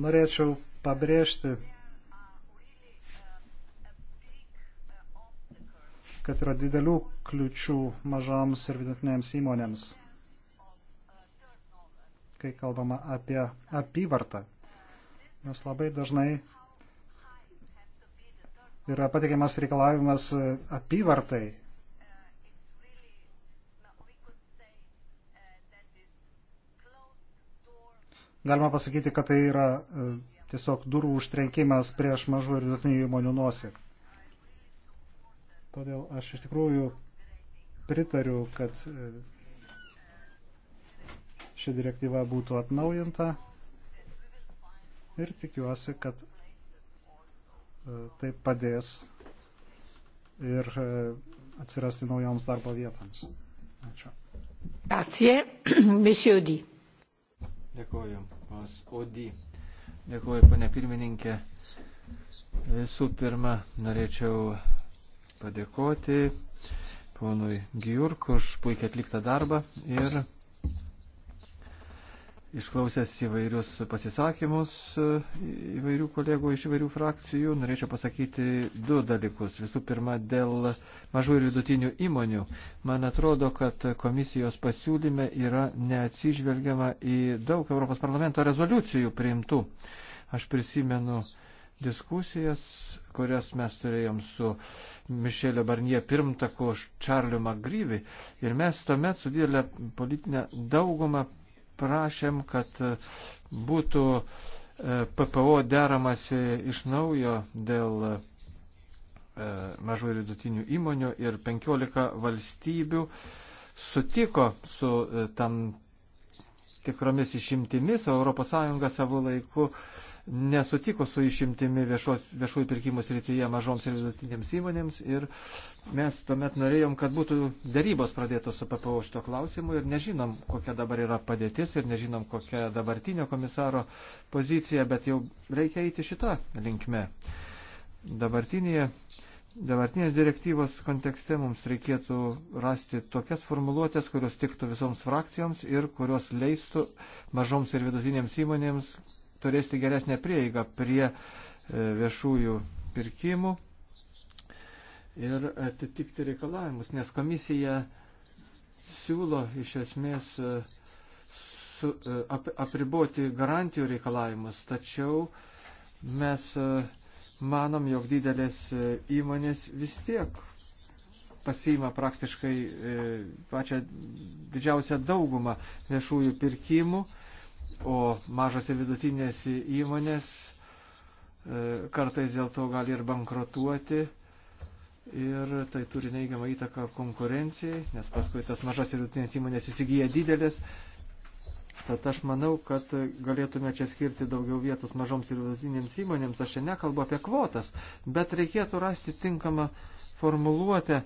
[SPEAKER 3] Norėčiau pabrėžti, kad yra didelių kliučių mažoms ir vidutinėms įmonėms, kai kalbama apie apyvartą. Nes labai dažnai yra patikimas reikalavimas apyvartai. Galima pasakyti, kad tai yra e, tiesiog durų užtrenkimas prieš mažų ir vidutinių įmonių nosį. Todėl aš iš tikrųjų pritariu, kad e, ši direktyva būtų atnaujinta ir tikiuosi, kad e, tai padės ir e, atsirasti naujoms darbo vietoms. Ačiū.
[SPEAKER 6] Grazie, monsieur Odi.
[SPEAKER 2] Dėkuoju, pas Odi. Dėkuoju, pane pirmininkė. Visų pirma, norėčiau padėkoti ponui Giurk už puikiai atliktą darbą ir išklausęs įvairius pasisakymus įvairių kolegų iš įvairių frakcijų, norėčiau pasakyti du dalykus. Visų pirma, dėl mažų ir vidutinių įmonių. Man atrodo, kad komisijos pasiūlyme yra neatsižvelgiama į daug Europos parlamento rezoliucijų priimtų. Aš prisimenu diskusijas kurias mes turėjom su Mišelio Barnie pirmtaku Čarliu Magryvi. Ir mes tuomet su didelė politinė dauguma prašėm, kad e, būtų e, PPO deramasi iš naujo dėl e, mažų ir vidutinių įmonių ir 15 valstybių sutiko su tam tikromis išimtimis, o ES savo laiku nesutiko su išimtimi viešos, viešųjų pirkimų srityje mažoms ir vidutinėms įmonėms ir mes tuomet norėjom, kad būtų darybos pradėtos su PPO šito klausimu ir nežinom, kokia dabar yra padėtis ir nežinom, kokia dabartinio komisaro pozicija, bet jau reikia eiti šitą linkme. Dabartinėje, dabartinės direktyvos kontekste mums reikėtų rasti tokias formuluotės, kurios tiktų visoms frakcijoms ir kurios leistų mažoms ir vidutinėms įmonėms turėsite geresnę prieigą prie e, viešųjų pirkimų ir atitikti reikalavimus, nes komisija siūlo iš esmės e, su, e, ap, apriboti garantijų reikalavimus, tačiau mes manom, jog didelės įmonės vis tiek pasiima praktiškai pačią didžiausią daugumą viešųjų pirkimų o mažos ir vidutinės įmonės e, kartais dėl to gali ir bankrotuoti. Ir tai turi neigiamą įtaką konkurencijai, nes paskui tas mažas ir vidutinės įmonės įsigyja didelės. Tad aš manau, kad galėtume čia skirti daugiau vietos mažoms ir vidutinėms įmonėms. Aš čia nekalbu apie kvotas, bet reikėtų rasti tinkamą formuluotę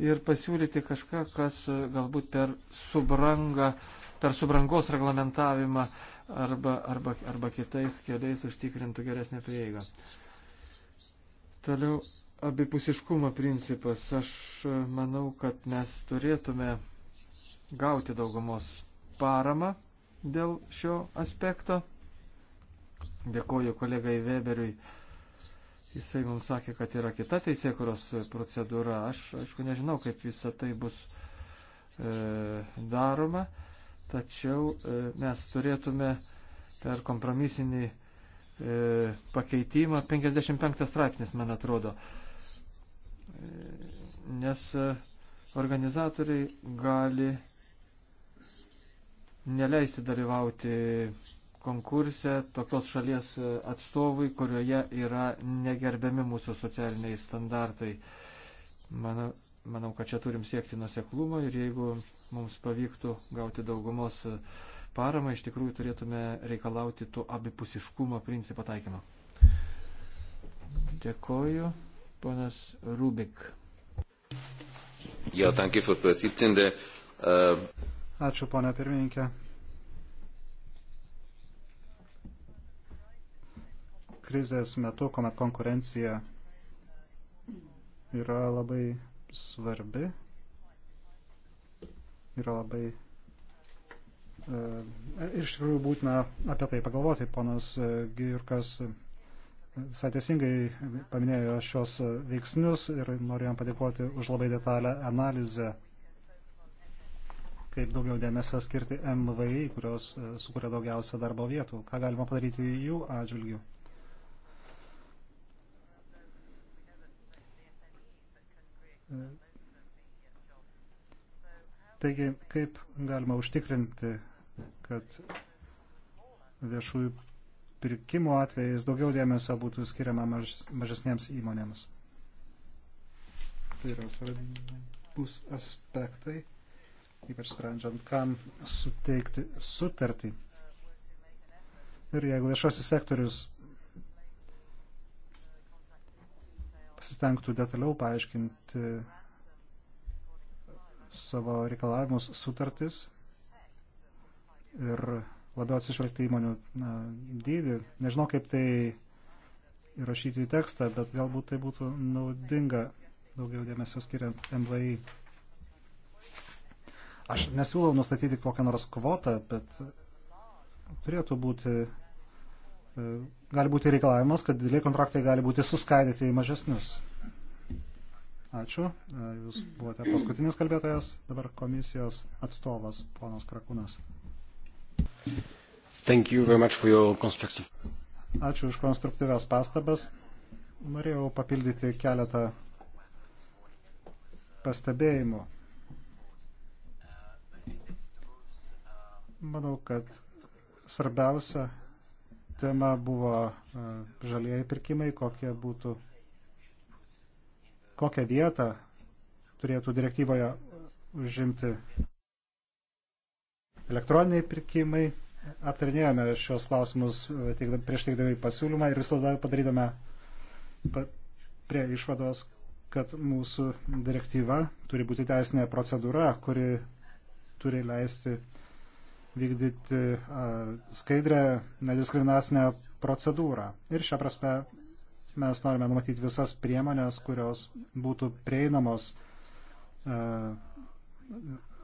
[SPEAKER 2] ir pasiūlyti kažką, kas galbūt per subrangą uh, per subrangos reglamentavimą arba, arba, arba kitais keliais užtikrintų geresnę prieigą. Toliau abipusiškumo principas. Aš manau, kad mes turėtume gauti daugumos paramą dėl šio aspekto. Dėkoju kolegai Weberiui. Jisai mums sakė, kad yra kita teisėkuros procedūra. Aš, aišku, nežinau, kaip visa tai bus e, daroma. E, tačiau e, mes turėtume per kompromisinį e, pakeitimą 55 straipsnis, man atrodo, e, nes organizatoriai gali neleisti dalyvauti konkurse tokios šalies atstovui, kurioje yra negerbiami mūsų socialiniai standartai. Mano Manau, kad čia turim siekti nuseklumo ir jeigu mums pavyktų gauti daugumos paramą, iš tikrųjų turėtume reikalauti to abipusiškumo principo taikymą. Dėkoju, ponas Rubik.
[SPEAKER 5] Ja, danke, Frau Vorsitzende. Uh... Äh,
[SPEAKER 3] Ačiū, ponia pirmininkė. Krizės metu, kuomet konkurencija yra labai svarbi. Yra labai e, iš tikrųjų būtina apie tai pagalvoti. Ponas e, Girkas e, visai teisingai paminėjo šios veiksnius ir norėjom padėkoti už labai detalę analizę, kaip daugiau dėmesio skirti MVI, kurios sukuria daugiausia darbo vietų. Ką galima padaryti jų atžvilgių? Taigi, kaip galima užtikrinti, kad viešųjų pirkimų atvejais daugiau dėmesio būtų skiriama maž, mažesniems įmonėms? Tai yra svarbus aspektai, ypač sprendžiant, kam suteikti sutartį. Ir jeigu viešasis sektorius pasistengtų detaliau paaiškinti savo reikalavimus sutartis ir labiau atsižvelgti įmonių na, dydį. Nežinau, kaip tai įrašyti į tekstą, bet galbūt tai būtų naudinga daugiau dėmesio skiriant MVI. Aš nesiūlau nustatyti kokią nors kvotą, bet turėtų būti E, gali būti reikalavimas, kad dideliai kontraktai gali būti suskaidyti į mažesnius. Ačiū. E, jūs buvote paskutinis kalbėtojas, dabar komisijos atstovas, ponas Krakūnas. Constructive... Ačiū už konstruktyvias pastabas. Norėjau papildyti keletą pastebėjimų. Manau, kad svarbiausia tema buvo e, žalieji pirkimai, kokie būtų, kokią vietą turėtų direktyvoje užimti elektroniniai pirkimai. Aptarinėjome šios klausimus e, prieš teikdami pasiūlymą ir visada padarydame prie išvados, kad mūsų direktyva turi būti teisinė procedūra, kuri turi leisti uh, vykdyti skaidrę, nediskriminacinę procedūrą. Ir šią prasme mes norime numatyti visas priemonės, kurios būtų prieinamos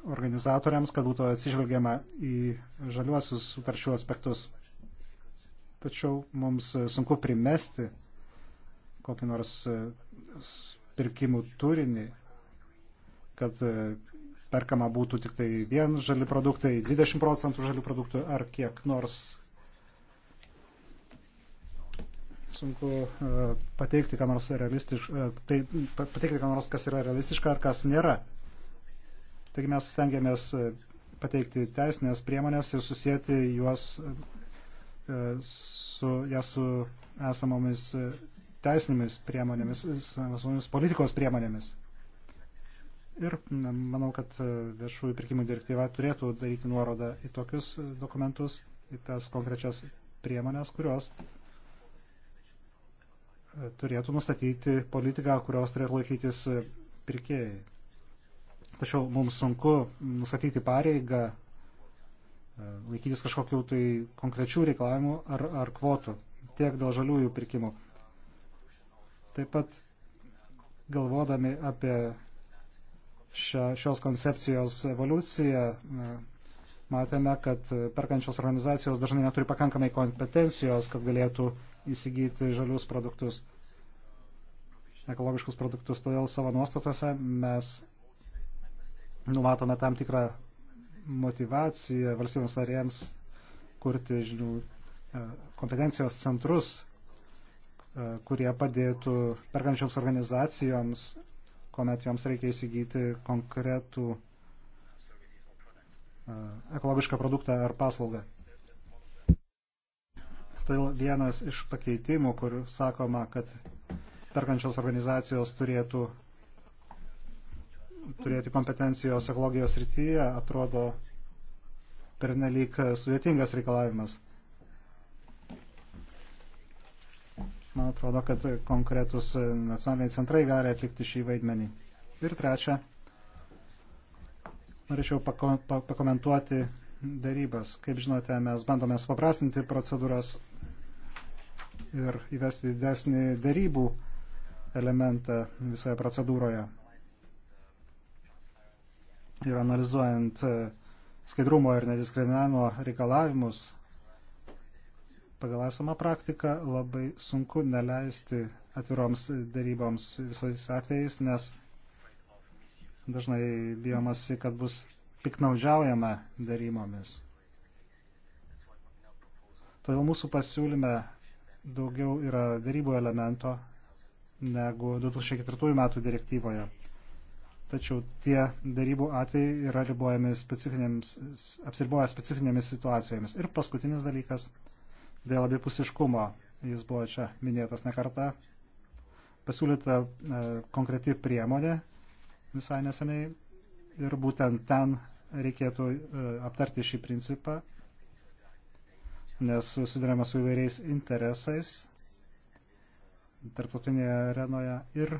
[SPEAKER 3] organizatoriams, kad būtų atsižvelgiama į žaliuosius sutarčių aspektus. Tačiau mums sunku primesti kokį nors pirkimų turinį, kad perkama būtų tik tai vien žali produktai, 20 procentų žalių produktų ar kiek nors. Sunku e, pateikti, ką nors, e, tai, pateikti, ką nors kas yra realistiška ar kas nėra. Taigi mes stengiamės e, pateikti teisinės priemonės ir susijęti juos su, jas su esamomis teisinėmis priemonėmis, su esamomis politikos priemonėmis. Ir manau, kad e, viešųjų pirkimų direktyva turėtų daryti nuorodą į tokius e, dokumentus, į tas konkrečias priemonės, kurios e, turėtų nustatyti politiką, kurios turėtų laikytis pirkėjai. Tačiau mums sunku nustatyti pareigą laikytis kažkokių tai konkrečių reikalavimų ar, ar kvotų tiek dėl žaliųjų pirkimų. Taip pat galvodami apie šia, šios koncepcijos evoliuciją, matėme, kad perkančios organizacijos dažnai neturi pakankamai kompetencijos, kad galėtų įsigyti žalius produktus, ekologiškus produktus. Todėl savo nuostatose mes numatome tam tikrą motivaciją valstybėms narėms kurti žinių e, kompetencijos centrus, e, kurie padėtų perkančioms organizacijoms kuomet joms reikia įsigyti konkretų e, ekologišką produktą ar paslaugą. Tai vienas iš pakeitimų, kur sakoma, kad perkančios organizacijos turėtų turėti kompetencijos ekologijos rytyje, atrodo pernelyg sudėtingas reikalavimas. Man atrodo, kad konkretus nacionaliniai centrai gali atlikti šį vaidmenį. Ir trečia, norėčiau pako, pa, pakomentuoti darybas. Kaip žinote, mes bandome supaprastinti procedūras ir įvesti didesnį darybų elementą visoje procedūroje. Ir analizuojant skaidrumo ir nediskriminavimo reikalavimus, pagal esamą praktiką labai sunku neleisti atviroms daryboms visais atvejais, nes dažnai bijomasi, kad bus piknaudžiaujama darymomis. Todėl mūsų pasiūlyme daugiau yra darybų elemento negu 2004 metų direktyvoje. Tačiau tie darybų atvejai yra ribojami specifinėmis, apsiriboja specifinėmis situacijomis. Ir paskutinis dalykas dėl abipusiškumo. Jis buvo čia minėtas nekarta. Pasiūlyta e, konkreti priemonė visai neseniai ir būtent ten reikėtų e, aptarti šį principą, nes sudarėme su įvairiais interesais tarptautinėje arenoje ir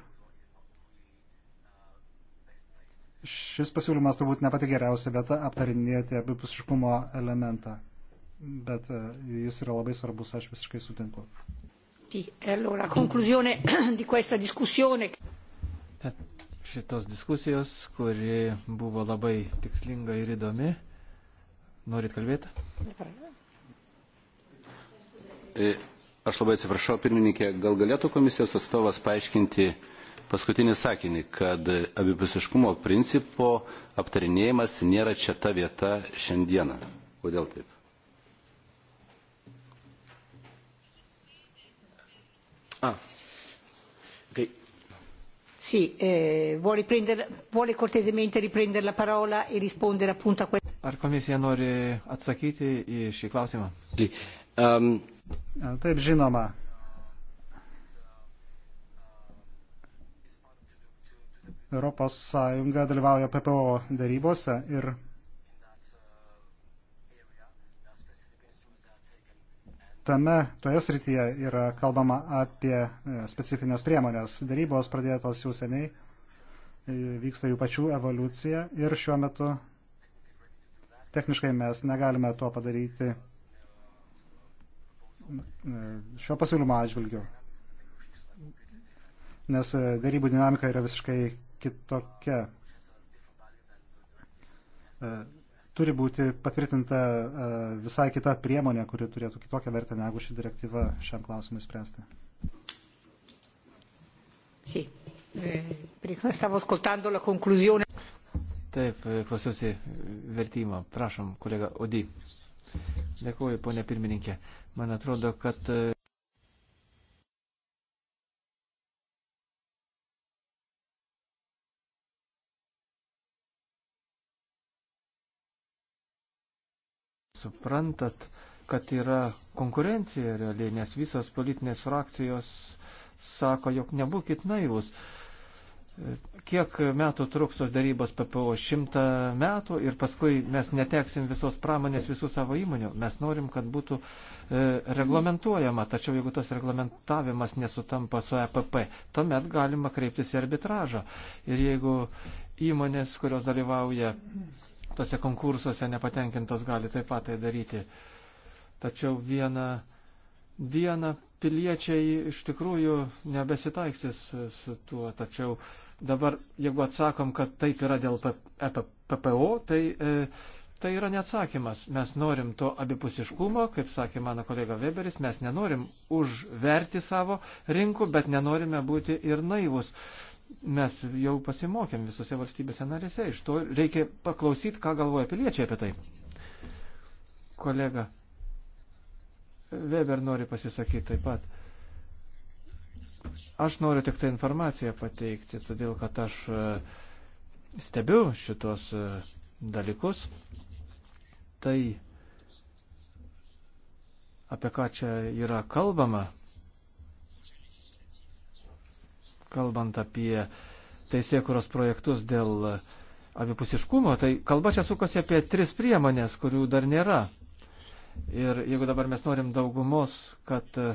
[SPEAKER 3] šis pasiūlymas turbūt ne pati geriausia vieta aptarinėti abipusiškumo elementą bet e, jis yra labai svarbus, aš visiškai sutinku. E Tad šitos diskusijos, kuri
[SPEAKER 2] buvo labai tikslinga ir įdomi. Norit kalbėti?
[SPEAKER 5] E, aš labai atsiprašau, pirmininkė, gal galėtų komisijos atstovas paaiškinti paskutinį sakinį, kad abipusiškumo principo aptarinėjimas nėra čia ta vieta šiandieną. Kodėl taip? Ah.
[SPEAKER 1] Okay.
[SPEAKER 6] Sì, eh, vuole, prendere, vuole cortesemente riprendere la parola e rispondere appunto a questo.
[SPEAKER 2] Ar komisija nori atsakyti į šį klausimą? Um.
[SPEAKER 3] Taip, žinoma. Europos Sąjunga dalyvauja PPO darybose ir tame, toje srityje yra kalbama apie e, specifines priemonės. Darybos pradėtos jau seniai, e, vyksta jų pačių evoliucija ir šiuo metu techniškai mes negalime to padaryti e, šio pasiūlymo atžvilgiu. Nes darybų dinamika yra visiškai kitokia turi būti patvirtinta e, visai kita priemonė, kuri turėtų kitokią vertę negu ši direktyva šiam klausimui spręsti.
[SPEAKER 6] Sì. Eh, Stavo ascoltando la conclusione.
[SPEAKER 2] Taip, e, klausiausi e, vertimo. Prašom, kolega Odi. Dėkuoju, ponė pirmininkė. Man atrodo, kad. suprantat, kad yra konkurencija realiai, nes visos politinės frakcijos sako, jog nebūkit naivus. Kiek metų truks tos darybos PPO? Šimtą metų ir paskui mes neteksim visos pramonės, visų savo įmonių. Mes norim, kad būtų e, reglamentuojama, tačiau jeigu tas reglamentavimas nesutampa su EPP, tuomet galima kreiptis į arbitražą. Ir jeigu įmonės, kurios dalyvauja tose konkursuose nepatenkintos gali taip pat tai daryti. Tačiau vieną dieną piliečiai iš tikrųjų nebesitaikstys su tuo. Tačiau dabar, jeigu atsakom, kad taip yra dėl PPO, e, tai. E, Tai yra neatsakymas. Mes norim to abipusiškumo, kaip sakė mano kolega Weberis, mes nenorim užverti savo rinkų, bet nenorime būti ir naivus. E, mes jau pasimokėm visose valstybėse narėse. Iš to reikia paklausyti, ką galvoja piliečiai apie tai. Kolega Weber nori pasisakyti taip pat. Aš noriu tik tai informaciją pateikti, todėl kad aš e, stebiu šitos e, dalykus. Tai, apie ką čia yra kalbama, kalbant apie teisėkuros projektus dėl abipusiškumo, tai kalba čia sukasi apie tris priemonės, kurių dar nėra. Ir jeigu dabar mes norim daugumos, kad e,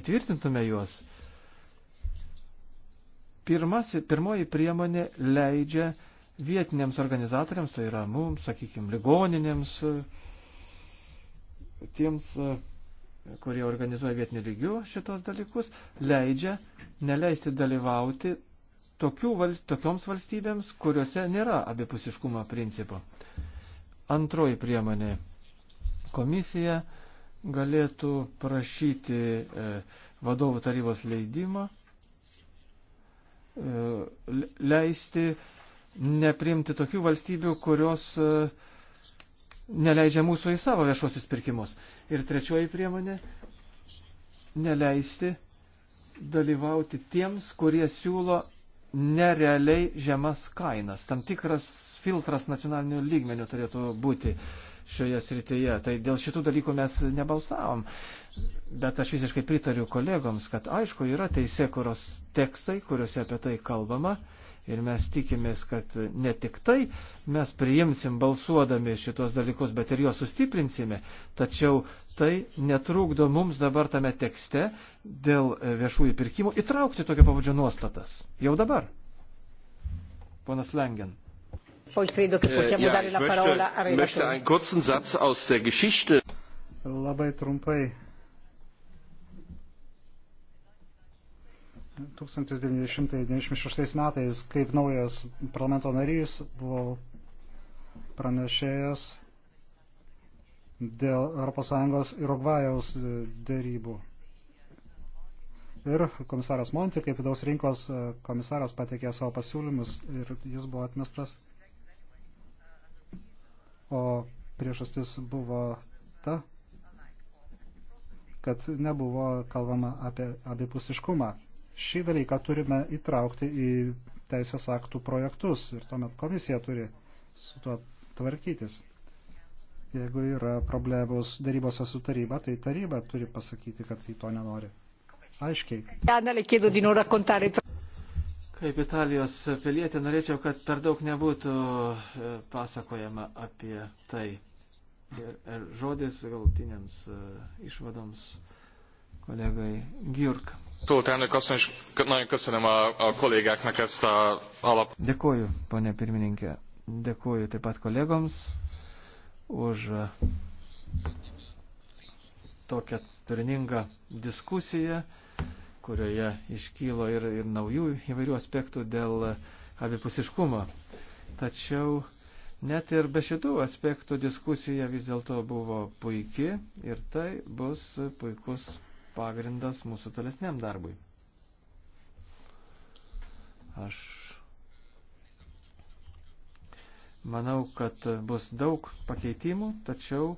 [SPEAKER 2] įtvirtintume juos, pirmas, pirmoji priemonė leidžia vietiniams organizatoriams, tai yra mums, sakykime, ligoninėms, e, tiems e, kurie organizuoja vietinių lygių šitos dalykus, leidžia neleisti dalyvauti valst, tokioms valstybėms, kuriuose nėra abipusiškumo principo. Antroji priemonė. Komisija galėtų prašyti e, vadovų tarybos leidimą, e, leisti neprimti tokių valstybių, kurios e, neleidžia mūsų į savo viešuosius pirkimus. Ir trečioji priemonė - neleisti dalyvauti tiems, kurie siūlo nerealiai žemas kainas. Tam tikras filtras nacionalinių lygmenių turėtų būti šioje srityje. Tai dėl šitų dalykų mes nebalsavom. Bet aš visiškai pritariu kolegoms, kad aišku, yra teisėkuros tekstai, kuriuose apie tai kalbama. Ir mes tikimės, kad ne tik tai mes priimsim balsuodami šitos dalykus, bet ir juos sustiprinsime. Tačiau tai netrūkdo mums dabar tame tekste dėl viešųjų pirkimų įtraukti tokio pavadžio nuostatas. Jau dabar. Ponas Lengen.
[SPEAKER 3] Eh, Labai trumpai 1996 metais, kaip naujas parlamento narys, buvau pranešėjas dėl ES ir Urugvajaus dėrybų. Ir komisaras Monti, kaip vidaus rinkos komisaras, pateikė savo pasiūlymus ir jis buvo atmestas. O priežastis buvo ta, kad nebuvo kalbama apie abipusiškumą. Šį dalyką turime įtraukti į teisės aktų projektus ir tuomet komisija turi su tuo tvarkytis. Jeigu yra problemos darybose su taryba, tai taryba turi pasakyti, kad jį to nenori. Aiškiai.
[SPEAKER 2] Kaip Italijos pilietė norėčiau, kad per daug nebūtų e, pasakojama apie tai. Ir, ir žodis galutiniams e, išvadoms kolegai Gjurkam. Tūlīt, Enrik, aš noriu kasinimą kolegiak nekestą alap. Dėkuoju, ponė pirmininkė. Dėkuoju taip pat kolegoms už e, tokią turiningą diskusiją, kurioje iškylo ir, ir naujų įvairių aspektų dėl abipusiškumo. Tačiau net ir be šitų aspektų diskusija vis dėlto buvo puiki ir tai bus puikus pagrindas mūsų tolesniam darbui. Aš manau, kad bus daug pakeitimų, tačiau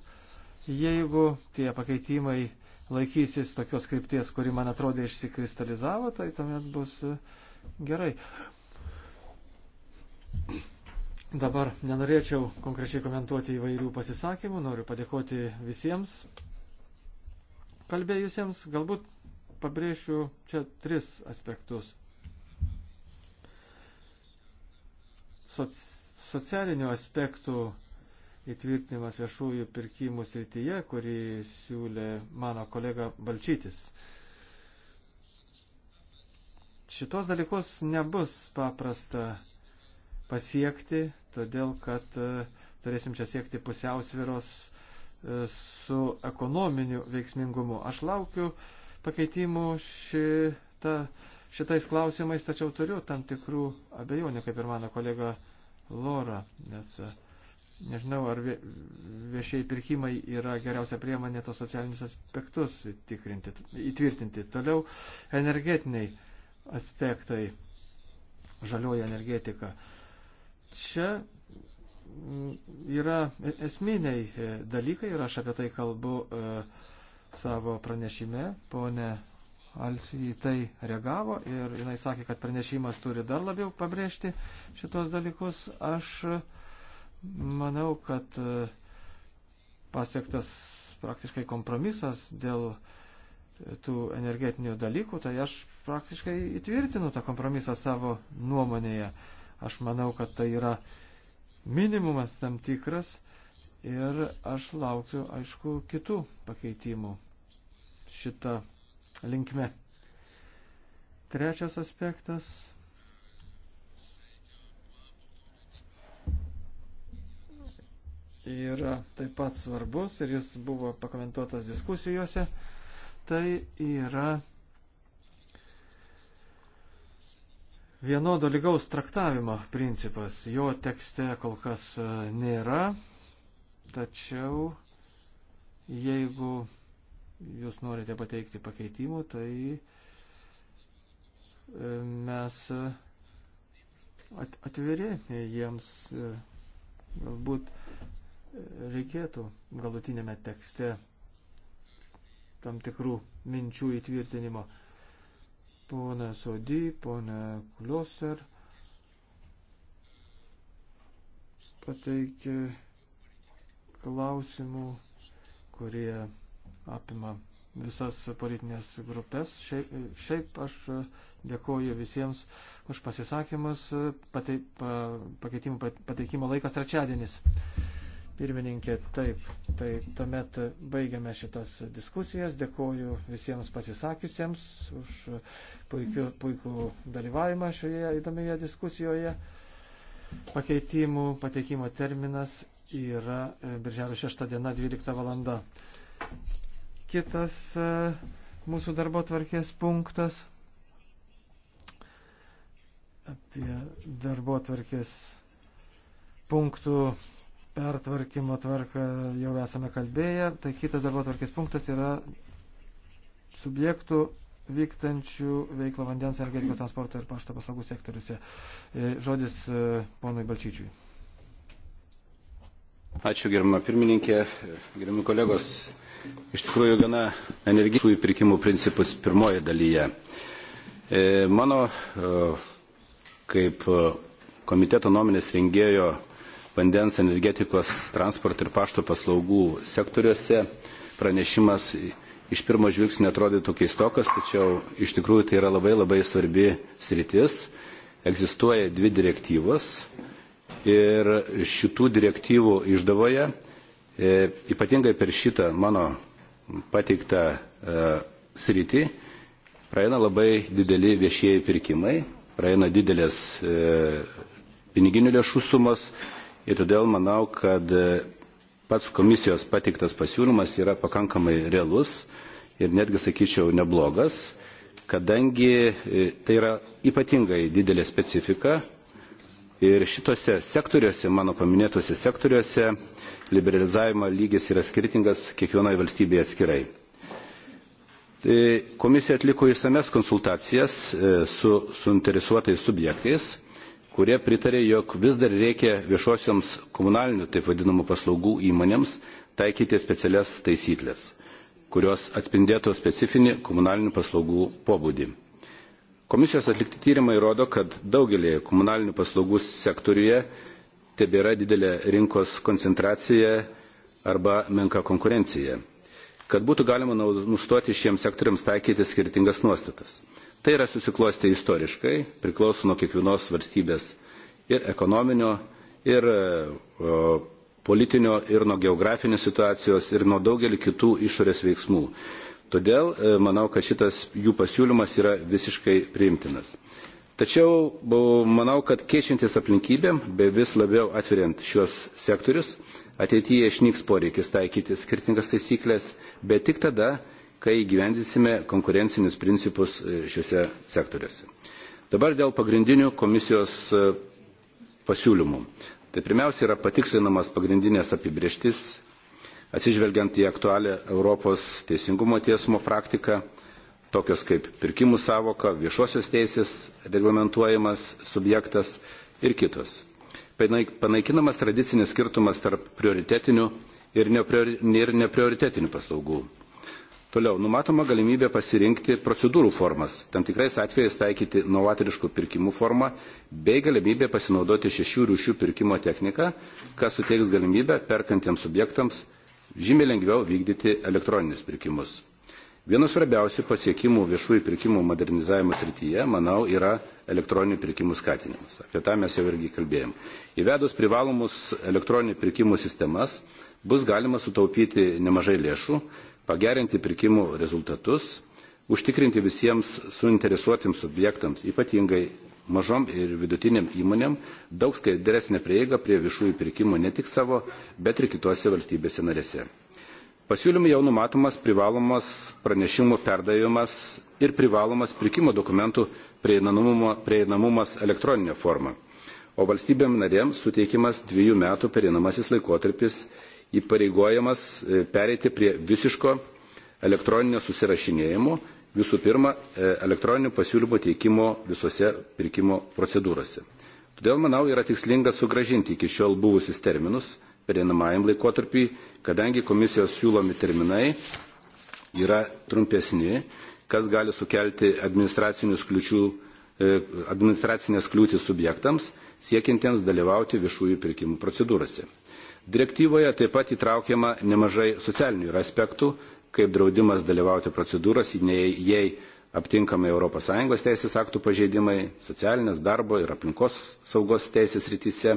[SPEAKER 2] jeigu tie pakeitimai laikysis tokios krypties, kuri man atrodė išsikristalizavo, tai tuomet bus gerai. Dabar nenorėčiau konkrečiai komentuoti įvairių pasisakymų, noriu padėkoti visiems kalbėjusiems, galbūt pabrėšiu čia tris aspektus. Soc socialinių aspektų įtvirtinimas viešųjų pirkimų srityje, kurį siūlė mano kolega Balčytis. Šitos dalykus nebus paprasta pasiekti, todėl kad e, turėsim čia siekti pusiausviros uh, su ekonominiu veiksmingumu. Aš laukiu pakeitimų šita, šitais klausimais, tačiau turiu tam tikrų abejonių, kaip ir mano kolega Lora, nes e, nežinau, ar viešiai pirkimai yra geriausia priemonė tos socialinius aspektus tikrinti, įtvirtinti. Toliau energetiniai aspektai, žalioji energetika. Čia yra esminiai e, dalykai ir aš apie tai kalbu e, savo pranešime. Pone Alsi į tai reagavo ir jinai sakė, kad pranešimas turi dar labiau pabrėžti šitos dalykus. Aš manau, kad e, pasiektas praktiškai kompromisas dėl tų energetinių dalykų, tai aš praktiškai įtvirtinu tą kompromisą savo nuomonėje. Aš manau, kad tai yra minimumas tam tikras ir aš laukiu, aišku, kitų pakeitimų šitą linkme. Trečias aspektas. Yra taip pat svarbus ir jis buvo pakomentuotas diskusijose. Tai yra Vienodo lygaus traktavimo principas jo tekste kol kas e, nėra, tačiau jeigu jūs norite pateikti pakeitimų, tai e, mes e, atviri jiems galbūt reikėtų galutinėme tekste tam tikrų minčių įtvirtinimo pona Sodi, pona Kloser pateikė klausimų, kurie apima visas politinės grupės. Šiaip, šiaip aš dėkoju visiems už pasisakymus, pate, pa, pakeitimų pateikimo laikas trečiadienis. Pirmininkė, taip, tai tuomet baigiame šitas diskusijas. Dėkoju visiems pasisakiusiems už puikiu, puikų dalyvavimą šioje įdomioje diskusijoje. Pakeitimų pateikimo terminas yra e, birželio 6 diena 12 valanda. Kitas e, mūsų darbo tvarkės punktas apie darbo tvarkės punktų pertvarkymo tvarką jau esame kalbėję, tai kitas darbo tvarkės punktas yra subjektų vyktančių veiklą vandens energetikos transporto ir pašto paslaugų sektoriuose. E, žodis e, ponui Balčyčiui.
[SPEAKER 5] Ačiū gerbama pirmininkė, gerbami kolegos. Iš tikrųjų gana energiškų įpirkimų principus pirmoje dalyje. E, mano kaip komiteto nuomonės rengėjo vandens, energetikos, transporto ir pašto paslaugų sektoriuose. Pranešimas iš pirmo žvilgsnio atrodytų keistokas, tačiau iš tikrųjų tai yra labai labai svarbi sritis. Egzistuoja dvi direktyvos ir šitų direktyvų išdavoje, e, ypatingai per šitą mano pateiktą e, sritį, praeina labai dideli viešieji pirkimai, praeina didelės e, piniginių lėšų sumos ir todėl manau, kad e, pats komisijos patiktas pasiūlymas yra pakankamai realus ir netgi, sakyčiau, neblogas, kadangi e, tai yra ypatingai didelė specifika ir šitose sektoriuose, mano paminėtose sektoriuose, liberalizavimo lygis yra skirtingas kiekvienoje valstybėje atskirai. E, komisija atliko išsames konsultacijas su suinteresuotais subjektais kurie pritarė, jog vis dar reikia viešosioms komunalinių, taip vadinamų, paslaugų įmonėms taikyti specialias taisyklės, kurios atspindėtų specifinį komunalinių paslaugų pobūdį. Komisijos atlikti tyrimai rodo, kad daugelį komunalinių paslaugų sektoriuje tebėra didelė rinkos koncentracija arba menka konkurencija, kad būtų galima nustoti šiems sektoriams taikyti skirtingas nuostatas. Tai yra susiklosti istoriškai, priklauso nuo kiekvienos valstybės ir ekonominio, ir e, o, politinio, ir nuo geografinės situacijos, ir nuo daugelį kitų išorės veiksmų. Todėl e, manau, kad šitas jų pasiūlymas yra visiškai priimtinas. Tačiau manau, kad keičiantis aplinkybėm, bei vis labiau atveriant šiuos sektorius, ateityje išnyks poreikis taikyti skirtingas taisyklės, bet tik tada, kai gyvendysime konkurencinius principus e, šiuose sektoriuose. Dabar dėl pagrindinių komisijos e, pasiūlymų. Tai pirmiausia yra patikslinamas pagrindinės apibrieštis, atsižvelgiant į aktualią Europos teisingumo tiesmo praktiką, tokios kaip pirkimų savoka, viešosios teisės reglamentuojamas subjektas ir kitos panaikinamas tradicinis skirtumas tarp prioritetinių ir neprioritetinių paslaugų Toliau, numatoma galimybė pasirinkti procedūrų formas, tam tikrais atvejais taikyti novatoriškų pirkimų formą, bei galimybė pasinaudoti šešių rūšių pirkimo techniką, kas suteiks galimybę perkantiems subjektams žymiai lengviau vykdyti elektroninius pirkimus. Vienas svarbiausių pasiekimų viešųjų pirkimų modernizavimo srityje, manau, yra elektroninių pirkimų skatinimas. Apie tą mes jau irgi kalbėjom. Įvedus privalomus elektroninių pirkimų sistemas bus galima sutaupyti nemažai lėšų pagerinti pirkimų rezultatus, užtikrinti visiems suinteresuotiems subjektams, ypatingai mažom ir vidutiniam įmonėm, daug skaidresnė prieiga prie viešųjų pirkimų ne tik savo, bet ir kitose valstybėse narėse. Pasiūlymai jau numatomas privalomas pranešimų perdavimas ir privalomas pirkimo dokumentų prieinamumas elektroninė forma, o valstybėm narėm suteikimas dviejų metų pereinamasis laikotarpis įpareigojamas e, pereiti prie visiško elektroninio susirašinėjimo, visų pirma, e, elektroninių pasiūlymų teikimo visose pirkimo procedūrose. Todėl, manau, yra tikslinga sugražinti iki šiol buvusius terminus perinamajam laikotarpiui, kadangi komisijos siūlomi terminai yra trumpesni, kas gali sukelti kliučių, e, administracinės kliūtis subjektams, siekintiems dalyvauti viešųjų pirkimų procedūrose. Direktyvoje taip pat įtraukiama nemažai socialinių ir aspektų, kaip draudimas dalyvauti procedūras, jei aptinkami ES teisės aktų pažeidimai socialinės, darbo ir aplinkos saugos teisės rytise.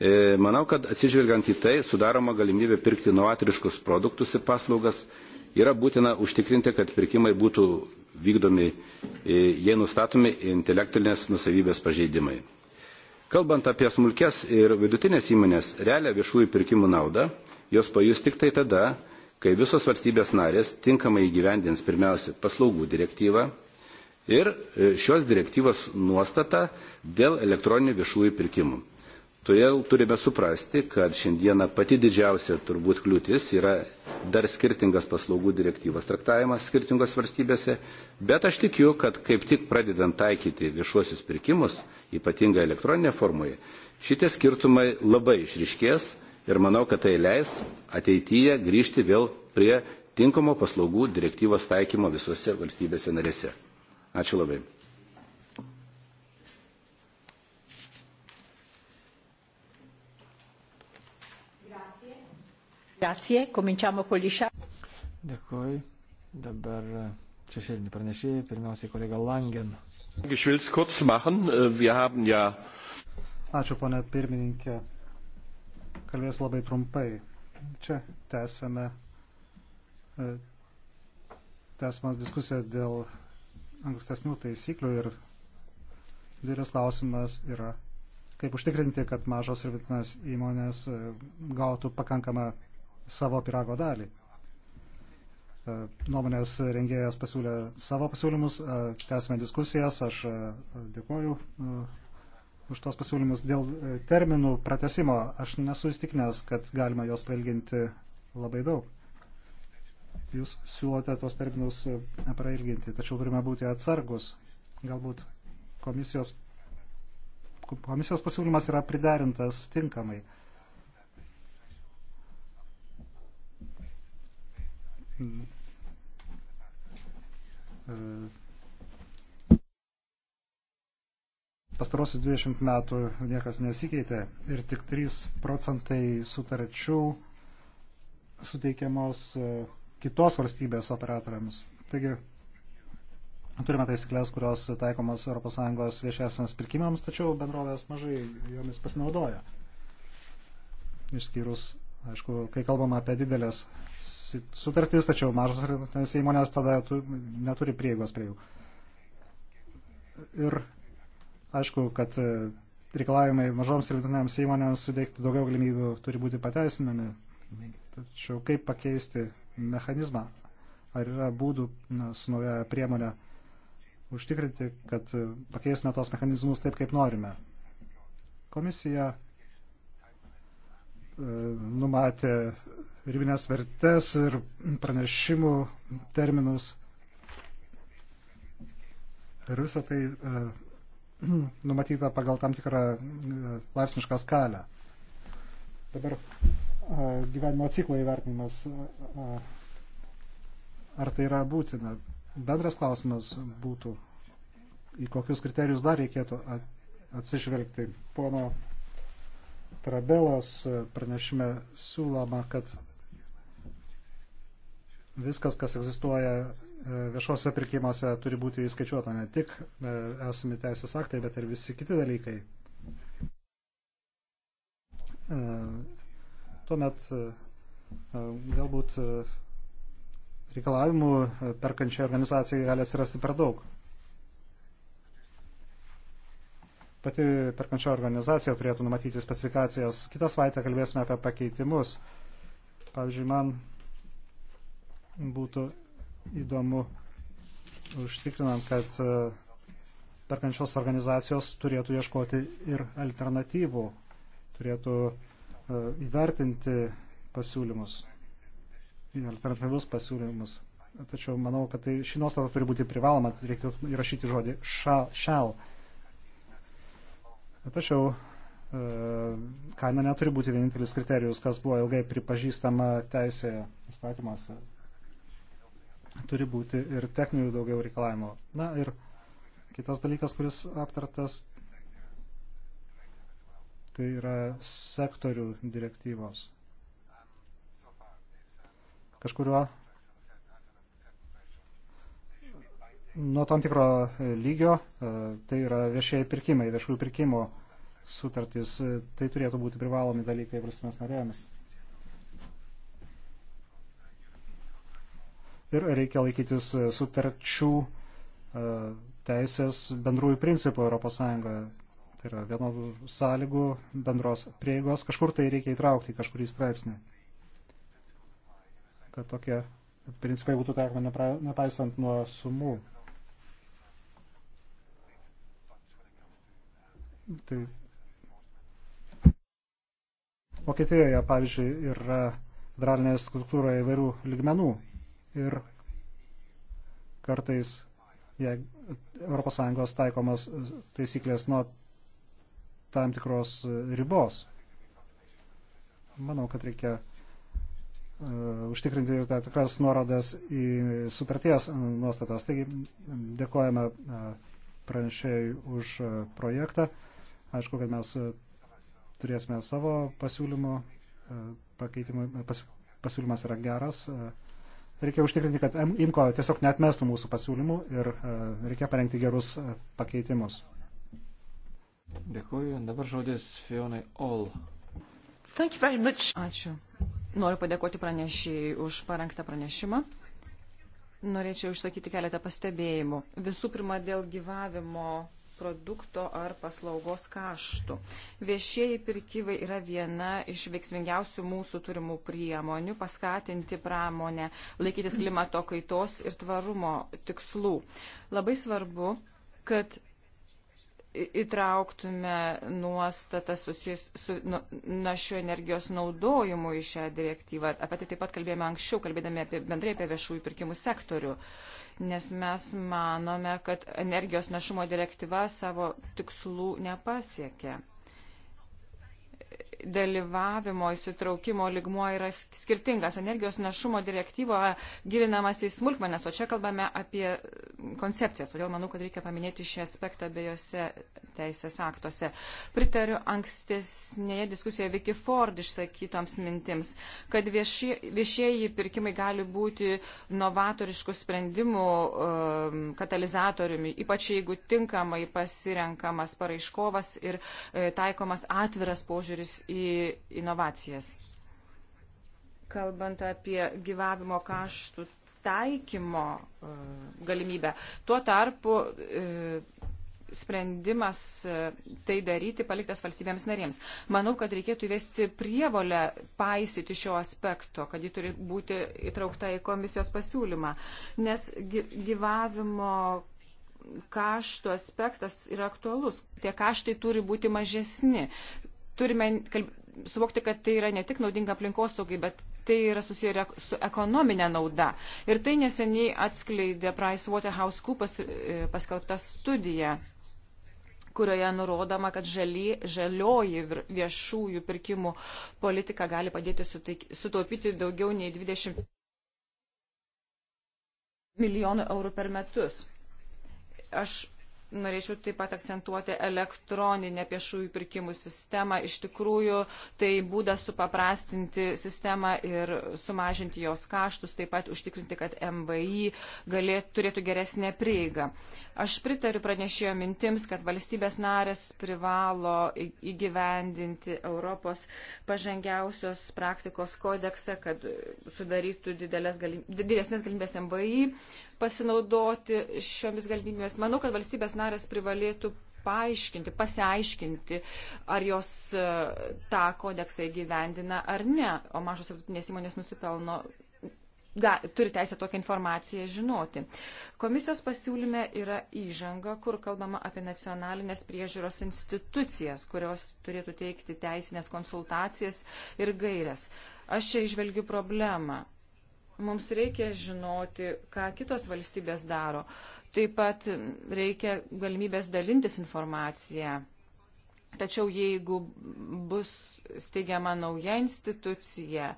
[SPEAKER 5] E, manau, kad atsižvelgiant į tai, sudaroma galimybė pirkti novatoriškus produktus ir paslaugas, yra būtina užtikrinti, kad pirkimai būtų vykdomi, e, jei nustatomi intelektinės nusavybės pažeidimai. Kalbant apie smulkės ir vidutinės įmonės realią viešųjų pirkimų naudą, jos pajus tik tai tada, kai visos valstybės narės tinkamai įgyvendins pirmiausia paslaugų direktyvą ir e, šios direktyvos nuostatą dėl elektroninių viešųjų pirkimų. Todėl turime suprasti, kad šiandieną pati didžiausia turbūt kliūtis yra dar skirtingas paslaugų direktyvos traktavimas skirtingos valstybėse, bet aš tikiu, kad kaip tik pradedant taikyti viešuosius pirkimus, ypatingai elektroninė formoje, šitie skirtumai labai išriškės ir manau, kad tai leis ateityje grįžti vėl prie tinkamo paslaugų direktyvos taikymo visose valstybėse narėse. Ačiū labai.
[SPEAKER 6] Grazie, cominciamo con lišą.
[SPEAKER 2] Dėkuoju. Dabar e, šešėlinį pranešėjai, pirmiausiai kolega Langen.
[SPEAKER 5] Äh,
[SPEAKER 3] Ačiū, ponė pirmininkė. Kalbės labai trumpai. Čia tęsėme, e, tęsimas diskusija dėl ankstesnių taisyklių ir didelis klausimas yra, kaip užtikrinti, kad mažos ir vidutinės įmonės e, gautų pakankamą savo pirago dalį. E, nuomonės rengėjas pasiūlė savo pasiūlymus, e, tęsime diskusijas, aš e, dėkuoju už tos pasiūlymus. Dėl terminų pratesimo aš nesu įstikinęs, kad galima juos prailginti labai daug. Jūs siūlote tos terminus prailginti, tačiau turime būti atsargus. Galbūt komisijos, komisijos pasiūlymas yra priderintas tinkamai. Mhm. E, pastarosius 20 metų niekas nesikeitė ir tik 3 procentai sutarčių suteikiamos e, kitos valstybės operatoriams. Taigi turime taisyklės, kurios taikomos ES viešiesiams pirkimams, tačiau bendrovės mažai jomis pasinaudoja. Išskyrus Aišku, kai kalbam apie didelės sutartys, tačiau mažos nes įmonės tada tu, neturi prieigos prie jų. Ir aišku, kad e, reikalavimai mažoms ir vidutinėms įmonėms suteikti daugiau galimybių turi būti pateisinami. Tačiau kaip pakeisti mechanizmą? Ar yra būdų na, su nauja priemonė užtikrinti, kad e, pakeistume tos mechanizmus taip, kaip norime? Komisija numatė ribinės vertės ir pranešimų terminus. Ir visą tai e, numatyta pagal tam tikrą e, laipsnišką skalę. Dabar e, gyvenimo ciklo įvertinimas, e, e ar tai yra būtina. Bendras klausimas būtų, į kokius kriterijus dar reikėtų atsižvelgti. Pono Trabelos pranešime siūloma, kad viskas, kas egzistuoja e, viešuose pirkimuose, turi būti įskaičiuota ne tik e, esami teisės aktai, bet ir visi kiti dalykai. E, tuomet galbūt reikalavimų perkančiai organizacijai gali atsirasti per daug. Pati perkančio organizacija turėtų numatyti specifikacijas. Kitą savaitę kalbėsime apie pakeitimus. Pavyzdžiui, man būtų įdomu užtikrinant, kad e, perkančios organizacijos turėtų ieškoti ir alternatyvų, turėtų e, įvertinti pasiūlymus, alternatyvus pasiūlymus. Tačiau manau, kad tai, ši nuostata turi būti privaloma, reikėtų įrašyti žodį shall. shall. Tačiau e, kaina neturi būti vienintelis kriterijus, kas buvo ilgai pripažįstama teisėje įstatymuose. Turi būti ir techninių daugiau reikalavimų. Na ir kitas dalykas, kuris aptartas, tai yra sektorių direktyvos. Kažkurio nuo tam tikro e, lygio, e, tai yra viešieji pirkimai, viešųjų pirkimų sutartys, e, tai turėtų būti privalomi dalykai valstybės narėmis. Ir reikia laikytis sutarčių teisės bendrųjų principų ES. Tai yra vienodų sąlygų, bendros prieigos, kažkur tai reikia įtraukti, kažkurį straipsnį. Kad tokie principai būtų taikomi nepaisant nuo sumų. Tai Vokietijoje, pavyzdžiui, yra federalinėje struktūroje įvairių ligmenų ir kartais jei ES taikomas taisyklės nuo tam tikros e, ribos. Manau, kad reikia uh, užtikrinti ir tam tikras nuorodas į sutarties e, nuostatas. Taigi dėkojame uh, pranešėjai už uh, projektą. Aišku, kad mes e, turėsime savo pasiūlymų, e, e, pas, pasiūlymas yra geras. Reikia užtikrinti, kad IMCO tiesiog netmestų mūsų pasiūlymų ir reikia parengti gerus pakeitimus.
[SPEAKER 2] Dėkuoju. Dabar žodis Fionai All.
[SPEAKER 4] Ačiū. Noriu padėkoti pranešėjai už parengtą pranešimą. Norėčiau išsakyti keletą pastebėjimų. Visų pirma, dėl gyvavimo produkto ar paslaugos kaštų. Viešieji pirkimai yra viena iš veiksmingiausių mūsų turimų priemonių paskatinti pramonę laikytis klimato kaitos ir tvarumo tikslų. Labai svarbu, kad įtrauktume nuostatas susijęs su nu, našių energijos naudojimu į šią direktyvą. Apie tai taip pat kalbėjome anksčiau, kalbėdami apie, bendrai apie viešųjų pirkimų sektorių. Uh, nes mes manome, kad energijos našumo direktyva savo tikslų nepasiekė dalyvavimo įsitraukimo ligmuo yra skirtingas. Energijos našumo direktyvoje gilinamas į smulkmenas, o čia kalbame apie koncepcijas. Todėl manau, kad reikia paminėti šį aspektą abiejose teisės aktuose. Pritariu ankstesnėje diskusijoje Vicky Ford išsakytoms mintims, kad viešie, viešieji pirkimai gali būti novatoriškų sprendimų um, katalizatoriumi, ypač jeigu tinkamai pasirenkamas paraiškovas ir e, taikomas atviras požiūris į inovacijas. Kalbant apie gyvavimo kaštų taikymo e, galimybę. Tuo tarpu e, sprendimas e, tai daryti paliktas valstybėms narėms. Manau, kad reikėtų įvesti prievolę paisyti šio aspekto, kad ji turi būti įtraukta į komisijos pasiūlymą, nes gyvavimo kaštų aspektas yra aktualus. Tie kaštai turi būti mažesni turime kalb... suvokti, kad tai yra ne tik naudinga aplinkosaugai, bet tai yra susiję su ekonominė nauda. Ir tai neseniai atskleidė PricewaterhouseCoopers e, paskelbta studija kurioje nurodoma, kad žali, žalioji viešųjų pirkimų politika gali padėti sutaupyti daugiau nei 20 milijonų eurų per metus. Aš norėčiau taip pat akcentuoti elektroninę viešųjų pirkimų sistemą. Iš tikrųjų, tai būdas supaprastinti sistemą ir sumažinti jos kaštus, taip pat užtikrinti, kad MVI galėtų, turėtų geresnę prieigą. Aš pritariu pranešėjo mintims, kad valstybės narės privalo įgyvendinti Europos pažangiausios praktikos kodeksą, kad sudarytų galim, didesnės galimybės MVI pasinaudoti šiomis galimybėmis. Manau, kad valstybės narės privalėtų paaiškinti, pasiaiškinti, ar jos e, tą kodeksą įgyvendina ar ne. O mažos ir vidutinės įmonės nusipelno ga, turi teisę tokią informaciją žinoti. Komisijos pasiūlyme yra įžanga, kur kalbama apie nacionalinės priežiūros institucijas, kurios turėtų teikti teisinės konsultacijas ir gairias. Aš čia išvelgiu problemą. Mums reikia žinoti, ką kitos valstybės daro. Taip pat reikia galimybės dalintis informaciją Tačiau jeigu bus steigiama nauja institucija,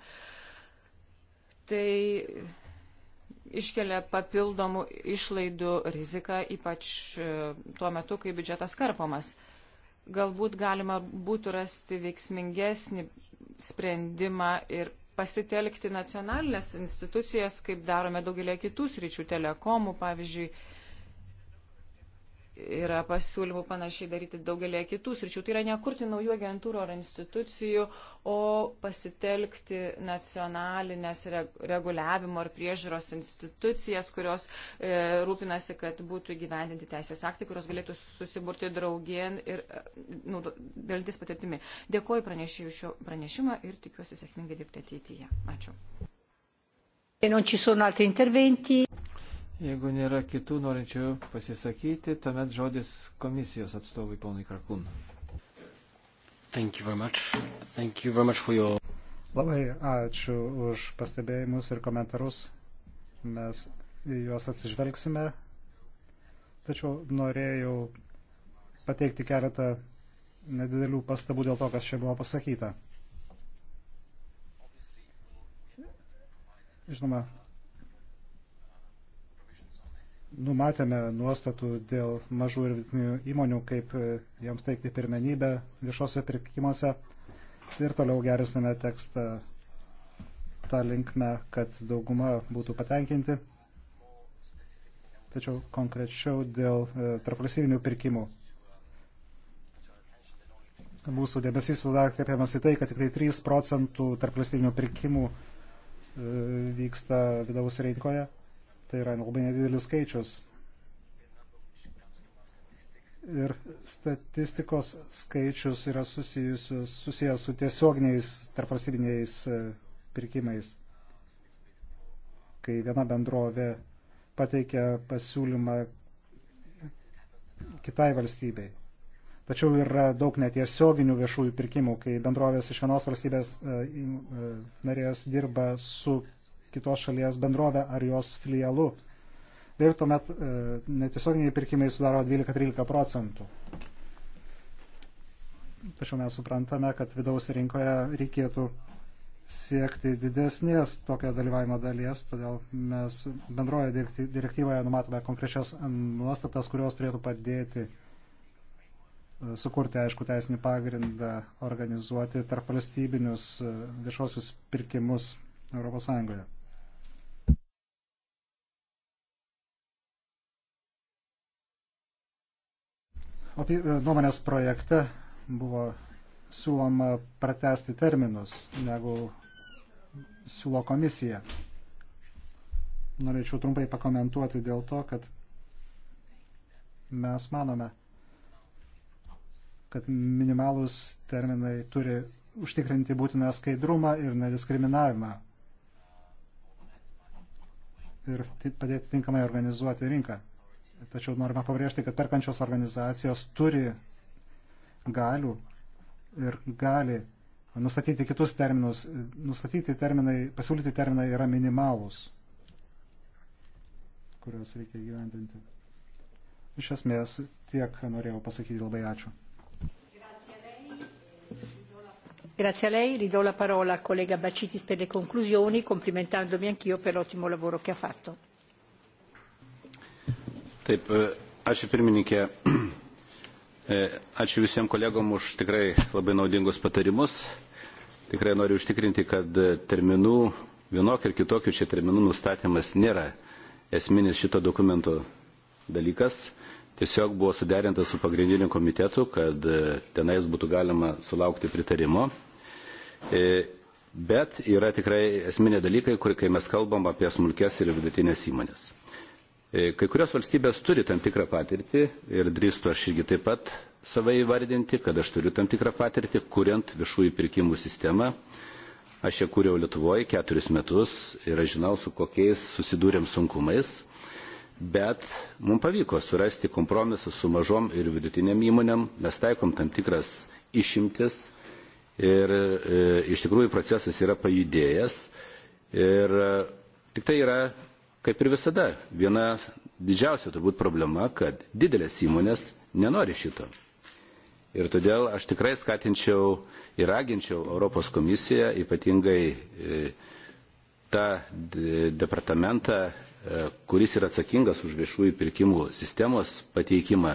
[SPEAKER 4] tai iškelia papildomų išlaidų riziką, ypač e, tuo metu, kai biudžetas karpomas. Galbūt galima būtų rasti veiksmingesnį sprendimą ir pasitelkti nacionalinės institucijas, kaip darome daugelį kitų sričių, telekomų, pavyzdžiui, yra pasiūlymų panašiai daryti daugelį kitų sričių. Tai yra nekurti naujų agentūrų ar institucijų, o pasitelkti nacionalinės reguliavimo ir priežiūros institucijas, kurios e, rūpinasi, kad būtų įgyvendinti teisės aktai, kurios galėtų susiburti draugien ir e, nu, dalytis patirtimi. Dėkuoju pranešėjų šio pranešimą ir tikiuosi sėkmingai dirbti ateityje. Ačiū.
[SPEAKER 2] E non ci sono altri interventi. Jeigu nėra kitų norinčių pasisakyti, tuomet žodis komisijos atstovui ponui Krakūnui. Your...
[SPEAKER 3] Labai ačiū už pastebėjimus ir komentarus. Mes juos atsižvelgsime. Tačiau norėjau pateikti keletą nedidelių pastabų dėl to, kas čia buvo pasakyta. Žinoma, numatėme nuostatų dėl mažų ir vidutinių įmonių, kaip e, joms teikti pirmenybę viešose pirkimuose. Ir toliau gerinsime tekstą tą linkmę, kad dauguma būtų patenkinti. Tačiau konkrečiau dėl e, tarpvalstybinių pirkimų. Mūsų dėmesys tada kreipiamas į tai, kad tik tai 3 procentų tarpvalstybinių pirkimų e, vyksta vidaus rinkoje tai yra labai nedidelis skaičius. Ir statistikos skaičius yra susijęs su tiesioginiais tarpvalstybiniais e, pirkimais, kai viena bendrovė pateikia pasiūlymą kitai valstybei. Tačiau yra daug netiesioginių viešųjų pirkimų, kai bendrovės iš vienos valstybės e, e, narės dirba su kitos šalies bendrovę ar jos filialu. Ir tuomet e, netiesioginiai pirkimai sudaro 12-13 procentų. Tačiau mes suprantame, kad vidaus rinkoje reikėtų siekti didesnės tokio dalyvavimo dalies, todėl mes bendroje direktyvoje numatome konkrečias nuostatas, kurios turėtų padėti e, sukurti, aišku, teisinį pagrindą organizuoti tarp valstybinius e, viešosius pirkimus ES. E, nuomonės projekte buvo siūloma pratesti terminus, negu siūlo komisija. Norėčiau trumpai pakomentuoti dėl to, kad mes manome, kad minimalus terminai turi užtikrinti būtiną skaidrumą ir nediskriminavimą ir padėti tinkamai organizuoti rinką. Tačiau norime pabrėžti, kad perkančios organizacijos turi galių ir gali nustatyti kitus terminus. Nustatyti terminai, pasiūlyti terminai yra minimalūs, kuriuos reikia gyvendinti. Iš esmės tiek norėjau pasakyti. Labai ačiū.
[SPEAKER 6] Grazie a lei, ridò la parola al collega Bacitis per le conclusioni, complimentandomi anch'io per l'ottimo lavoro che ha fatto.
[SPEAKER 5] Taip, e, ačiū pirmininkė. E, ačiū visiems kolegom už tikrai labai naudingus patarimus. Tikrai noriu užtikrinti, kad terminų, vienokio ir kitokio čia terminų nustatymas nėra esminis šito dokumento dalykas. Tiesiog buvo suderinta su pagrindiniu komitetu, kad e, tenais būtų galima sulaukti pritarimo. Bet yra tikrai esminė dalykai, kur kai mes kalbam apie smulkės ir vidutinės įmonės. E, kai kurios valstybės turi tam tikrą patirtį ir drįstu aš irgi taip pat savai įvardinti, kad aš turiu tam tikrą patirtį, kuriant viešųjų pirkimų sistemą. Aš ją kūriau Lietuvoje keturis metus ir aš žinau, su kokiais susidūrėm sunkumais, bet mums pavyko surasti kompromisą su mažom ir vidutiniam įmonėm. Mes taikom tam tikras išimtis ir e, iš tikrųjų procesas yra pajudėjęs. Ir e, Tik tai yra Kaip ir visada, viena didžiausia turbūt problema, kad didelės įmonės nenori šito. Ir todėl aš tikrai skatinčiau ir raginčiau Europos komisiją, ypatingai e, tą departamentą, e, kuris yra atsakingas už viešųjų pirkimų sistemos pateikimą,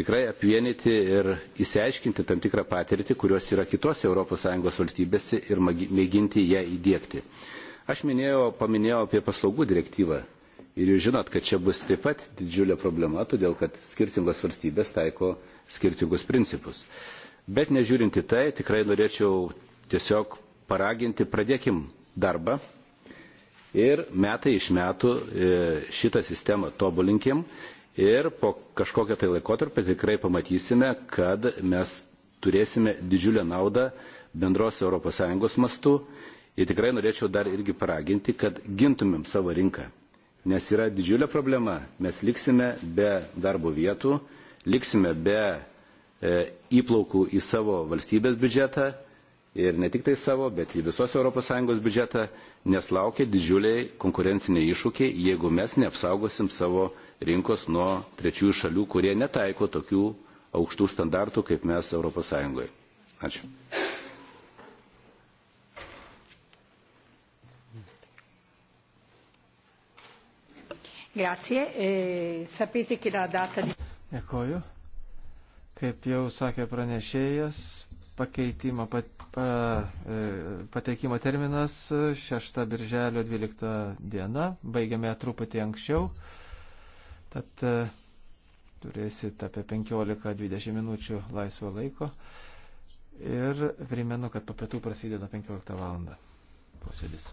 [SPEAKER 5] tikrai apvienyti ir įsiaiškinti tam tikrą patirtį, kurios yra kitose ES valstybėse ir mėginti ją įdėkti. Aš minėjau, paminėjau apie paslaugų direktyvą. Ir jūs žinot, kad čia bus taip pat didžiulė problema, todėl kad skirtingos valstybės taiko skirtingus principus. Bet nežiūrinti tai, tikrai norėčiau tiesiog paraginti, pradėkim darbą ir metai iš metų e, šitą sistemą tobulinkim ir po kažkokio tai laikotarpio tikrai pamatysime, kad mes turėsime didžiulę naudą bendros ES mastu Ir tikrai norėčiau dar irgi paraginti, kad gintumėm savo rinką. Nes yra didžiulė problema. Mes liksime be darbo vietų, liksime be e, įplaukų į savo valstybės biudžetą ir ne tik tai savo, bet į visos ES biudžetą, nes laukia didžiuliai konkurenciniai iššūkiai, jeigu mes neapsaugosim savo rinkos nuo trečiųjų šalių, kurie netaiko tokių aukštų standartų kaip mes ES. Ačiū.
[SPEAKER 6] Grazie. E sapete che la data di...
[SPEAKER 2] Dėkoju. Kaip jau sakė pranešėjas, pakeitimo pat, pa, e, pateikimo terminas 6 birželio 12 diena. Baigiame truputį anksčiau. Tad e, turėsit apie 15-20 minučių laisvo laiko. Ir primenu, kad po pietų prasideda 15 val. posėdis.